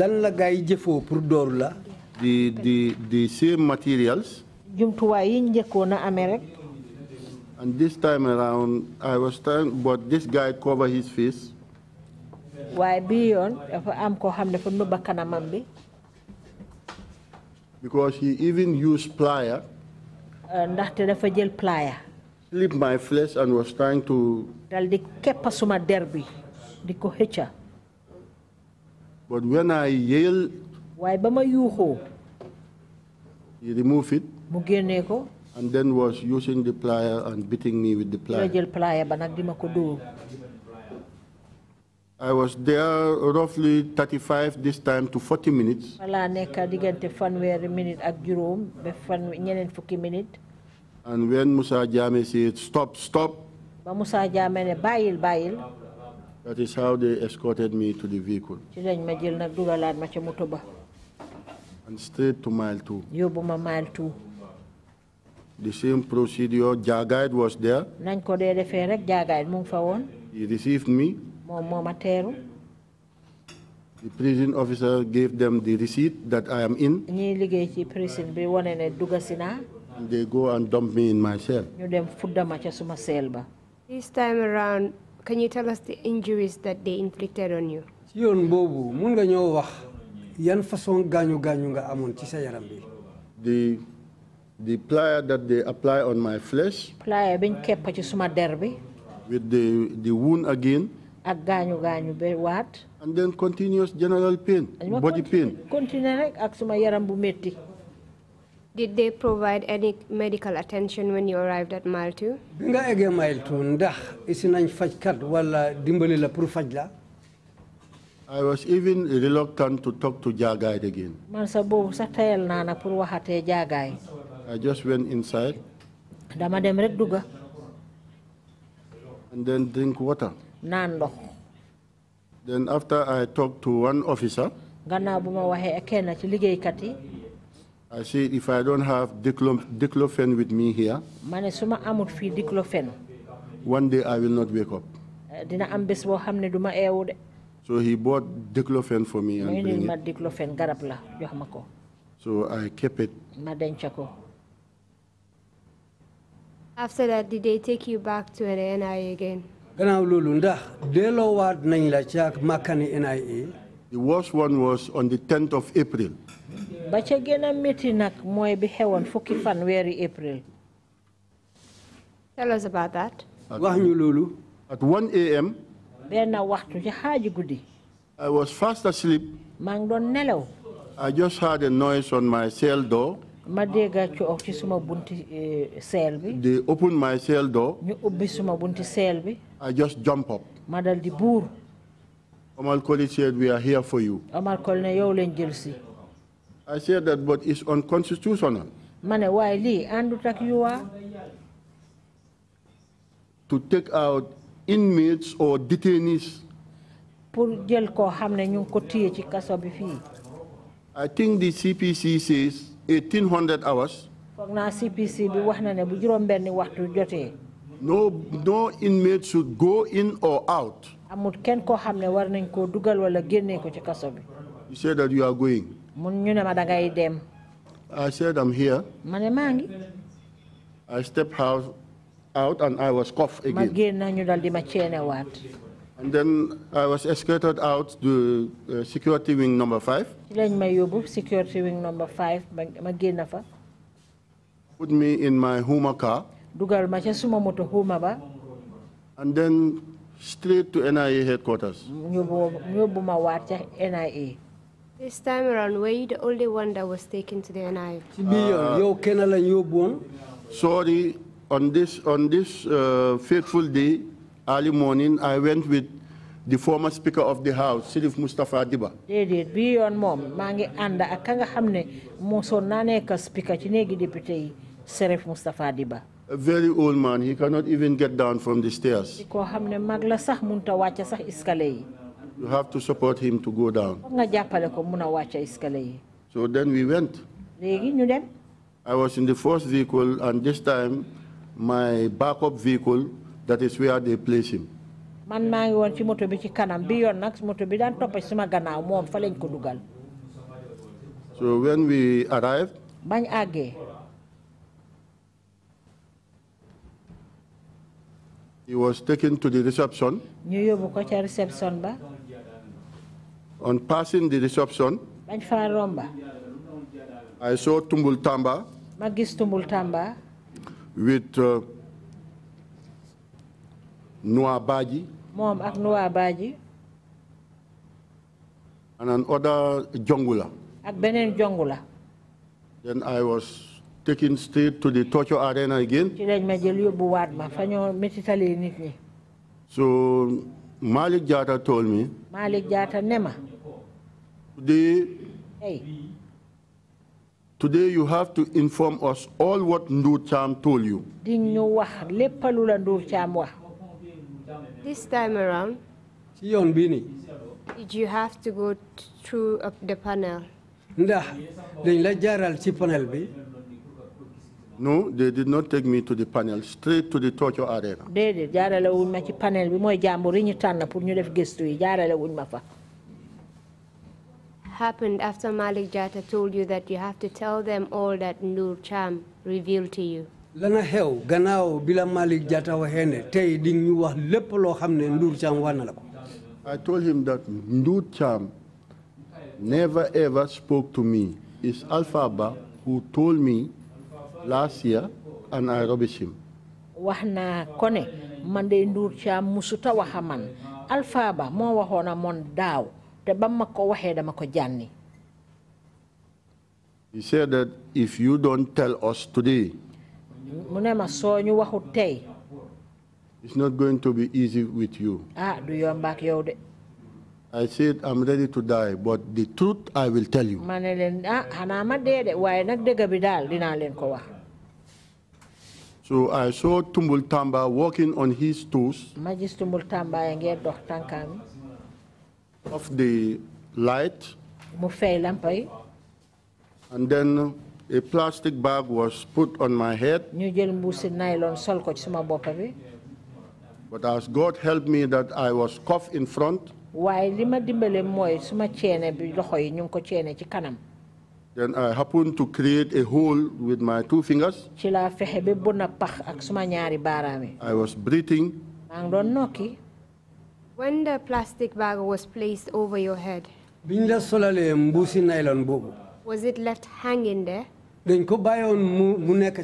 lan la gaay jëfoo pour door la. The the the same materials yi a amee rek. and this time around I was trying but this guy cover his face. waaye bii yoon dafa am koo xam ne dafa kanamam bi. because he even used plier. Euh, ndaxte dafa jël plier. slip my flesh and was trying to. dal di képp suma der bi di ko xëcca. but when I yelled. waaye ba ma yuuxoo he removed it. mu ko. and then was using the plier and beating me with the plier. jël plier ba ko dóor. I was there roughly 35 this time to 40 minutes. wala minute ak juróom fan ñeneen fukki minute. and when Musa Jame said stop stop. ba Musa Jame ne that is how they escorted me to the vehicle. ci lañ ma jël dugalaat ma moto ba. And straight to mile two. to mile two. The same procedure, Jagaid was there. nañ He received me. moom moo The prison officer gave them the receipt that I am in. ñiy prison bi wane ne And they go and dump me in my cell. This time around, can you tell us the injuries that they inflicted on you? yan façon gaañu gaañu nga amoon ci sa yaram bi. the the plier that they apply on my flesh. plier biñ kepp ci suma der bi. with the the wound again. ak gaañu gaañu be wat. and then continuous general pain. body pain. continuer rek ak suma yaram bu métti. Did they provide any medical attention when you arrived at Maltu? bi nga eggee Maltu ndax isi nañ fajkat wala dimbali la pour faj la. I was even reluctant to talk to Jagai again. Man sa bobu sa tayal na nak pour waxate Jagai. I just went inside. Dama dem rek duga. And then drink water. Naan ndox. Then after I talked to one officer. Gannaaw bu ma waxee ekena ci liggéeykat yi. I said if I don't have diclofen with me here. Mane suma amut fi diclofen. One day I will not wake up. Eh, dina am bés boo xam ne du ma eewu so he bought diclofen for me and bring it. diclofen garab la jox ma ko. So I kept it. Ma denc ko. After that, did they take you back to an NIA again? Gannaaw loolu ndax delloowaat nañ la ci ak makani NIA. The worst one was on the 10th of April. Ba ca gën a métti nag mooy bi xewoon fukki fan weeri April. Tell us about that. Wax ñu loolu. At 1 a.m benn waxtu ci xaaji guddi. I was fast asleep. maa ngi doon nelaw. I just heard a noise on my cell door. ma dégg coow ci suma bunti eh, seel bi. they opened my cell door. ñu ubbi suma bunti seel bi. I just jump up. ma dal di buur. Omar said we are here for you. Omar ne yow jël si. I said that but it's unconstitutional. ma ne waaye lii àndut ak to take out inmates or detainees? I think the CPC says 1800 hours. No, no inmate should go in or out. You said that you are going. I said I'm here. I stepped out out and I was coughed again. And then I was escorted out to uh, security wing number five, security wing number five put me in my Huma car, ba and then straight to NIA headquarters. NIA. This time around, were you the only one that was taken to the NIA? ci uh, Sorry, on this, on this uh, fateful day, early morning, I went with the former Speaker of the House, Sirif Mustafa Adiba. déedéet bii yoon moom maa ngi ànd ak ka nga xam ne speaker ci néegi Sirif Mustafa Adiba. a very old man he cannot even get down from the stairs. koo hamne ne mag la sax mënut a you have to support him to go down. nga jàppale ko mun a wàcc so then we went. léegi ñu dem. I was in the first vehicle and this time my backup vehicle, that is where they place him. man ngi moto bi ci kanam bi moto bi suma fa lañ ko dugal. so when we arrived. bañ he was taken to the reception. ñu ko reception ba. on passing the reception. bañ romba. I saw Tumbul Tamba. ma gis Tumbul Tamba with uh, Noah Baji. Mom ak Noah Baji. And another jongula. Ak Benin jongula. Then I was taken straight to the torture arena again. ma So Malik Jata told me. Malik Jata nema. Today. Hey. Today you have to inform us all what Ndu Cham told you. This time around, did you have to go through the panel? No, they did not take me to the panel, straight to the torture arena happened after Malik Jata told you that you have to tell them all that Nur Cham revealed to you? lana xew gannaaw bi Jatta ne tey di ñu wax lépp loo xam ne la ko. I told him that Nur Cham never ever spoke to me. It's Alphaba who told me last year and I rubbish him. wax naa ko ne man de Cham musuta waxa man Alphaba moo waxoon na moon daaw ba jànni he said that if you don't tell us today ma it's not going to be easy with you ah yow de I said I'm ready to die but the truth I will tell you ah So I saw Tumbul Tamba walking on his toes. Majis Tumbul Tamba of the light. Eh. And then a plastic bag was put on my head. Eh. But as God helped me that I was cough in front. Then I happened to create a hole with my two fingers. Eh. I was breathing. When the plastic bag was placed over your head, biñ la solalee nylon boobu. Was it left hanging there? dañ ko bàyyoon mu mu nekk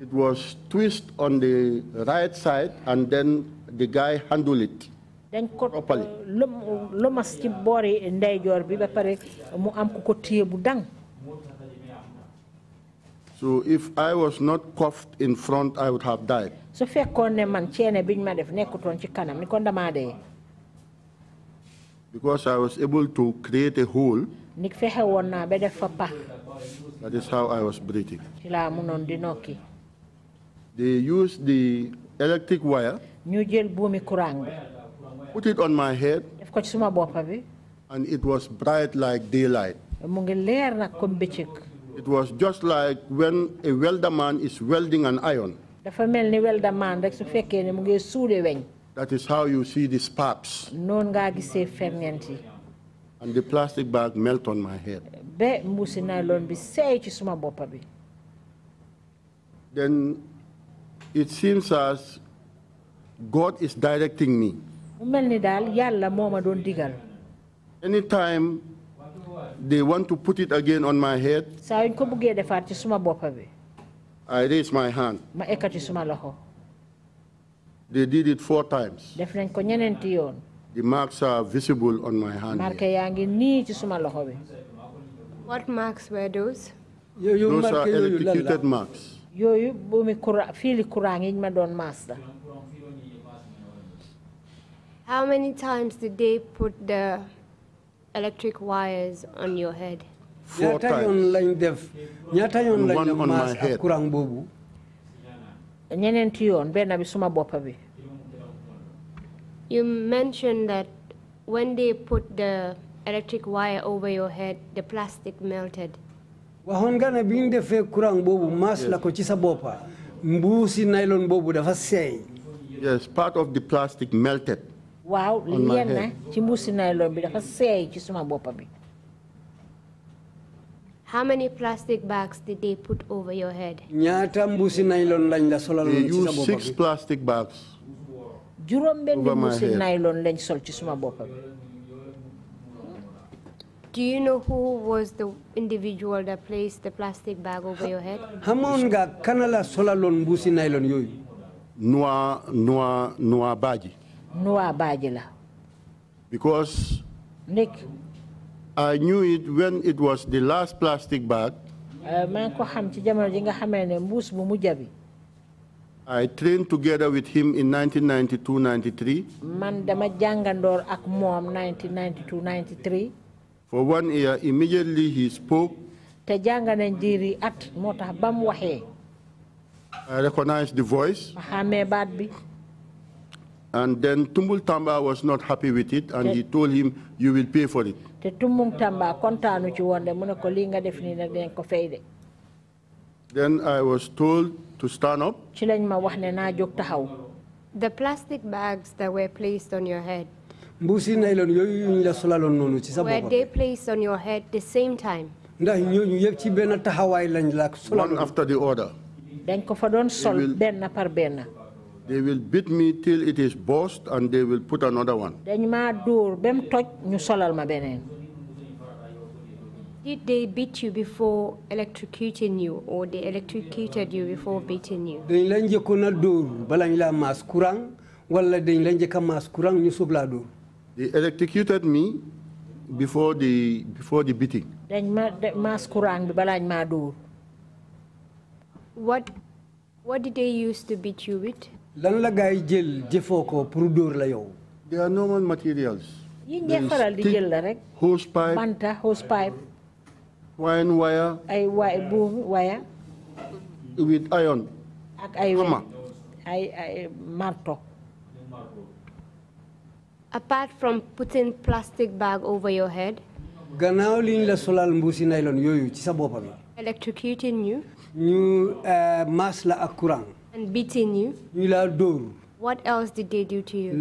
It was twisted on the right side and then the guy handled it. dañ ko uh, lomas uh, ci boori ndeyjoor bi ba pare mu am ku ko téye bu dang. So if I was not coughed in front, I would have died man biñ ma def ci kanam ni because I was able to create a hole. ni fexe def fa that is how I was breathing. di they used the electric wire. ñu jël buumi courant bi. put it on my head. def ko ci suma bi. and it was bright like daylight. mu ngi leer comme it was just like when a welder man is welding an iron dafa mel ni wel damaan rek su fekkee ne mu ngi suule weñ. that is how you see these pops. noonu ngaa gisee yi. and the plastic bag melt on my head. mbuusi nylon bi seey ci suma bi. then it seems as God is directing me. mu mel ni daal yàlla moo ma doon digal. anytime they want to put it again on my head. saa yuñ ko buggee defaat ci suma bi. I raised my hand. ma ekkati suma loxo. They did it four times. def nañ ko ñeneenti yoon. The marks are visible on my hand. marke yaa ngi nii ci suma loxo bi. What marks were those? Those are electrocuted marks. yooyu buumi kura fiili kuraan yi ma doon maas la. How many times did they put the electric wires on your head? four times. You mentioned that when they put the electric wire over your head, the plastic melted. yes part of the plastic melted. Wow, li yenn ci nylon how many plastic bags did they put over your head? They used six plastic bags. Do you know who was the individual that placed the plastic bag over your head? nylon Noa Noa Noa Noa la. Because. Nick. I knew it when it was the last plastic bag. Eh, I trained together with him in 1992-93. For one year, immediately he spoke. I recognized the voice. And then Tumbul Tamba was not happy with it, and he told him, you will pay for it. Tumbul Tamba Then I was told to stand up. ma The plastic bags that were placed on your head. mbuusi were they placed on your head the same time. ndax ñooñu yëpp ci benn taxawaay lañ one after the other. dañ ko sol benn par benn. They will beat me till it is burst and they will put another one. Dañ ma door bem toj ñu solal ma benen. Did they beat you before electrocuting you or they electrocuted you before beating you? Dañ la ñëkku na door balañ la mas courant wala dañ la ñëkk mas courant ñu sub la door. They electrocuted me before the before the beating. Dañ ma mas courant bi balañ ma door. What what did they use to beat you with? lan la gaa yi jël jëfoo ko pour la yow. they are normal materials. yi ñee di jël la rek. hose pipe banta hose pipe. wire wire. ay wire buum wire. with iron. ak ay marto. apart from putting plastic bag over your head. gannaaw liñ la solal mbuusi nylon yooyu ci sa boppam. electrocuting you. ñu euh, maas la ak courant. and beating you. what else did they do to you.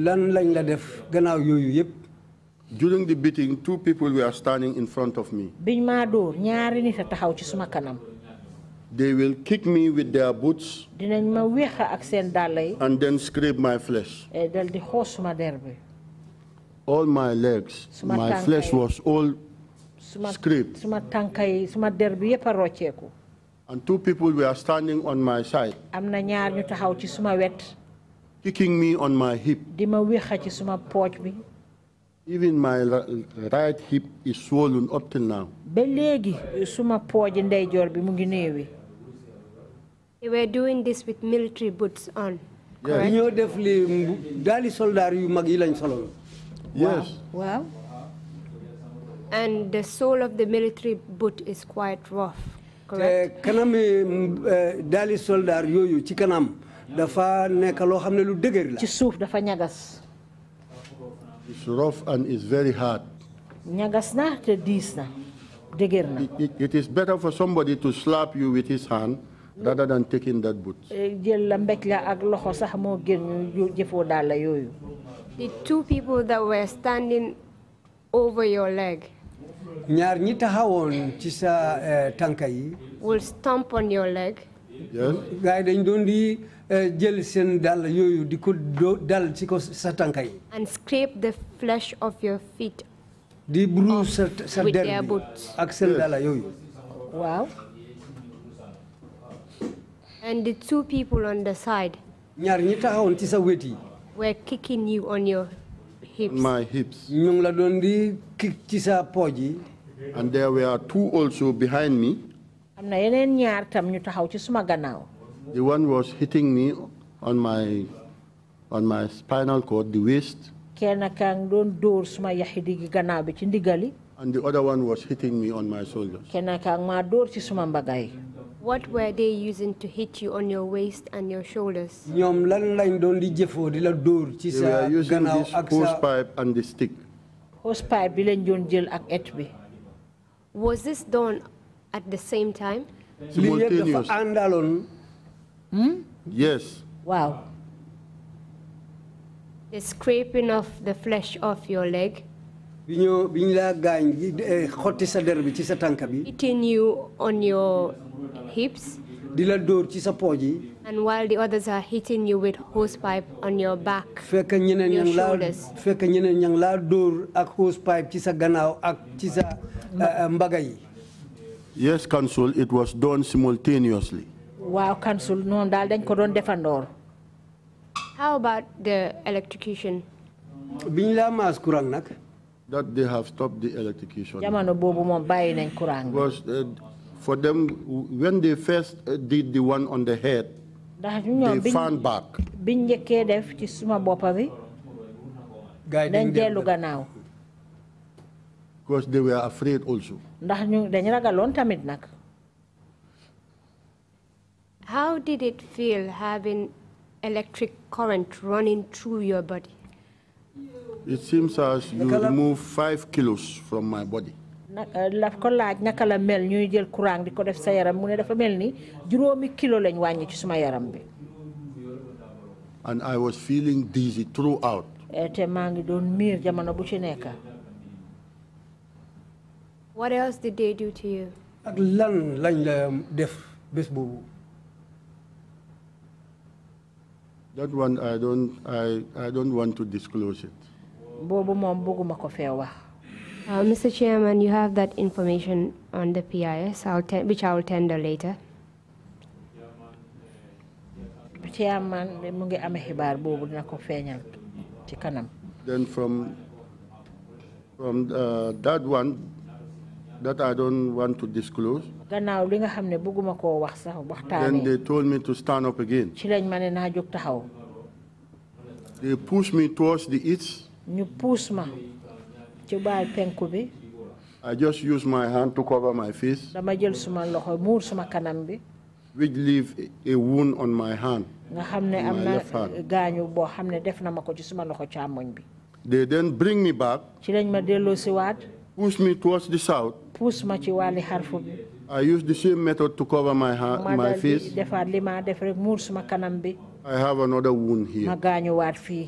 during the beating two people were standing in front of me. kanam. they will kick me with their boots. dinañ ma wéxa ak and then scrape my flesh. all my legs. my flesh was all scraped. suma suma and two people were standing on my side. Am na ñaar ñu taxaw ci suma wet. Kicking me on my hip. Di ma wéxa ci suma pooj bi. Even my right hip is swollen up till now. Ba léegi suma pooj ndeyjoor bi mu ngi néewi. They were doing this with military boots on. Yes. ñoo def li daali soldaar yu mag yi lañ soloon. Yes. Wow. And the sole of the military boot is quite rough te eh, eh, kanam it's rough and it's very hard. ñagas na na na. it is better for somebody to slap you with his hand. rather than taking that boot. Eh, the two people that were standing over your leg ñaar ñi taxawoon ci sa eh, tànka yi. will stamp on your leg. yes. gars yi dañ doon di jël eh, seen dàll yooyu di ko dal ci ko sa tànka yi. and scrape the flesh of your feet. di bulu sa sa der bi ak seen dàll yooyu. waaw. and the two people on the side. ñaar ñi taxawoon ci sa wet yi. were kicking you on your hips. My hips. ñu la doon di kick ci sa pooj yi. and there were two also behind me. am na yeneen ñaar tam ñu taxaw ci suma gannaaw. the one was hitting me on my on my spinal cord the waist. kenn kaa ngi doon dóor suma yaxi digg gannaaw bi ci ndigali. and the other one was hitting me on my shoulders. kenn maa dóor ci suma mbagay. What were they using to hit you on your waist and your shoulders? ñoom lan using this hose pipe and the stick. hose pipe bi lañ doon jël ak et Was this done at the same time? Simultaneous. Li Hmm? Yes. Wow. The scraping of the flesh off your leg. Eating eh, you on your hips. and while the others are hitting you with hose pipe on your back. your shoulders, eh, eh, yes council it was done simultaneously. Wow, council no daal dañ ko how about the electrocution. biñ laa maas that they have stopped the electrocution. jamono boobu for them, when they first uh, did the one on the head, they found back. biñ njëkkee def ci suma boppa bi. gars dañ dellu gannaaw. because they were afraid also. ndax ñu dañ ragaloon tamit nag. How did it feel having electric current running through your body? It seems as you remove five kilos from my body. Euh, laf ko laaj naka la mel ñuy jël courant di ko def sa yaram mu ne dafa mel ni juróomi kilo lañ wàññi ci suma yaram bi. and I was feeling dizzy throughout. te maa ngi doon miir jamono bu ci what else did they do to you. ak lan lañ la def bés boobu. that one I don't I I don't want to disclose it. boobu moom ko fee wax. Uh, Mr. Chairman, you have that information on the PIS, which I will tender later. Then from from uh, that one that I don't want to disclose. Then they told me to stand up again. They pushed me towards the east. I just use my hand to cover my face. dama which leave a wound on my hand. they then bring me back. push me towards the south. I use the same method to cover my hand, my face. I have another wound here.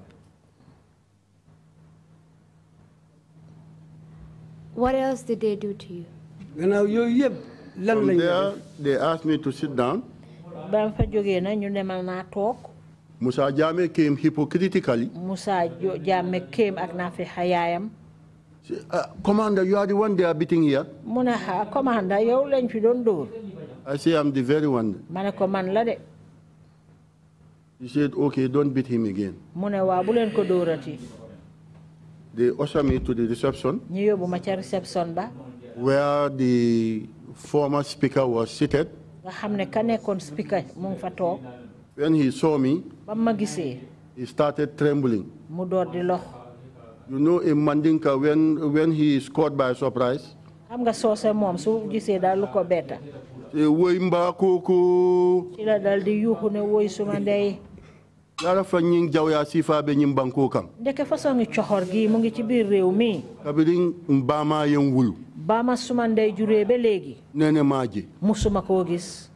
What else did they do to you? gannaaw there they asked me to sit down. ba ma fa jógee na Musa Jame came hypocritically. Musa Jame came ak naa fi uh, Commander, you are the one they are beating here. mu ne Commander you lañ fi doon dóor. I say I'm the very one. ma ne la de. He said okay don't beat him again. mu ne waa bu ko dóorati they ushered me to the reception. Where the former speaker was seated. When he saw me. He started trembling. You know a Mandinka when when he is caught by surprise. Xam nga soose moom su gisee daal lu ko mbaa kooku. Ci la di yuuxu ne suma ndey yara fa ñing jawya sifa be ñim banko kam deke façon ngi coxor gi mu ngi ci biir réew mi kabiri mbama yen wulu bama suma ndey juree ba léegi nene maji. ji musuma koo gis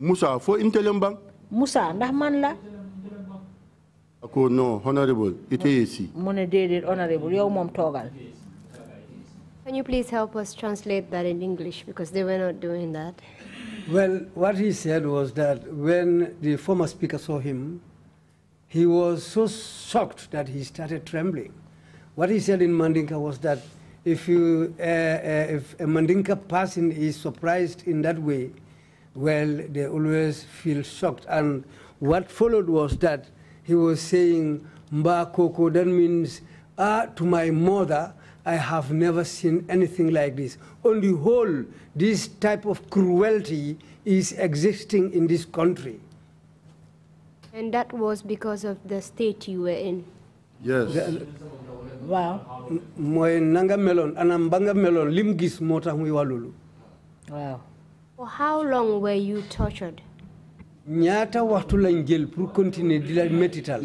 musa fo intelem bang musa ndax man la ako non honorable ite yesi mu ne honorable yow moom toogal Can you please help us translate that in English because they were not doing that? Well, what he said was that when the former speaker saw him, he was so shocked that he started trembling. What he said in Mandinka was that if, you, uh, uh, if a Mandinka person is surprised in that way, well, they always feel shocked. And what followed was that he was saying, Mba Koko, that means, ah, to my mother, I have never seen anything like this. On the whole, this type of cruelty is existing in this country. And that was because of the state you were in? Yes. Wow. Moy nanga melon anam banga melon lim mota muy walulu. Wow. For how long were you tortured? Nyata waxtu lañ jël pour continuer dila metital.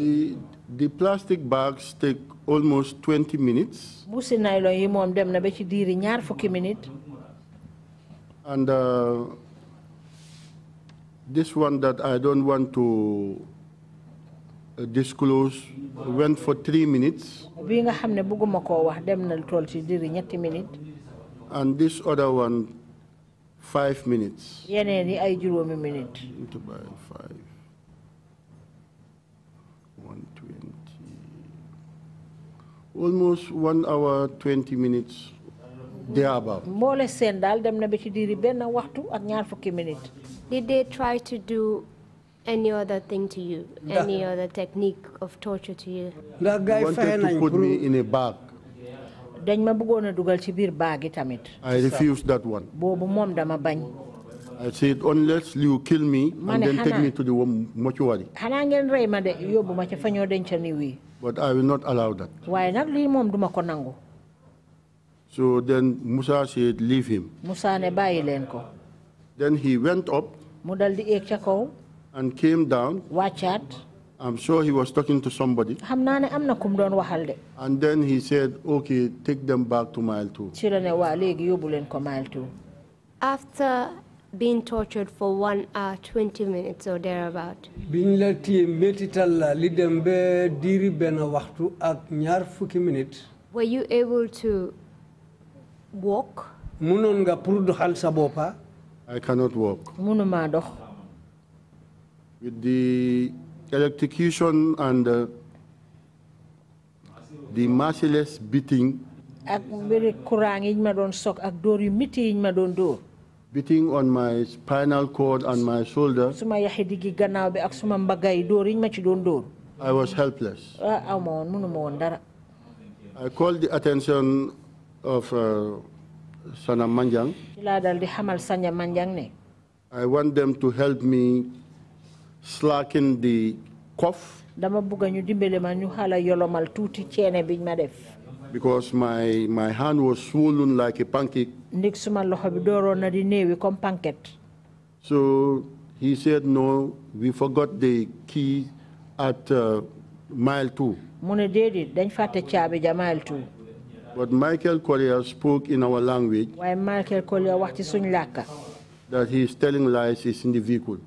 The plastic bags take almost 20 minutes. Busi nylon yi mom dem na bechi diri diiri ñaar minute. And uh, this one that I don't want to uh, disclose went for three minutes. bii nga xam buguma bëgguma koo wax dem na tool ci diri ñetti minutes. and this other one five minutes. yeneen yi ay juróomi minute. into by five one twenty almost one hour twenty minutes. thereabout. mboole seen daal dem na ba ci diiri benn waxtu ak ñaar fukki did they try to do any other thing to you, any other technique of torture to you? That guy wanted to put me in a bag. dañ ma bëggoon a dugal ci biir baagi tamit. I refused that one. boobu moom dama bañ. I said unless you kill me and then take me to the mortuary. xanaa ngeen rey ma de yóbbu ma ca fa ñoo denc ni wii. But I will not allow that. waaye nag lii moom duma ko nangu. So then Musa said leave him. Musa ne bàyyi leen ko. Then he went up. mu dal di eeg ca kaw and came down. wàccaat. I'm sure he was talking to somebody. ne am na and then he said okay take them back to mile two. wa la ne waa léegi after being tortured for one hour twenty minutes or thereabout. ak were you able to walk. munoon nga pour I cannot walk. mënuma with the electrocution and uh, the merciless beating. Beating on my spinal cord and my shoulder. I was helpless. Ah, I called the attention of uh, Manjang. I want them to help me slacken the cuff. dama ñu dimbale ma ñu xala yolomal tuuti biñ ma def. because my my hand was swollen like a pancake. suma loxo bi na di comme pancake. so he said no we forgot the key at uh, mile two. mu ne dañ fàtte caabi ja mile two. but Michael Collier spoke in our language. waaye Michael Collier wax ci suñ làkka that he is telling lies is in the vehicle.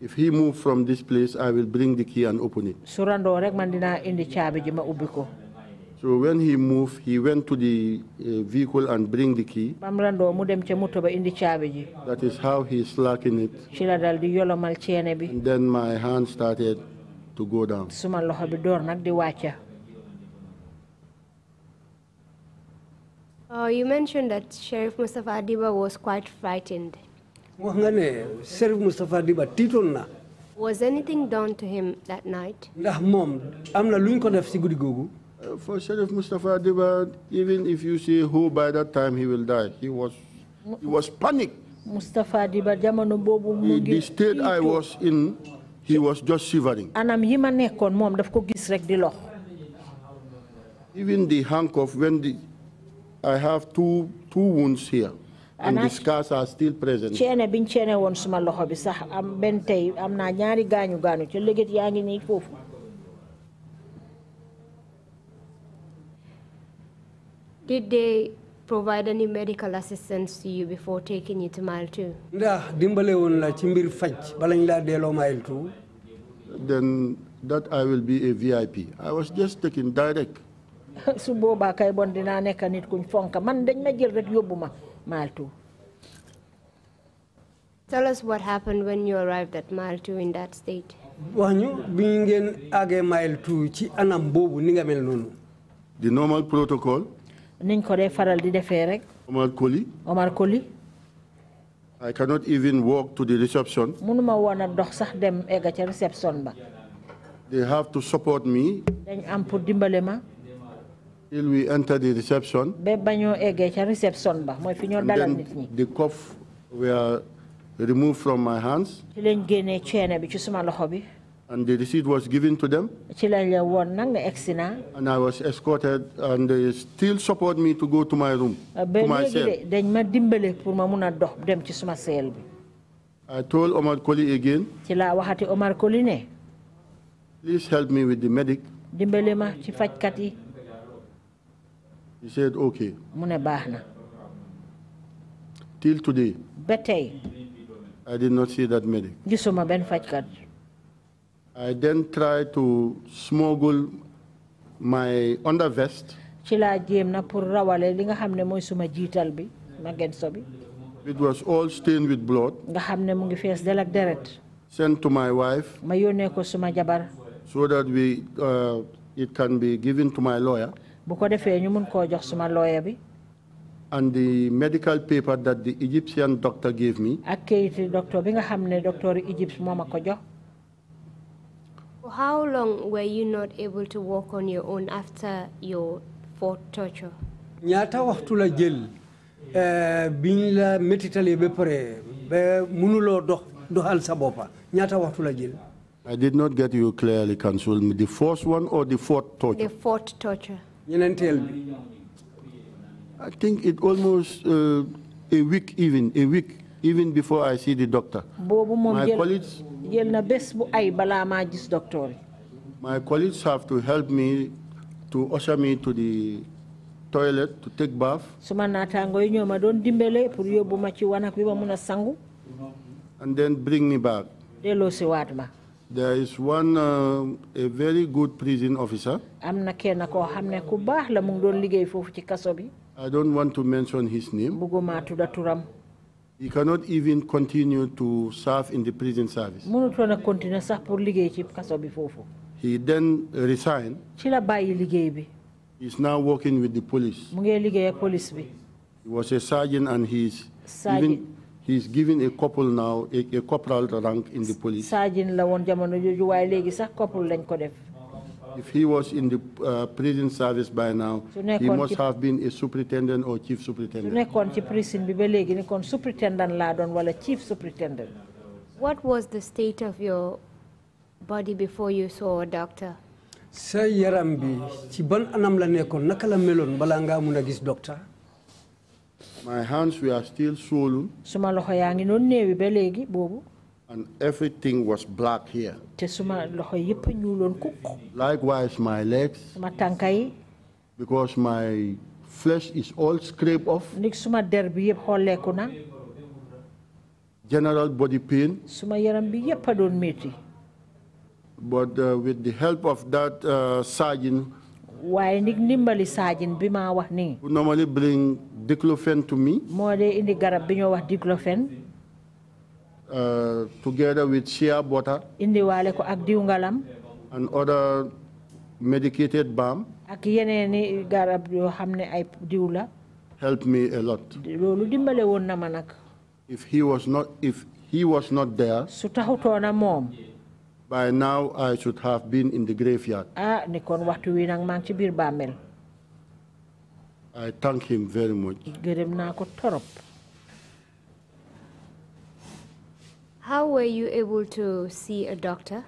If he move from this place, I will bring the key and open it. So when he moved, he went to the uh, vehicle and bring the key. That is how he slacking it. And then my hand started to go down. Uh, you mentioned that Sheriff Mustafa Adiba was quite frightened. Sheriff Mustafa Adiba titonna. Was anything done to him that night? Ndax mom amna luñ ko def ci guddi gogu. Uh, for Sheriff Mustafa Adiba, even if you see who by that time he will die, he was he was panicked. Mustafa Adiba jamono bobu The state I was in, he was just shivering. Anam yi ma nekkon mom daf ko gis rek the law, Even the handcuff when the I have two, two wounds here. And the scars are still present. biñ suma loxo bi sax am am ñaari ci Did they provide any medical assistance to you before taking you to Mile 2? dimbale la ci mbir Mile 2. Then that I will be a VIP. I was just taken direct. su kay bon nit kuñ man dañ ma jël rek Maltu. Tell us what happened when you arrived at Mile 2 in that state. wax bi ngeen àggee Mile 2 ci anam boobu ni nga mel the normal protocol. niñ ko faral di rek. Omar Koli. Omar Koli. I cannot even walk to the reception. dox sax dem reception ba. they have to support me. dañ am pour dimbale ma. Till we enter the reception. Be banyo ege cha reception ba mooy fi ñoo dalal nit ñi. the cuff were removed from my hands. ci lañ génnee ceene bi ci suma loxo bi. And the receipt was given to them. And I was escorted, and they still support me to go to my room, to my cell. I told Omar Koli again, Omar Koli ne. please help me with the medic he said okay mu ne till today ba I did not see that medic gisuma benn fajkat I then tried to smuggle my undervest Chila laa na pour rawale li nga xam ne suma jiital bi ma genso bi it was all stained with blood nga xam ne mu ngi deret sent to my wife Mayone yónnee ko suma jabar so that we uh, it can be given to my lawyer bu ko defee ñu koo jox suma bi. and the medical paper that the Egyptian doctor gave me. ak kayit docteur bi nga xam ne docteur Egypte moo ma ko jox. How long were you not able to walk on your own after your fourth torture? ñaata waxtu la jël eh, biñ la ba pare ba mënuloo dox doxal sa boppa ñaata waxtu la jël. I did not get you clearly, me. The first one or the fourth torture? The fourth torture yeneen teel bi I think it almost uh, a week even, a week even before I see the doctor. My colleagues, yel my colleagues have to help me to usher me to the toilet to take bath. And then bring me back. There is one uh, a very good prison officer. ku la ci bi. I don't want to mention his name. turam. He cannot even continue to serve in the prison service. sax pour ci bi He then resigned. ci la bàyyi bi. He is now working with the police. mu ak police bi. He was a sergeant and he is. Sergeant. He's given a couple now, a, a corporal rank in the police. Sergeant la won jamono joju way legi sax couple lañ ko def. If he was in the uh, prison service by now, he must have been a superintendent or chief superintendent. Nekon ci prison bi ba legi ni kon superintendent la don wala chief superintendent. What was the state of your body before you saw a doctor? Sa yaram bi ci ban anam la nekkon naka la melon bala nga mëna gis docteur? My hands were still swollen. Suma And everything was black here. Te suma Likewise my legs. Suma Because my flesh is all scraped off. suma na. General body pain. Suma yaram bi But uh, with the help of that uh, surgeon waaye ndig ndimbali saajin bi maa wax nii. who normally bring diclofen to me. moo dee indi garab bi ñoo wax diclofen. Uh, together with shea butter. indi waale ko ak diw ngalam. and other medicated balm. ak yeneeni garab yoo xam ne ay diw la. helped me a lot. loolu dimbale woon na ma nag. if he was not if he was not there. su taxutoon na moom by now I should have been in the graveyard. ah ne kon waxtu wi nag maa ci biir bàmmeel. I thank him very much. gërëm na ko torop. How were you able to see a doctor?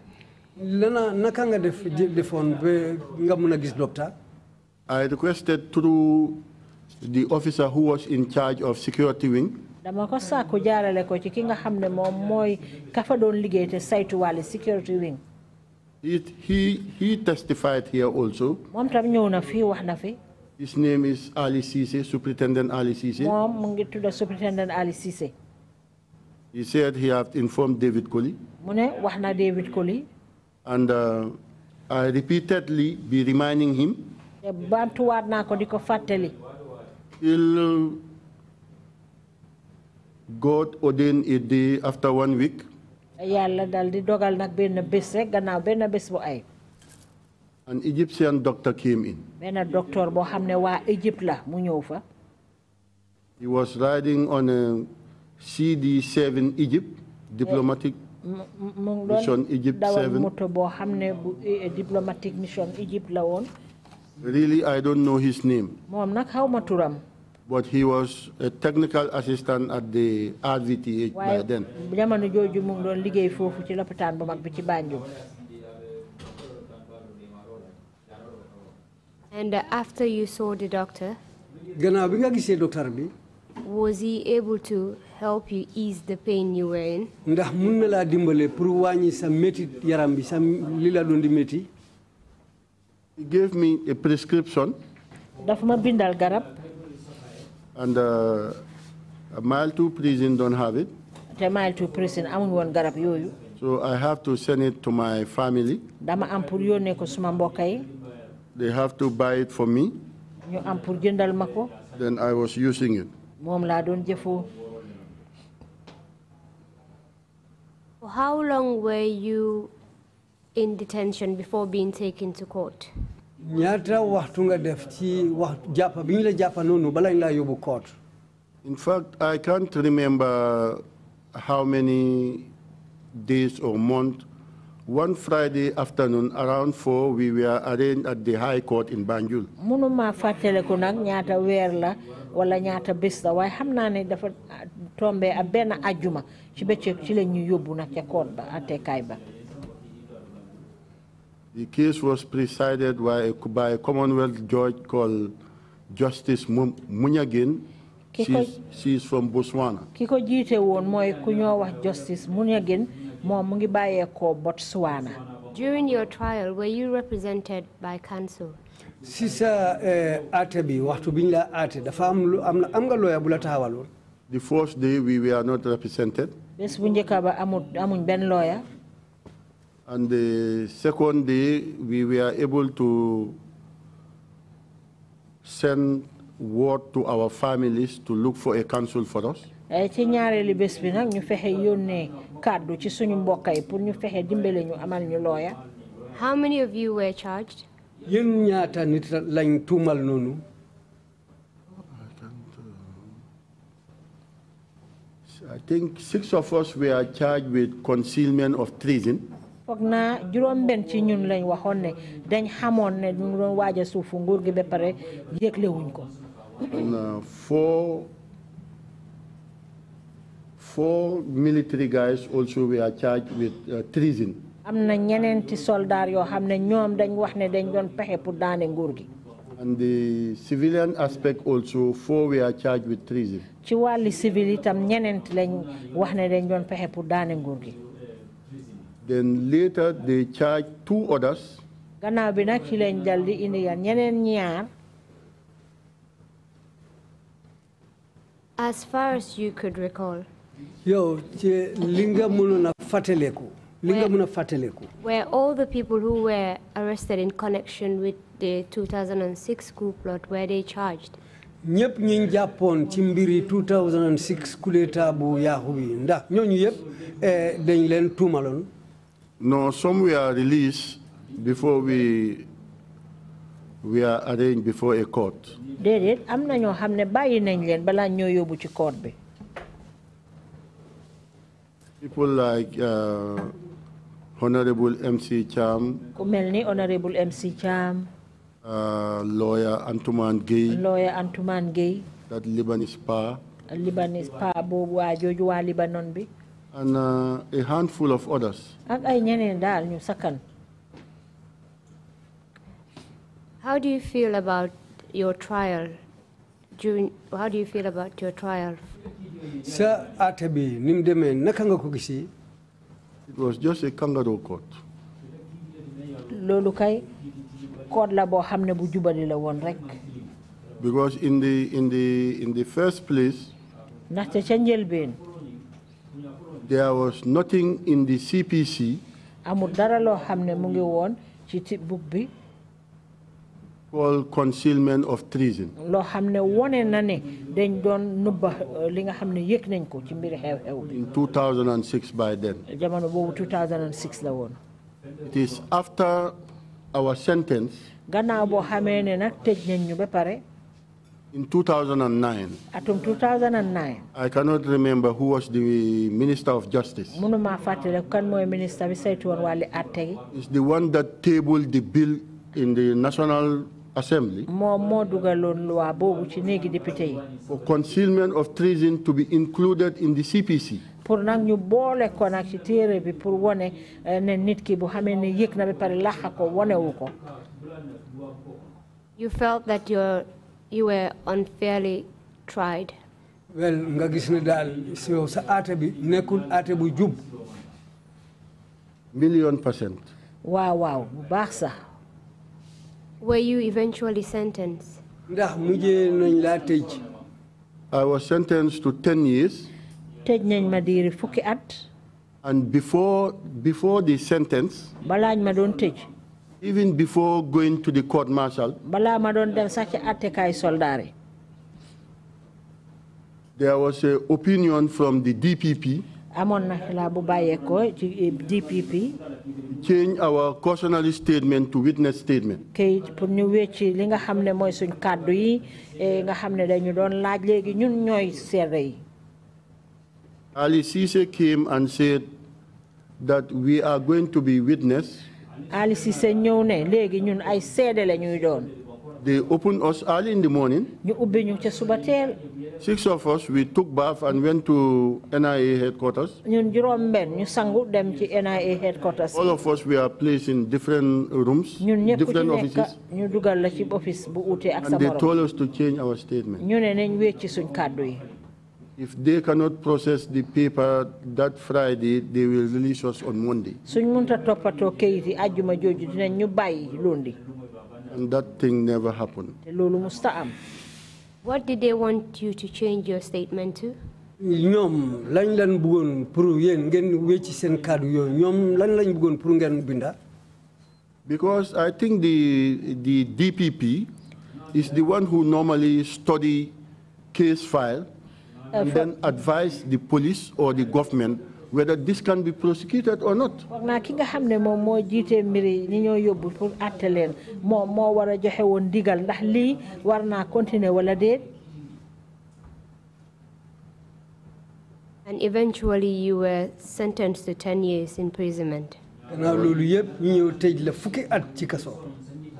Lena naka nga def defoon ba nga mën gis docteur. I requested through the officer who was in charge of security wing. dama ko sàkku jaarale ko ci ki nga xam ne moom mooy ka fa doon liggéey te saytu wàlli security wing. It, he, he testified here also. moom tam ñëw na fi wax na fi. His name is Ali Cisse, Superintendent Ali Cisse. Mom mu ngi tudda Superintendent Ali Cisse. He said he had informed David Colley. mu ne wax na David Colley. And uh, I repeatedly be reminding him. te bantuwaat naa ko di ko fàttali. il God ordained a day after one week. yàlla dal di dogal nak benn bés rek gannaaw benn bés bu ay. An Egyptian doctor came in. benn doctor boo xam ne waa la mu ñëw fa. He was riding on a CD7 Egypt diplomatic eh, mission Egypt 7. moto boo xam bu eh, diplomatic mission Egypte la woon. Really, I don't know his name. moom nag xaw ma turam but he was a technical assistant at the RVTH by then. jamono jooju mu ngi doon liggéey foofu ci lopitaan bu mag bi ci Banjul. And after you saw the doctor. gannaaw bi nga gisee docteur bi. Was he able to help you ease the pain you were in? ndax mun na laa dimbale pour wàññi sa métti yaram bi sa li la doon di métti. He gave me a prescription. dafa ma bindal garab and uh, mile to prison don't have it. A mile to prison I amul woon garab you. so I have to send it to my family. dama am pour yónnee ko suma they have to buy it for me. ñu am pour jëndal ko. then I was using it. moom laa How long were you in detention before being taken to court? ñaata waxtu nga def ci wax jàpp bi ñu la jàpp noonu bala ñu laa yóbbu court. in fact I can't remember how many days or month. One Friday afternoon around four we were arraigned at the High Court in Banjul. mënuma fàttaliku nag ñaata weer la wala ñaata bés la waaye xam naa ni dafa tombé ak benn ajjuma ci bëccëg ci la yóbbu nag ca court ba àttekaay ba. The case was presided by a, by a Commonwealth judge called Justice Munyagin. She's, she's from Botswana. Kiko jite won moy kunyo Justice Munyagin mo mungi baye ko Botswana. During your trial, were you represented by counsel? Sisa eh, ate bi waxtu biñ la ate dafa am am nga lawyer bulata la The first day we were not represented. Bes bu ñëk ba amuñ ben lawyer. And the second day, we were able to send word to our families to look for a counsel for us. Eh, ci ñaareelu bés bi nag ñu fexe yónnee kàddu ci suñu mbokk yi pour ñu fexe dimbale ñu amal ñu looya. How many of you were charged? yéen ñaata nit lañ tuumal noonu. I think six of us were charged with concealment of treason. foog naa juróom-benn ci ñun lañ waxoon ne dañ xamoon ne ñu doon waaj a suufu nguur gi ba pare yëgle ko. four four military guys also were charged with uh, treason. am na ñeneenti soldaar yoo xam ne ñoom dañ wax ne dañ doon pexe pour daane nguur gi. and the civilian aspect also four were charged with treason. ci wàlli civil itam ñeneent lañ wax ne dañ doon pexe pour daane nguur gi. Then later they charged two others. bi ci lañ indi yan ñeneen ñaar. As far as you could recall. Yow ci li nga mënoon a Li nga mën a all the people who were arrested in connection with the 2006 coup plot were they charged? ñëpp ñi jàppoon ci 2006 coup bu yaaxu bi ndax ñooñu yëpp eh, dañ leen tuumaloon. No, some we are released before we we are arraigned before a court. déedéet am na ñoo xam ne bàyyi nañ leen balaa ñoo yóbbu ci court bi. people like uh, honorable MC Cham. ku mel honorable MC Cham. Uh, lawyer Antuman Gueye. lawyer Antuman Gueye. that Lebanese Pa. Lebanese Pa bo waa jooju waa Lebanon bi and uh, a handful of others. How do you feel about your trial? During, how do you feel about your trial? It was just a kangaroo court. Because in the in the in the first place, there was nothing in the CPC amul called concealment of treason. wone eh, in 2006 by then. 2006 la it is after our sentence. pare. In 2009. atum 2009. I cannot remember who was the Minister of Justice. mënuma fàttale kan mooy ministre bi saytu woon It's the one that tabled the bill in the National Assembly. moom moo dugaloon loi boobu ci For concealment of treason to be included in the CPC. pour nag ñu boole ko nag ci téere bi pour wone eh, ne nit ki bu xamee ne yëg na ba pare laxa ko wonewu ko. You felt that your you were unfairly tried? Well, nga gis ne yow sa aate bi nekkul aate bu jub. Million percent. Wow, wow, bu baax Were you eventually sentenced? ndax mujjee nañ laa tëj. I was sentenced to ten years. tëj nañ ma diiri fukki at. And before before the sentence. balaañ ma doon tëj. Even before going to the court martial, there was an opinion from the DPP na bu ci eh, DPP. change our cautionary statement to witness statement. pour ñu li nga suñ yi eh, nga dañu doon laaj ñun yi. Ali Cisse came and said that we are going to be witness. Ali Cissé ñëw ne léegi ñun ay seede la ñuy doon. They opened us early in the morning. ñu ubbi ñu ca suba Six of us we took bath and went to NIA headquarters. ñun juróom benn ñu sangu dem ci NIA headquarters. All of us we are placed in different rooms. ñun ñëpp different offices. ñu dugal la ci office bu uute ak sa morom. And they told us to change our statement. ñu ne nañ wecci suñ kàddu yi. If they cannot process the paper that Friday, they will release us on Monday. Suñ munta topato kayiti aljuma joju dinañ ñu bayyi lundi. And that thing never happened. What did they want you to change your statement to? ñoom lañ lan bëggoon pour yéen ngeen wécci seen kàddu yooyu ñoom lan lañ bëggoon pour ngeen binda. Because I think the the DPP is the one who normally study case file uh, and then advise the police or the government whether this can be prosecuted or not. And eventually you were sentenced to 10 years imprisonment.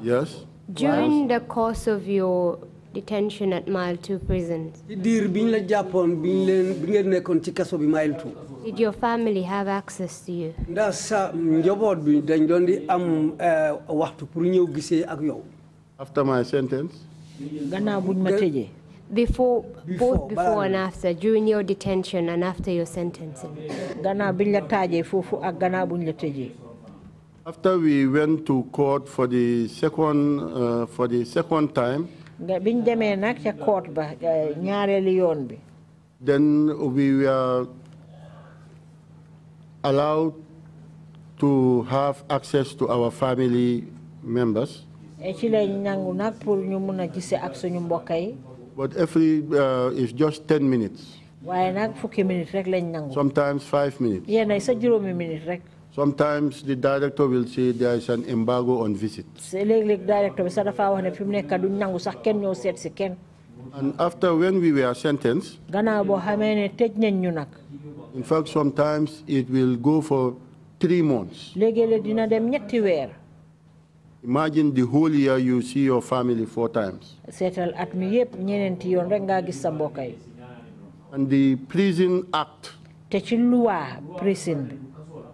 Yes. During the course of your detention at Mile 2 prison. Did your family have access to you? Eh, after my sentence? Before, before, both before and after, during your detention and after your sentencing? After we went to court for the second, uh, for the second time, biñ court ba yoon bi. then we were allowed to have access to our family members. but every uh, is just ten minutes. sometimes five minutes. Sometimes the director will say there is an embargo on visit. And after when we were sentenced, in fact, sometimes it will go for three months. Imagine the whole year you see your family four times. And the prison act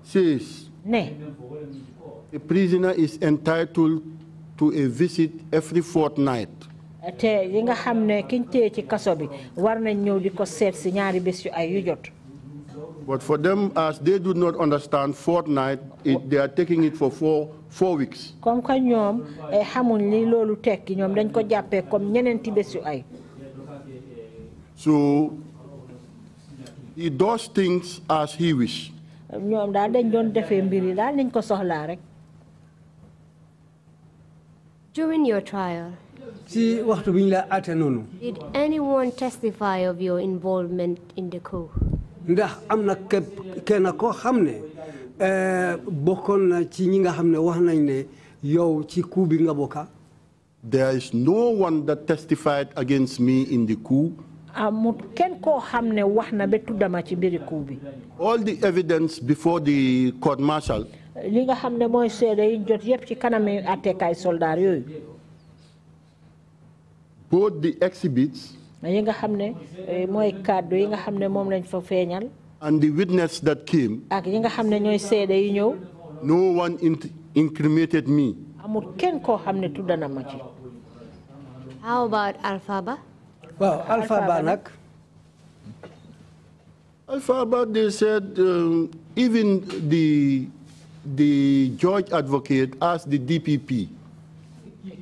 says ne a prisoner is entitled to a visit every fortnight te yi nga xam ne kiñ téye ci kaso bi war nañ ñëw di ko seet si ñaari bés yu ay yu jot But for them, as they do not understand fortnight, it, they are taking it for four, four weeks. Comme que eh, xamuñ li tekki dañ ko comme bes yu ay. So he does things as he wish ñoom daal dañ doon defee mbir yi daal nañ ko soxlaa rek. during your trial. Si waxtu bi la àtte noonu. did anyone testify of your involvement in the coup. ndax am na képp kenn koo xam ne eh, bokkoon na ci ñi nga xam ne wax nañ ne yow ci coup bi nga bokka. there is no one that testified against me in the coup all the evidence before the court martial. li nga yi jot yëpp ci both the exhibits. yi nga eh, yi nga lañ fa and the witness that came. ak yi nga yi ñëw. no one incriminated me. amul kenn ma ci. how about Alfaba. Well, Alpha, Alpha Banak. Alpha Banak, they said um, even the, the judge advocate asked the DPP,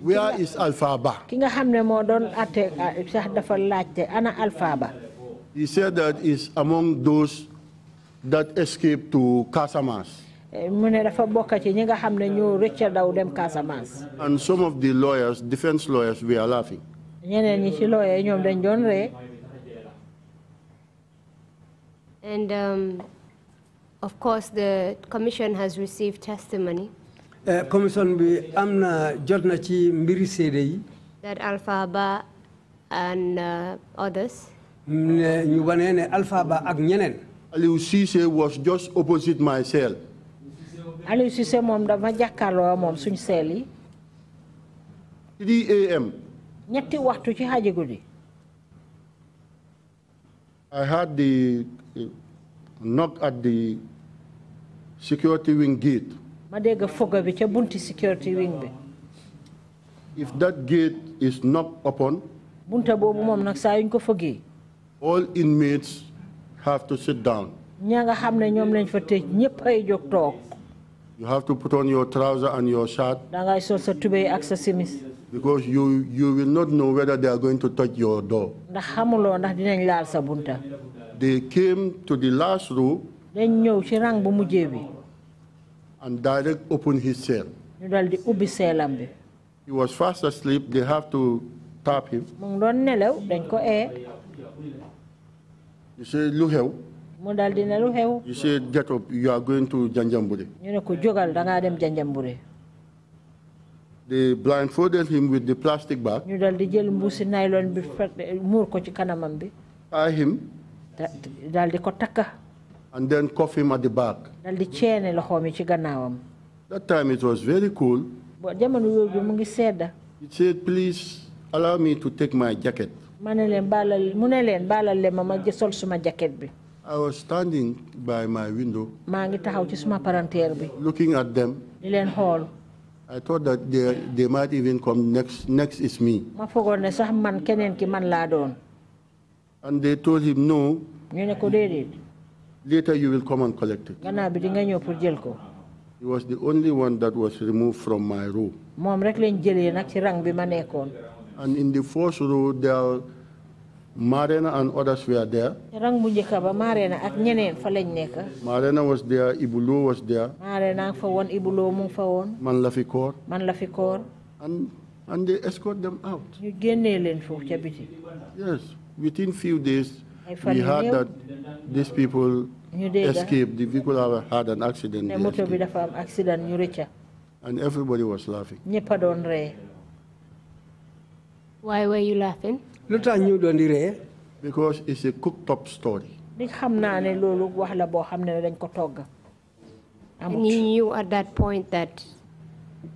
where is Alpha Ba? Ki nga xamne mo doon uh, ana Alpha He said that is among those that escaped to Casamance. Eh, mu ne dafa bokk ci ñi nga xam dem Casamance. And some of the lawyers, defense lawyers, were laughing ñeneen ñi ci looyee ñoom dañ doon and um, of course the commission has received testimony eh, commission bi am na jot na ci mbiri seede yi that Alpha Ba and uh, others ñu wanee ne Alpha Ba ak ñeneen Aliou Cissé was just opposite my cell Aliou Cissé moom dafa jàkkaarloo moom suñ seel yi 3 a.m ñetti waxtu ci xaaji guddi. I had the knock at the security wing gate. ma dégg foga bi ca bunti security wing bi. if that gate is knocked upon. bunta boobu moom nag saa yuñ ko fëggee. all inmates have to sit down. ña nga xam ne ñoom lañ fa tëj ñëpp ay jóg toog. you have to put on your trouser and your shirt. da ngay sol sa tubéy ak sa simis because you you will not know whether they are going to touch your door. they came to the last row. and direct open his cell. he was fast asleep they have to tap him. you say lu you say get up you are going to Janjanbureh. They blindfolded him with the plastic bag. ñu dal jël mbuusi nylon bi fekk muur ko ci kanamam bi. tie him. dal di ko takk. and then cuff him at the back. dal ceene loxoom yi ci gannaawam. that time it was very cool. boo jamono yooyu mu ngi sedda. he said please allow me to take my jacket. ma ne leen baalal mu ne leen baalal leen ma ma sol suma jacket bi. I was standing by my window. maa ngi taxaw ci suma palanteer bi. looking at them. di leen xool. I thought that they, they might even come next, next is me. And they told him, no. Later you will come and collect it. He was the only one that was removed from my row. And in the first row, there Marina and others were there. Rang bu ñëk ba Marina ak ñeneen fa lañ nekk. Marina was there, Ibulu was there. Marina fa won Ibulu mu fa won. Man la fi koor. Man la fi koor. And and they escort them out. Ñu génnee leen foofu ca biti. Yes, within few days we heard that these people escaped. The vehicle had an accident. They moto bi dafa am accident ñu rëcca. And everybody was laughing. Ñëpp a doon ree. Why were you laughing? lu tax ñu doon di ree because it's a cooked up story li xam naa ne loolu wax la boo xam ne dañ ko togg knew at that point that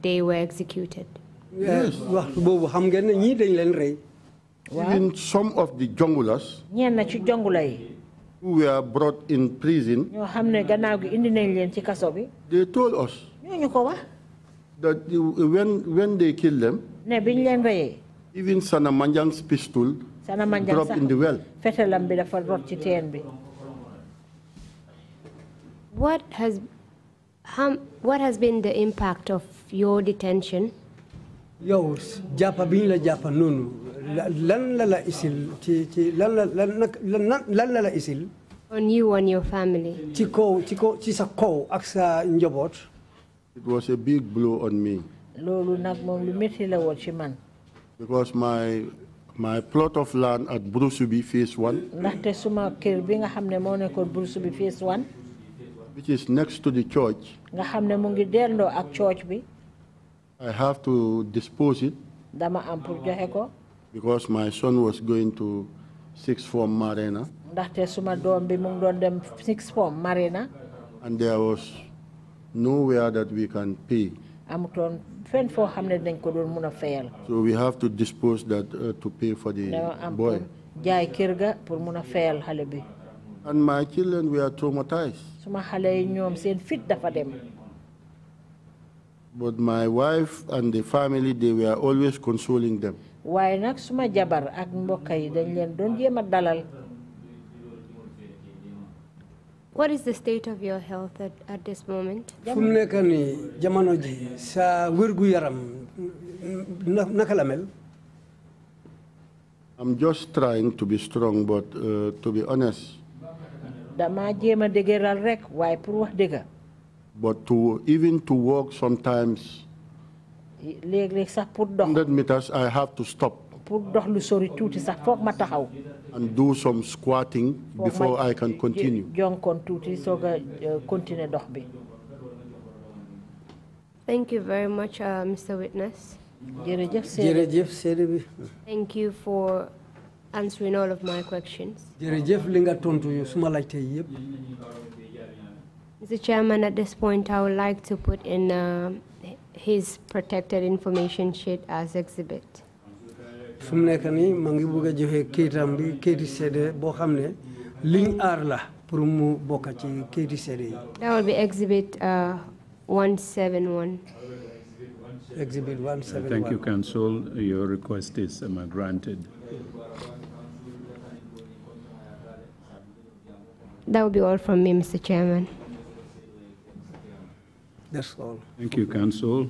they were executed yes we boobu xam ngeen ne ñii dañ leen rey some of the junglers ñeen na ci jongula yi who were brought in prison ñoo xam ne gannaaw gi indi nañ leen ci kaso bi they told us ko wax that when when they killed them ne biñ leen reyee even Sana Manjang's pistol Sana Manjang dropped in the well. Fetalam bi dafa rot ci teen bi. What has um, what has been the impact of your detention? yow jàppa bin la jàppa noonu lan la la isil ci ci lan la lan la la isil. on you and your family. ci kaw ci kaw ci sa kaw ak sa njaboot. it was a big blow on me. loolu nak moom lu métti la woon ci man because my my plot of land at Brusubi phase 1 suma Brusubi phase 1 which is next to the church nga ak church bi I have to dispose it dama because my son was going to six form marina suma bi dem form marina and there was nowhere that we can pay so we have to dispose that uh, to pay for the um, boy. Um, and my children were traumatized. So my yi ñoom seen fit for them. but my wife and the family they were always consoling them. Why nag suma jabar ak dañ dalal. What is the state of your health at, at this moment? sa yaram I'm just trying to be strong but uh, to be honest. dëgëral rek but to even to walk sometimes. léeg-léeg 100 meters I have to stop pour dox lu sori tuuti sax foog ma taxaw. and do some squatting before I can continue. jonkoon tuuti soog continuer dox bi. Thank you very much, uh, Mr. Witness. Thank you for answering all of my questions. Mr. Chairman, at this point, I would like to put in uh, his protected information sheet as exhibit ma ngi joxe bi liñ la pour mu ci yi. that will be exhibit uh, 171. exhibit 171. thank you council your request is um, granted. That will be all from me, Mr. Chairman. That's all. Thank you, Council.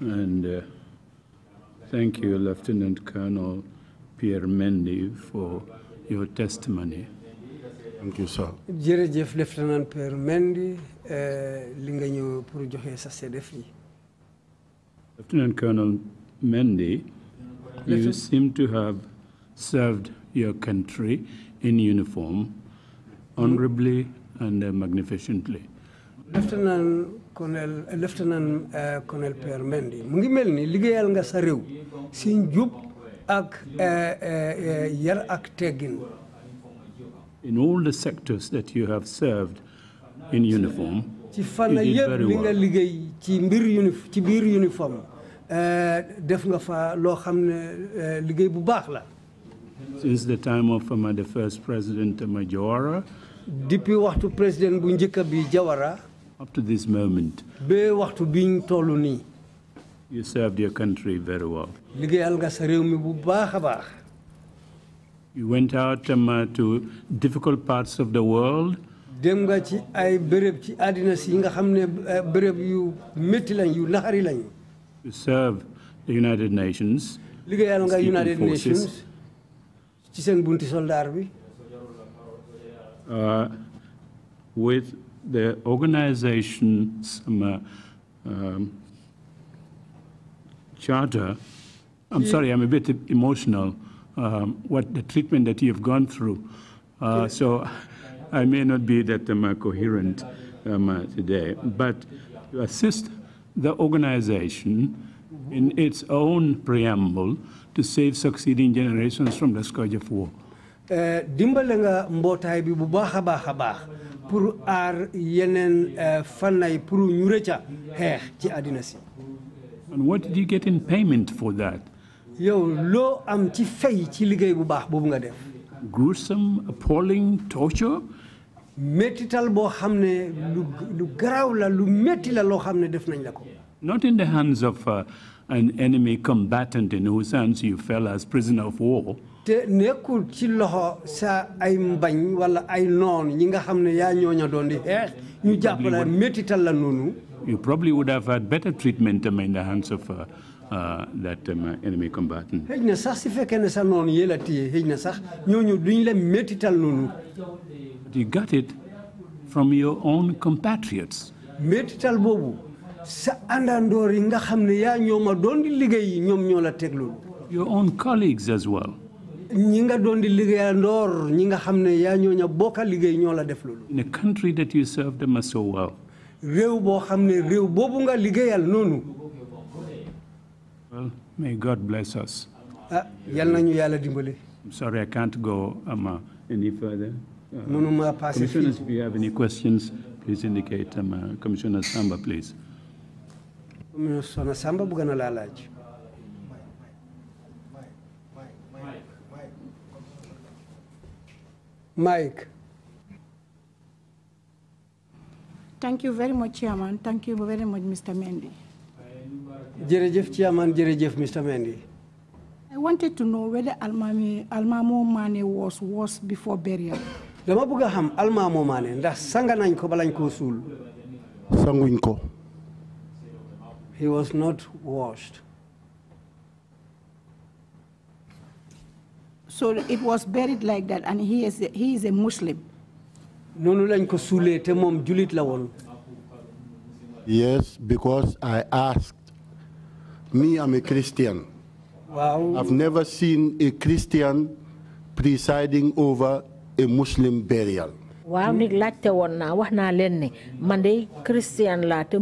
And uh Thank you, Lieutenant Colonel Pierre Mendy, for your testimony. Thank you, sir. jërëjëf Lieutenant Pierre Mendy eh, li nga ñëw Lieutenant Colonel Mendy, you seem to have served your country in uniform honorably and magnificently. Lieutenant Eh, lieutenant eh, colonel Pierre Mendy mu ngi nga sa ak eh, yar ak In all the sectors that you have served in uniform. ci fànn yëpp li nga liggéey ci mbir uni ci biir uniforme def nga fa bu baax la. Since the time of um, the first president majora depuis waxtu président bu bi Jawara. Up to this moment. you served your country very well. you went out um, uh, to difficult parts of the world. dem nga ci ay béréb ci àddina si nga xam ne uh, béréb yu métti lañ yu naxari lañ. to serve the United Nations. liggéeyal nga United Nations. ci seen bunti soldaar bi. Uh, with the organization's um, uh, um, charter, I'm yeah. Hmm. sorry, I'm a bit emotional, um, what the treatment that you've gone through. Uh, so I may not be that um, uh, coherent um, uh, today, but to assist the organization in mm-hmm. its own preamble to save succeeding generations from the scourge of war. Uh, nga pour aar yeneen eh, fànna pour ñu rëcca xeex ci àddina si. and what did you get in payment for that? Yo lo am ci fay ci liggéey bu baax boobu nga def. gruesome, appalling torture. métital bo xam ne lu lu garaaw la lu métti la lo xam ne def nañ la ko. not in the hands of eh, an enemy combatant in whose hands you fell as prisoner of war te ci loxo sa ay wala ay ñi nga doon di ñu la you probably would have had better treatment um, in the hands of uh, uh, that um, enemy combatant. sax ne sa la sax duñ la you got it from your own compatriots. sa yi nga doon di liggéey your own colleagues as well in a country that you serve them so well. well may God bless us. Ah, I'm sorry I can't go um, uh, any further. Uh, mënuma commissioners if you have any questions please indicate um, uh, commissioner Samba please. commissioner Samba bëgg na laa laaj. Mike. Thank you very much, Chairman. Thank you very much, Mr. Mendy. Jerejef Chairman, Jerejef, Mr. Mendy. I wanted to know whether Almami, Almamo Mane was was before burial. dama bëgg ham xam almaamo maane ndax sanga na ko balañ koo suul sanguñ ko he was not washed So it was buried like that, and he is a, he is a Muslim. te julit la yes because I asked me I'm a Christian. Wow. I've never seen a Christian presiding over a Muslim burial. Wow, nit laajte woon one wax naa leen ne man Christian laa te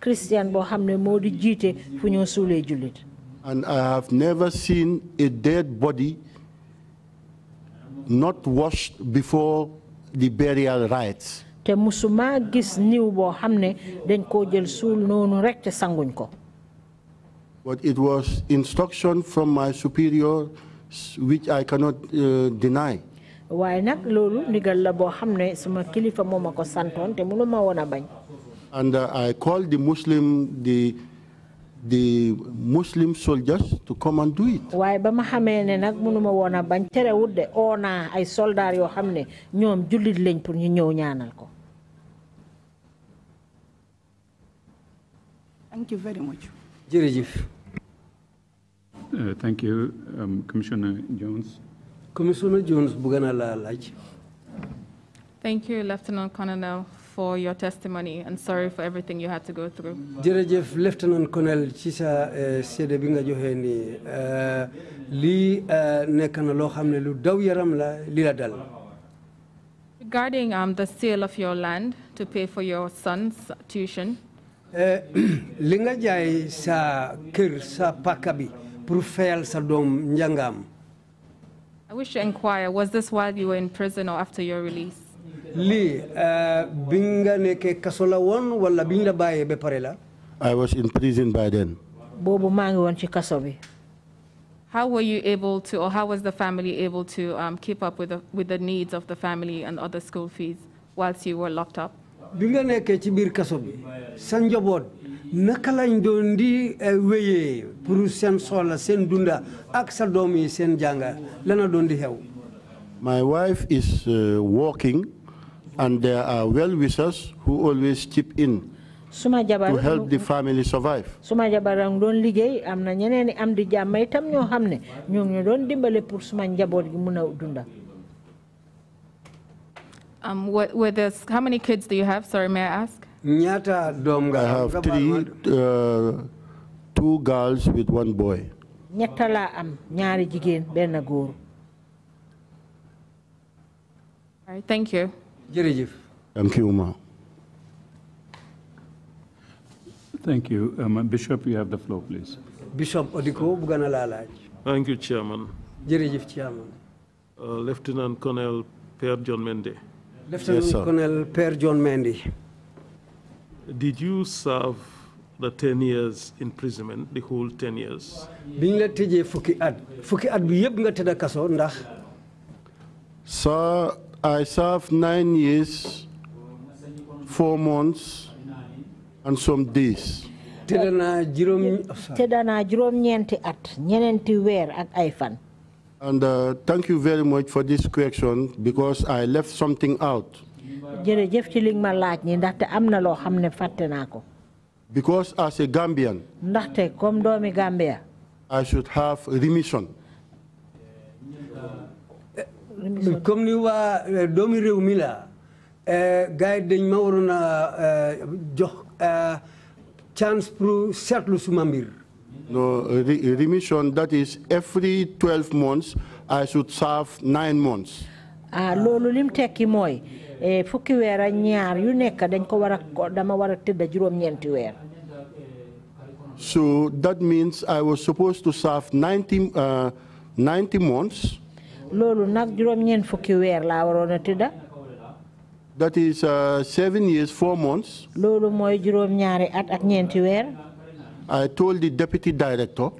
Christian boo xam ne moo di jiite julit and I have never seen a dead body not washed before the burial rites. te musuma gis niw boo xam ne dañ koo jël suul noonu rek te sanguñ ko. But it was instruction from my superior which I cannot uh, deny. waaye nag loolu ndigal la boo xam ne suma kilifa moo ma ko santoon te woon a bañ. And uh, I called the Muslim the the Muslim soldiers to come and do it. thank you very much. jërëjëf. Uh, thank you um, Commissioner Jones. Commissioner Jones bëgg naa thank you Lieutenant Colonel for your testimony and sorry for everything you had to go through. jërëjëf lieutenant colonel eh, bi nga joxe eh, eh, na lu daw yaram la li la dal. Regarding um, the sale of your land to pay for your son's tuition. li nga jaay sa kër sa bi pour fayal sa njàngam. I wish to inquire, was this while you were in prison or after your release? lii uh, bi nga nekkee kaso wala bi ñu la pare la. I was in prison by then. boobu maa ngi woon ci kaso bi. How were you able to, or how was the family able to um, keep up with the, with the needs of the family and other school fees whilst you were locked up? bi nga nekkee ci biir kaso bi sa njaboot naka lañ doon di uh, wéyee pour seen soxla seen dunda ak sa doom yi jànga lana doon di xew. My wife is uh, working and there are well-wishers who always chip in to help the family survive suma ñeneen am di dimbale pour suma gi dunda um what with this how many kids do you have sorry may i ask i have three uh, two girls with one boy all right thank you jërëjëf thank you ma thank you um, bishop you have the floor please bishop odiko bëgg na laa laaj thank you chairman jërëjëf chairman uh, lieutenant colonel Per John Mende. lieutenant yes, colonel Per John Mende. did you serve the 10 years imprisonment, the whole 10 years? Being teje fukki at, fukki at bi yeb nga teda kaso ndax sa I served nine years, four months, and some days. at and uh, thank you very much for this question because I left something out. ni because as a Gambian. Gambia. I should have remission. comme ni waa euh, doomi réew mi la euh, gars dañ ma waroon a euh, jox chance pour seetlu suma mbir. no re remission that is every twelve months I should serve months. ah loolu lim tekki mooy eh, fukki weer ak ñaar yu nekk dañ ko wara a dama ñeenti weer. so that means I was supposed to serve uh, months. juroom fukki weer that is uh, seven years four months. juróom-ñaari at ak weer. I told the deputy director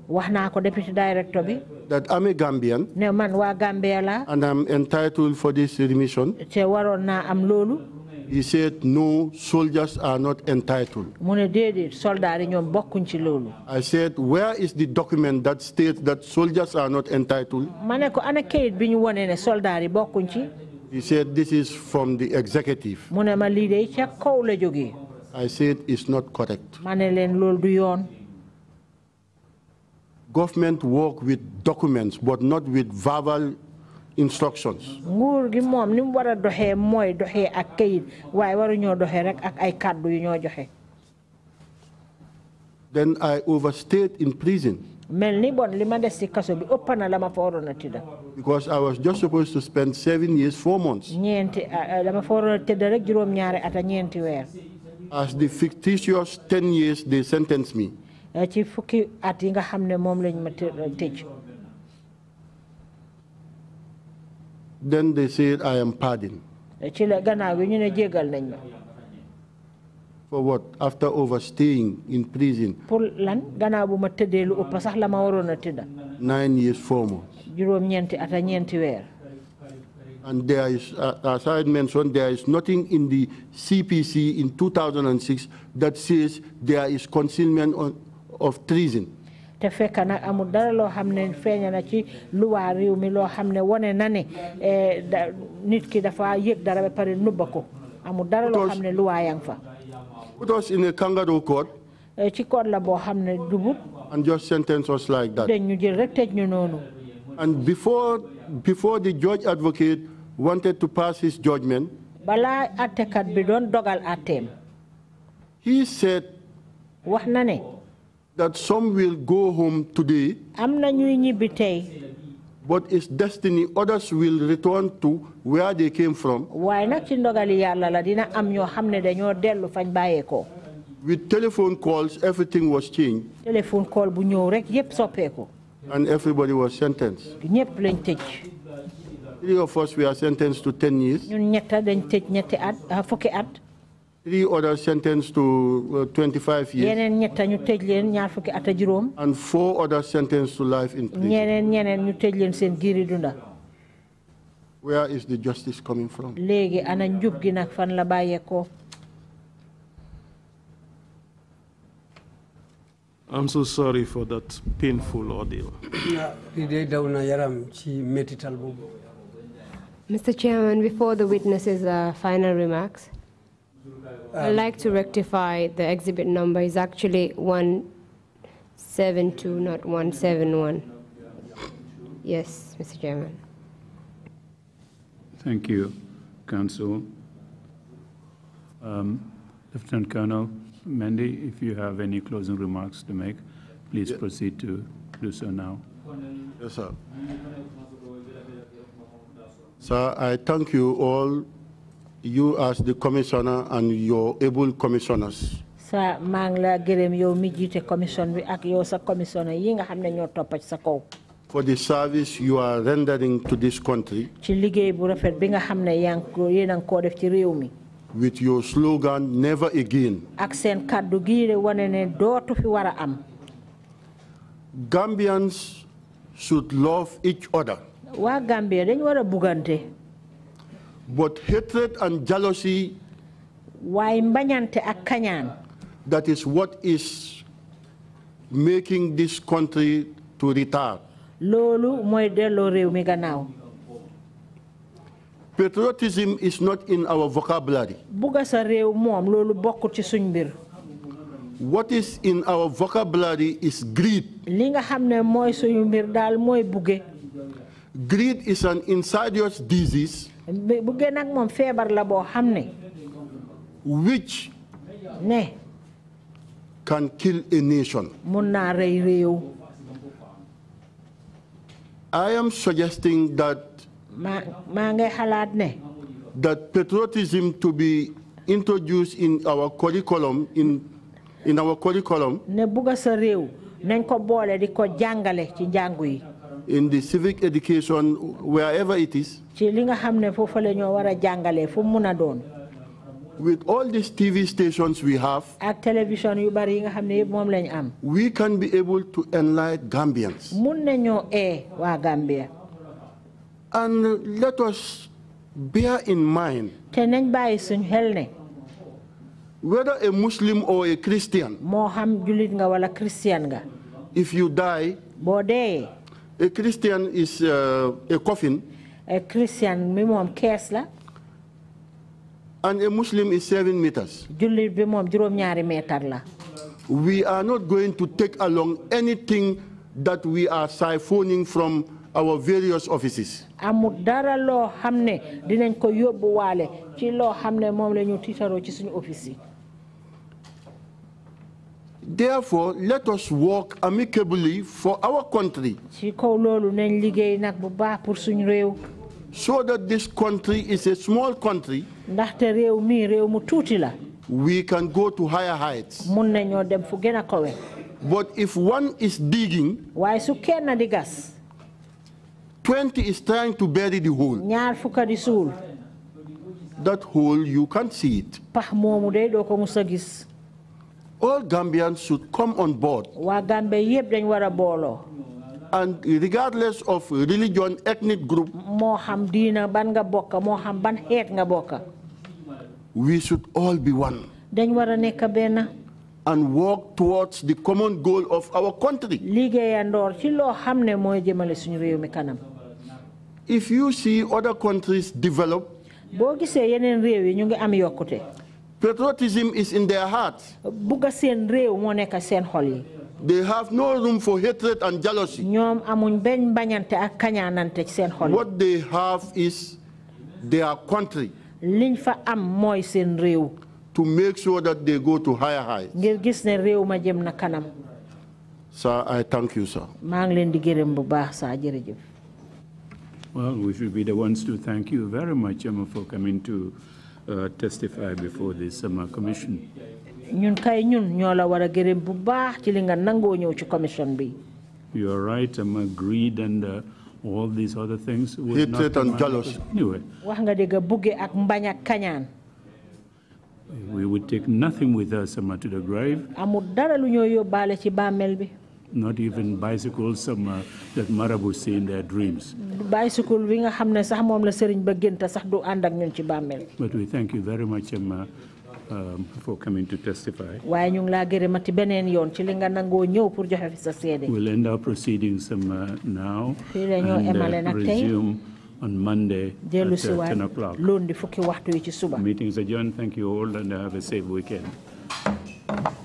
that I'm a Gambian and I'm entitled for this remission. He said, no, soldiers are not entitled. I said, where is the document that states that soldiers are not entitled? He said, this is from the executive. I said, it's not correct. Government work with documents, but not with verbal instructions. nguur gi ak kayit rek ak ay yu ñoo joxe. then I overstayed in prison. bon ci bi fa because I was just supposed to spend seven years four months. fa rek juróom-ñaari as the fictitious ten years they sentenced me. Eh, ci fukki at yi nga lañ ma Then they said, I am pardoned. Eh, For what? After overstaying in prison. Nine years, former. And there is, uh, as I mentioned, there is nothing in the CPC in 2006 that says there is concealment of treason te fekk nag amul dara na ci mi eh, nit ki dafa dara pare dara fa. Put us in a kangaroo court. Eh, ci court la dubut. and just sentence us like that. ñu jël rek tëj ñu and before before the judge advocate wanted to pass his judgment. bi dogal he said. wax na ne that some will go home today. Am na ñuy But its destiny, others will return to where they came from. Why not? ci yàlla la dina am ñoo dañoo fañ With telephone calls, everything was changed. Telephone call bu ñëw rek And everybody was sentenced. ñépp lañ tëj. Three of us were sentenced to ten years. ñun ñetta dañ tëj ñetti at ah, fukki at. Three others sentenced to uh, 25 years. and four others sentenced to life in prison. where is the justice coming from? i I'm so sorry for that painful ordeal. Mr. Chairman, before the witnesses' uh, final remarks, I'd like to rectify the exhibit number is actually 172, not 171. Yes, Mr. Chairman. Thank you, Council. Um, Lieutenant Colonel Mandy, if you have any closing remarks to make, please yeah. proceed to do so now. Yes, sir. Sir, I thank you all you as the commissioner and your able commissioners. sa Mangla, ngi la gërëm yow mi commission bi ak yow sa commissioner yi nga xam ne top toppat sa kaw. for the service you are rendering to this country. ci liggéey bu rafet bi nga xam ne yaa ngi ko def ci réew mi. with your slogan never again. ak seen kàddu gi de wane ne fi war am. Gambians should love each other. Wa Gambia dañ war bugante. But hatred and jealousy. that is what is making this country to retard. patriotism is not in our vocabulary. what is in our vocabulary is greed. greed is an insidious disease which. can kill a nation. I am suggesting that. that patriotism to be introduced in our curriculum in in our curriculum. ne sa ko di ko jàngale ci in the civic education wherever it is with all these TV stations we have, we can be able to enlighten Gambians. And let us bear in mind whether a Muslim or a Christian, if you die, a Christian is uh, a coffin. A Christian minimum moom kees And a Muslim is seven meters. jullit bi moom juróom-ñaari We are not going to take along anything that we are siphoning from our various offices. Amudara lo hamne dinen ne dinañ ko yóbbuwaale ci loo xam ne moom la ñu tiitaroo Therefore, let us work amicably for our country. so that this country is a small country. we can go to higher heights. but if one is digging. twenty is trying to bury the hole. that hole you can't see it all Gambians should come on board. and regardless of religion, ethnic group, we should all be one. and work towards the common goal of our country. if you see other countries develop. Patriotism is in their hearts. They have no room for hatred and jealousy. What they have is their country. Liñ fa am moy To make sure that they go to higher heights. Ngir Sir, I thank you, sir. Well, we should be the ones to thank you very much, Emma, for coming to uh, testify before the summer commission. ñun kay ñun bu baax ci li nga ñëw ci commission bi. you are right I'm agreed and uh, all these other things. would not come jealous. anyway. wax nga bugge ak kañaan. we would take nothing with us to the grave. dara lu ci bi not even bicycles some uh, that marabouts see in their dreams. bicycle bi nga xam ne sax moom la sëriñ ba génta sax du ànd ak ñun ci bàmmeel. but we thank you very much Emma um, for coming to testify. waaye ñu la gere gërëmati beneen yoon ci li nga nangoo ñëw pour joxe fi sa seede. we'll end our proceedings now. fii la and uh, resume on Monday at uh, 10 o'clock. lundi fukki waxtu yi meetings adjourned. Thank you all and have a safe weekend.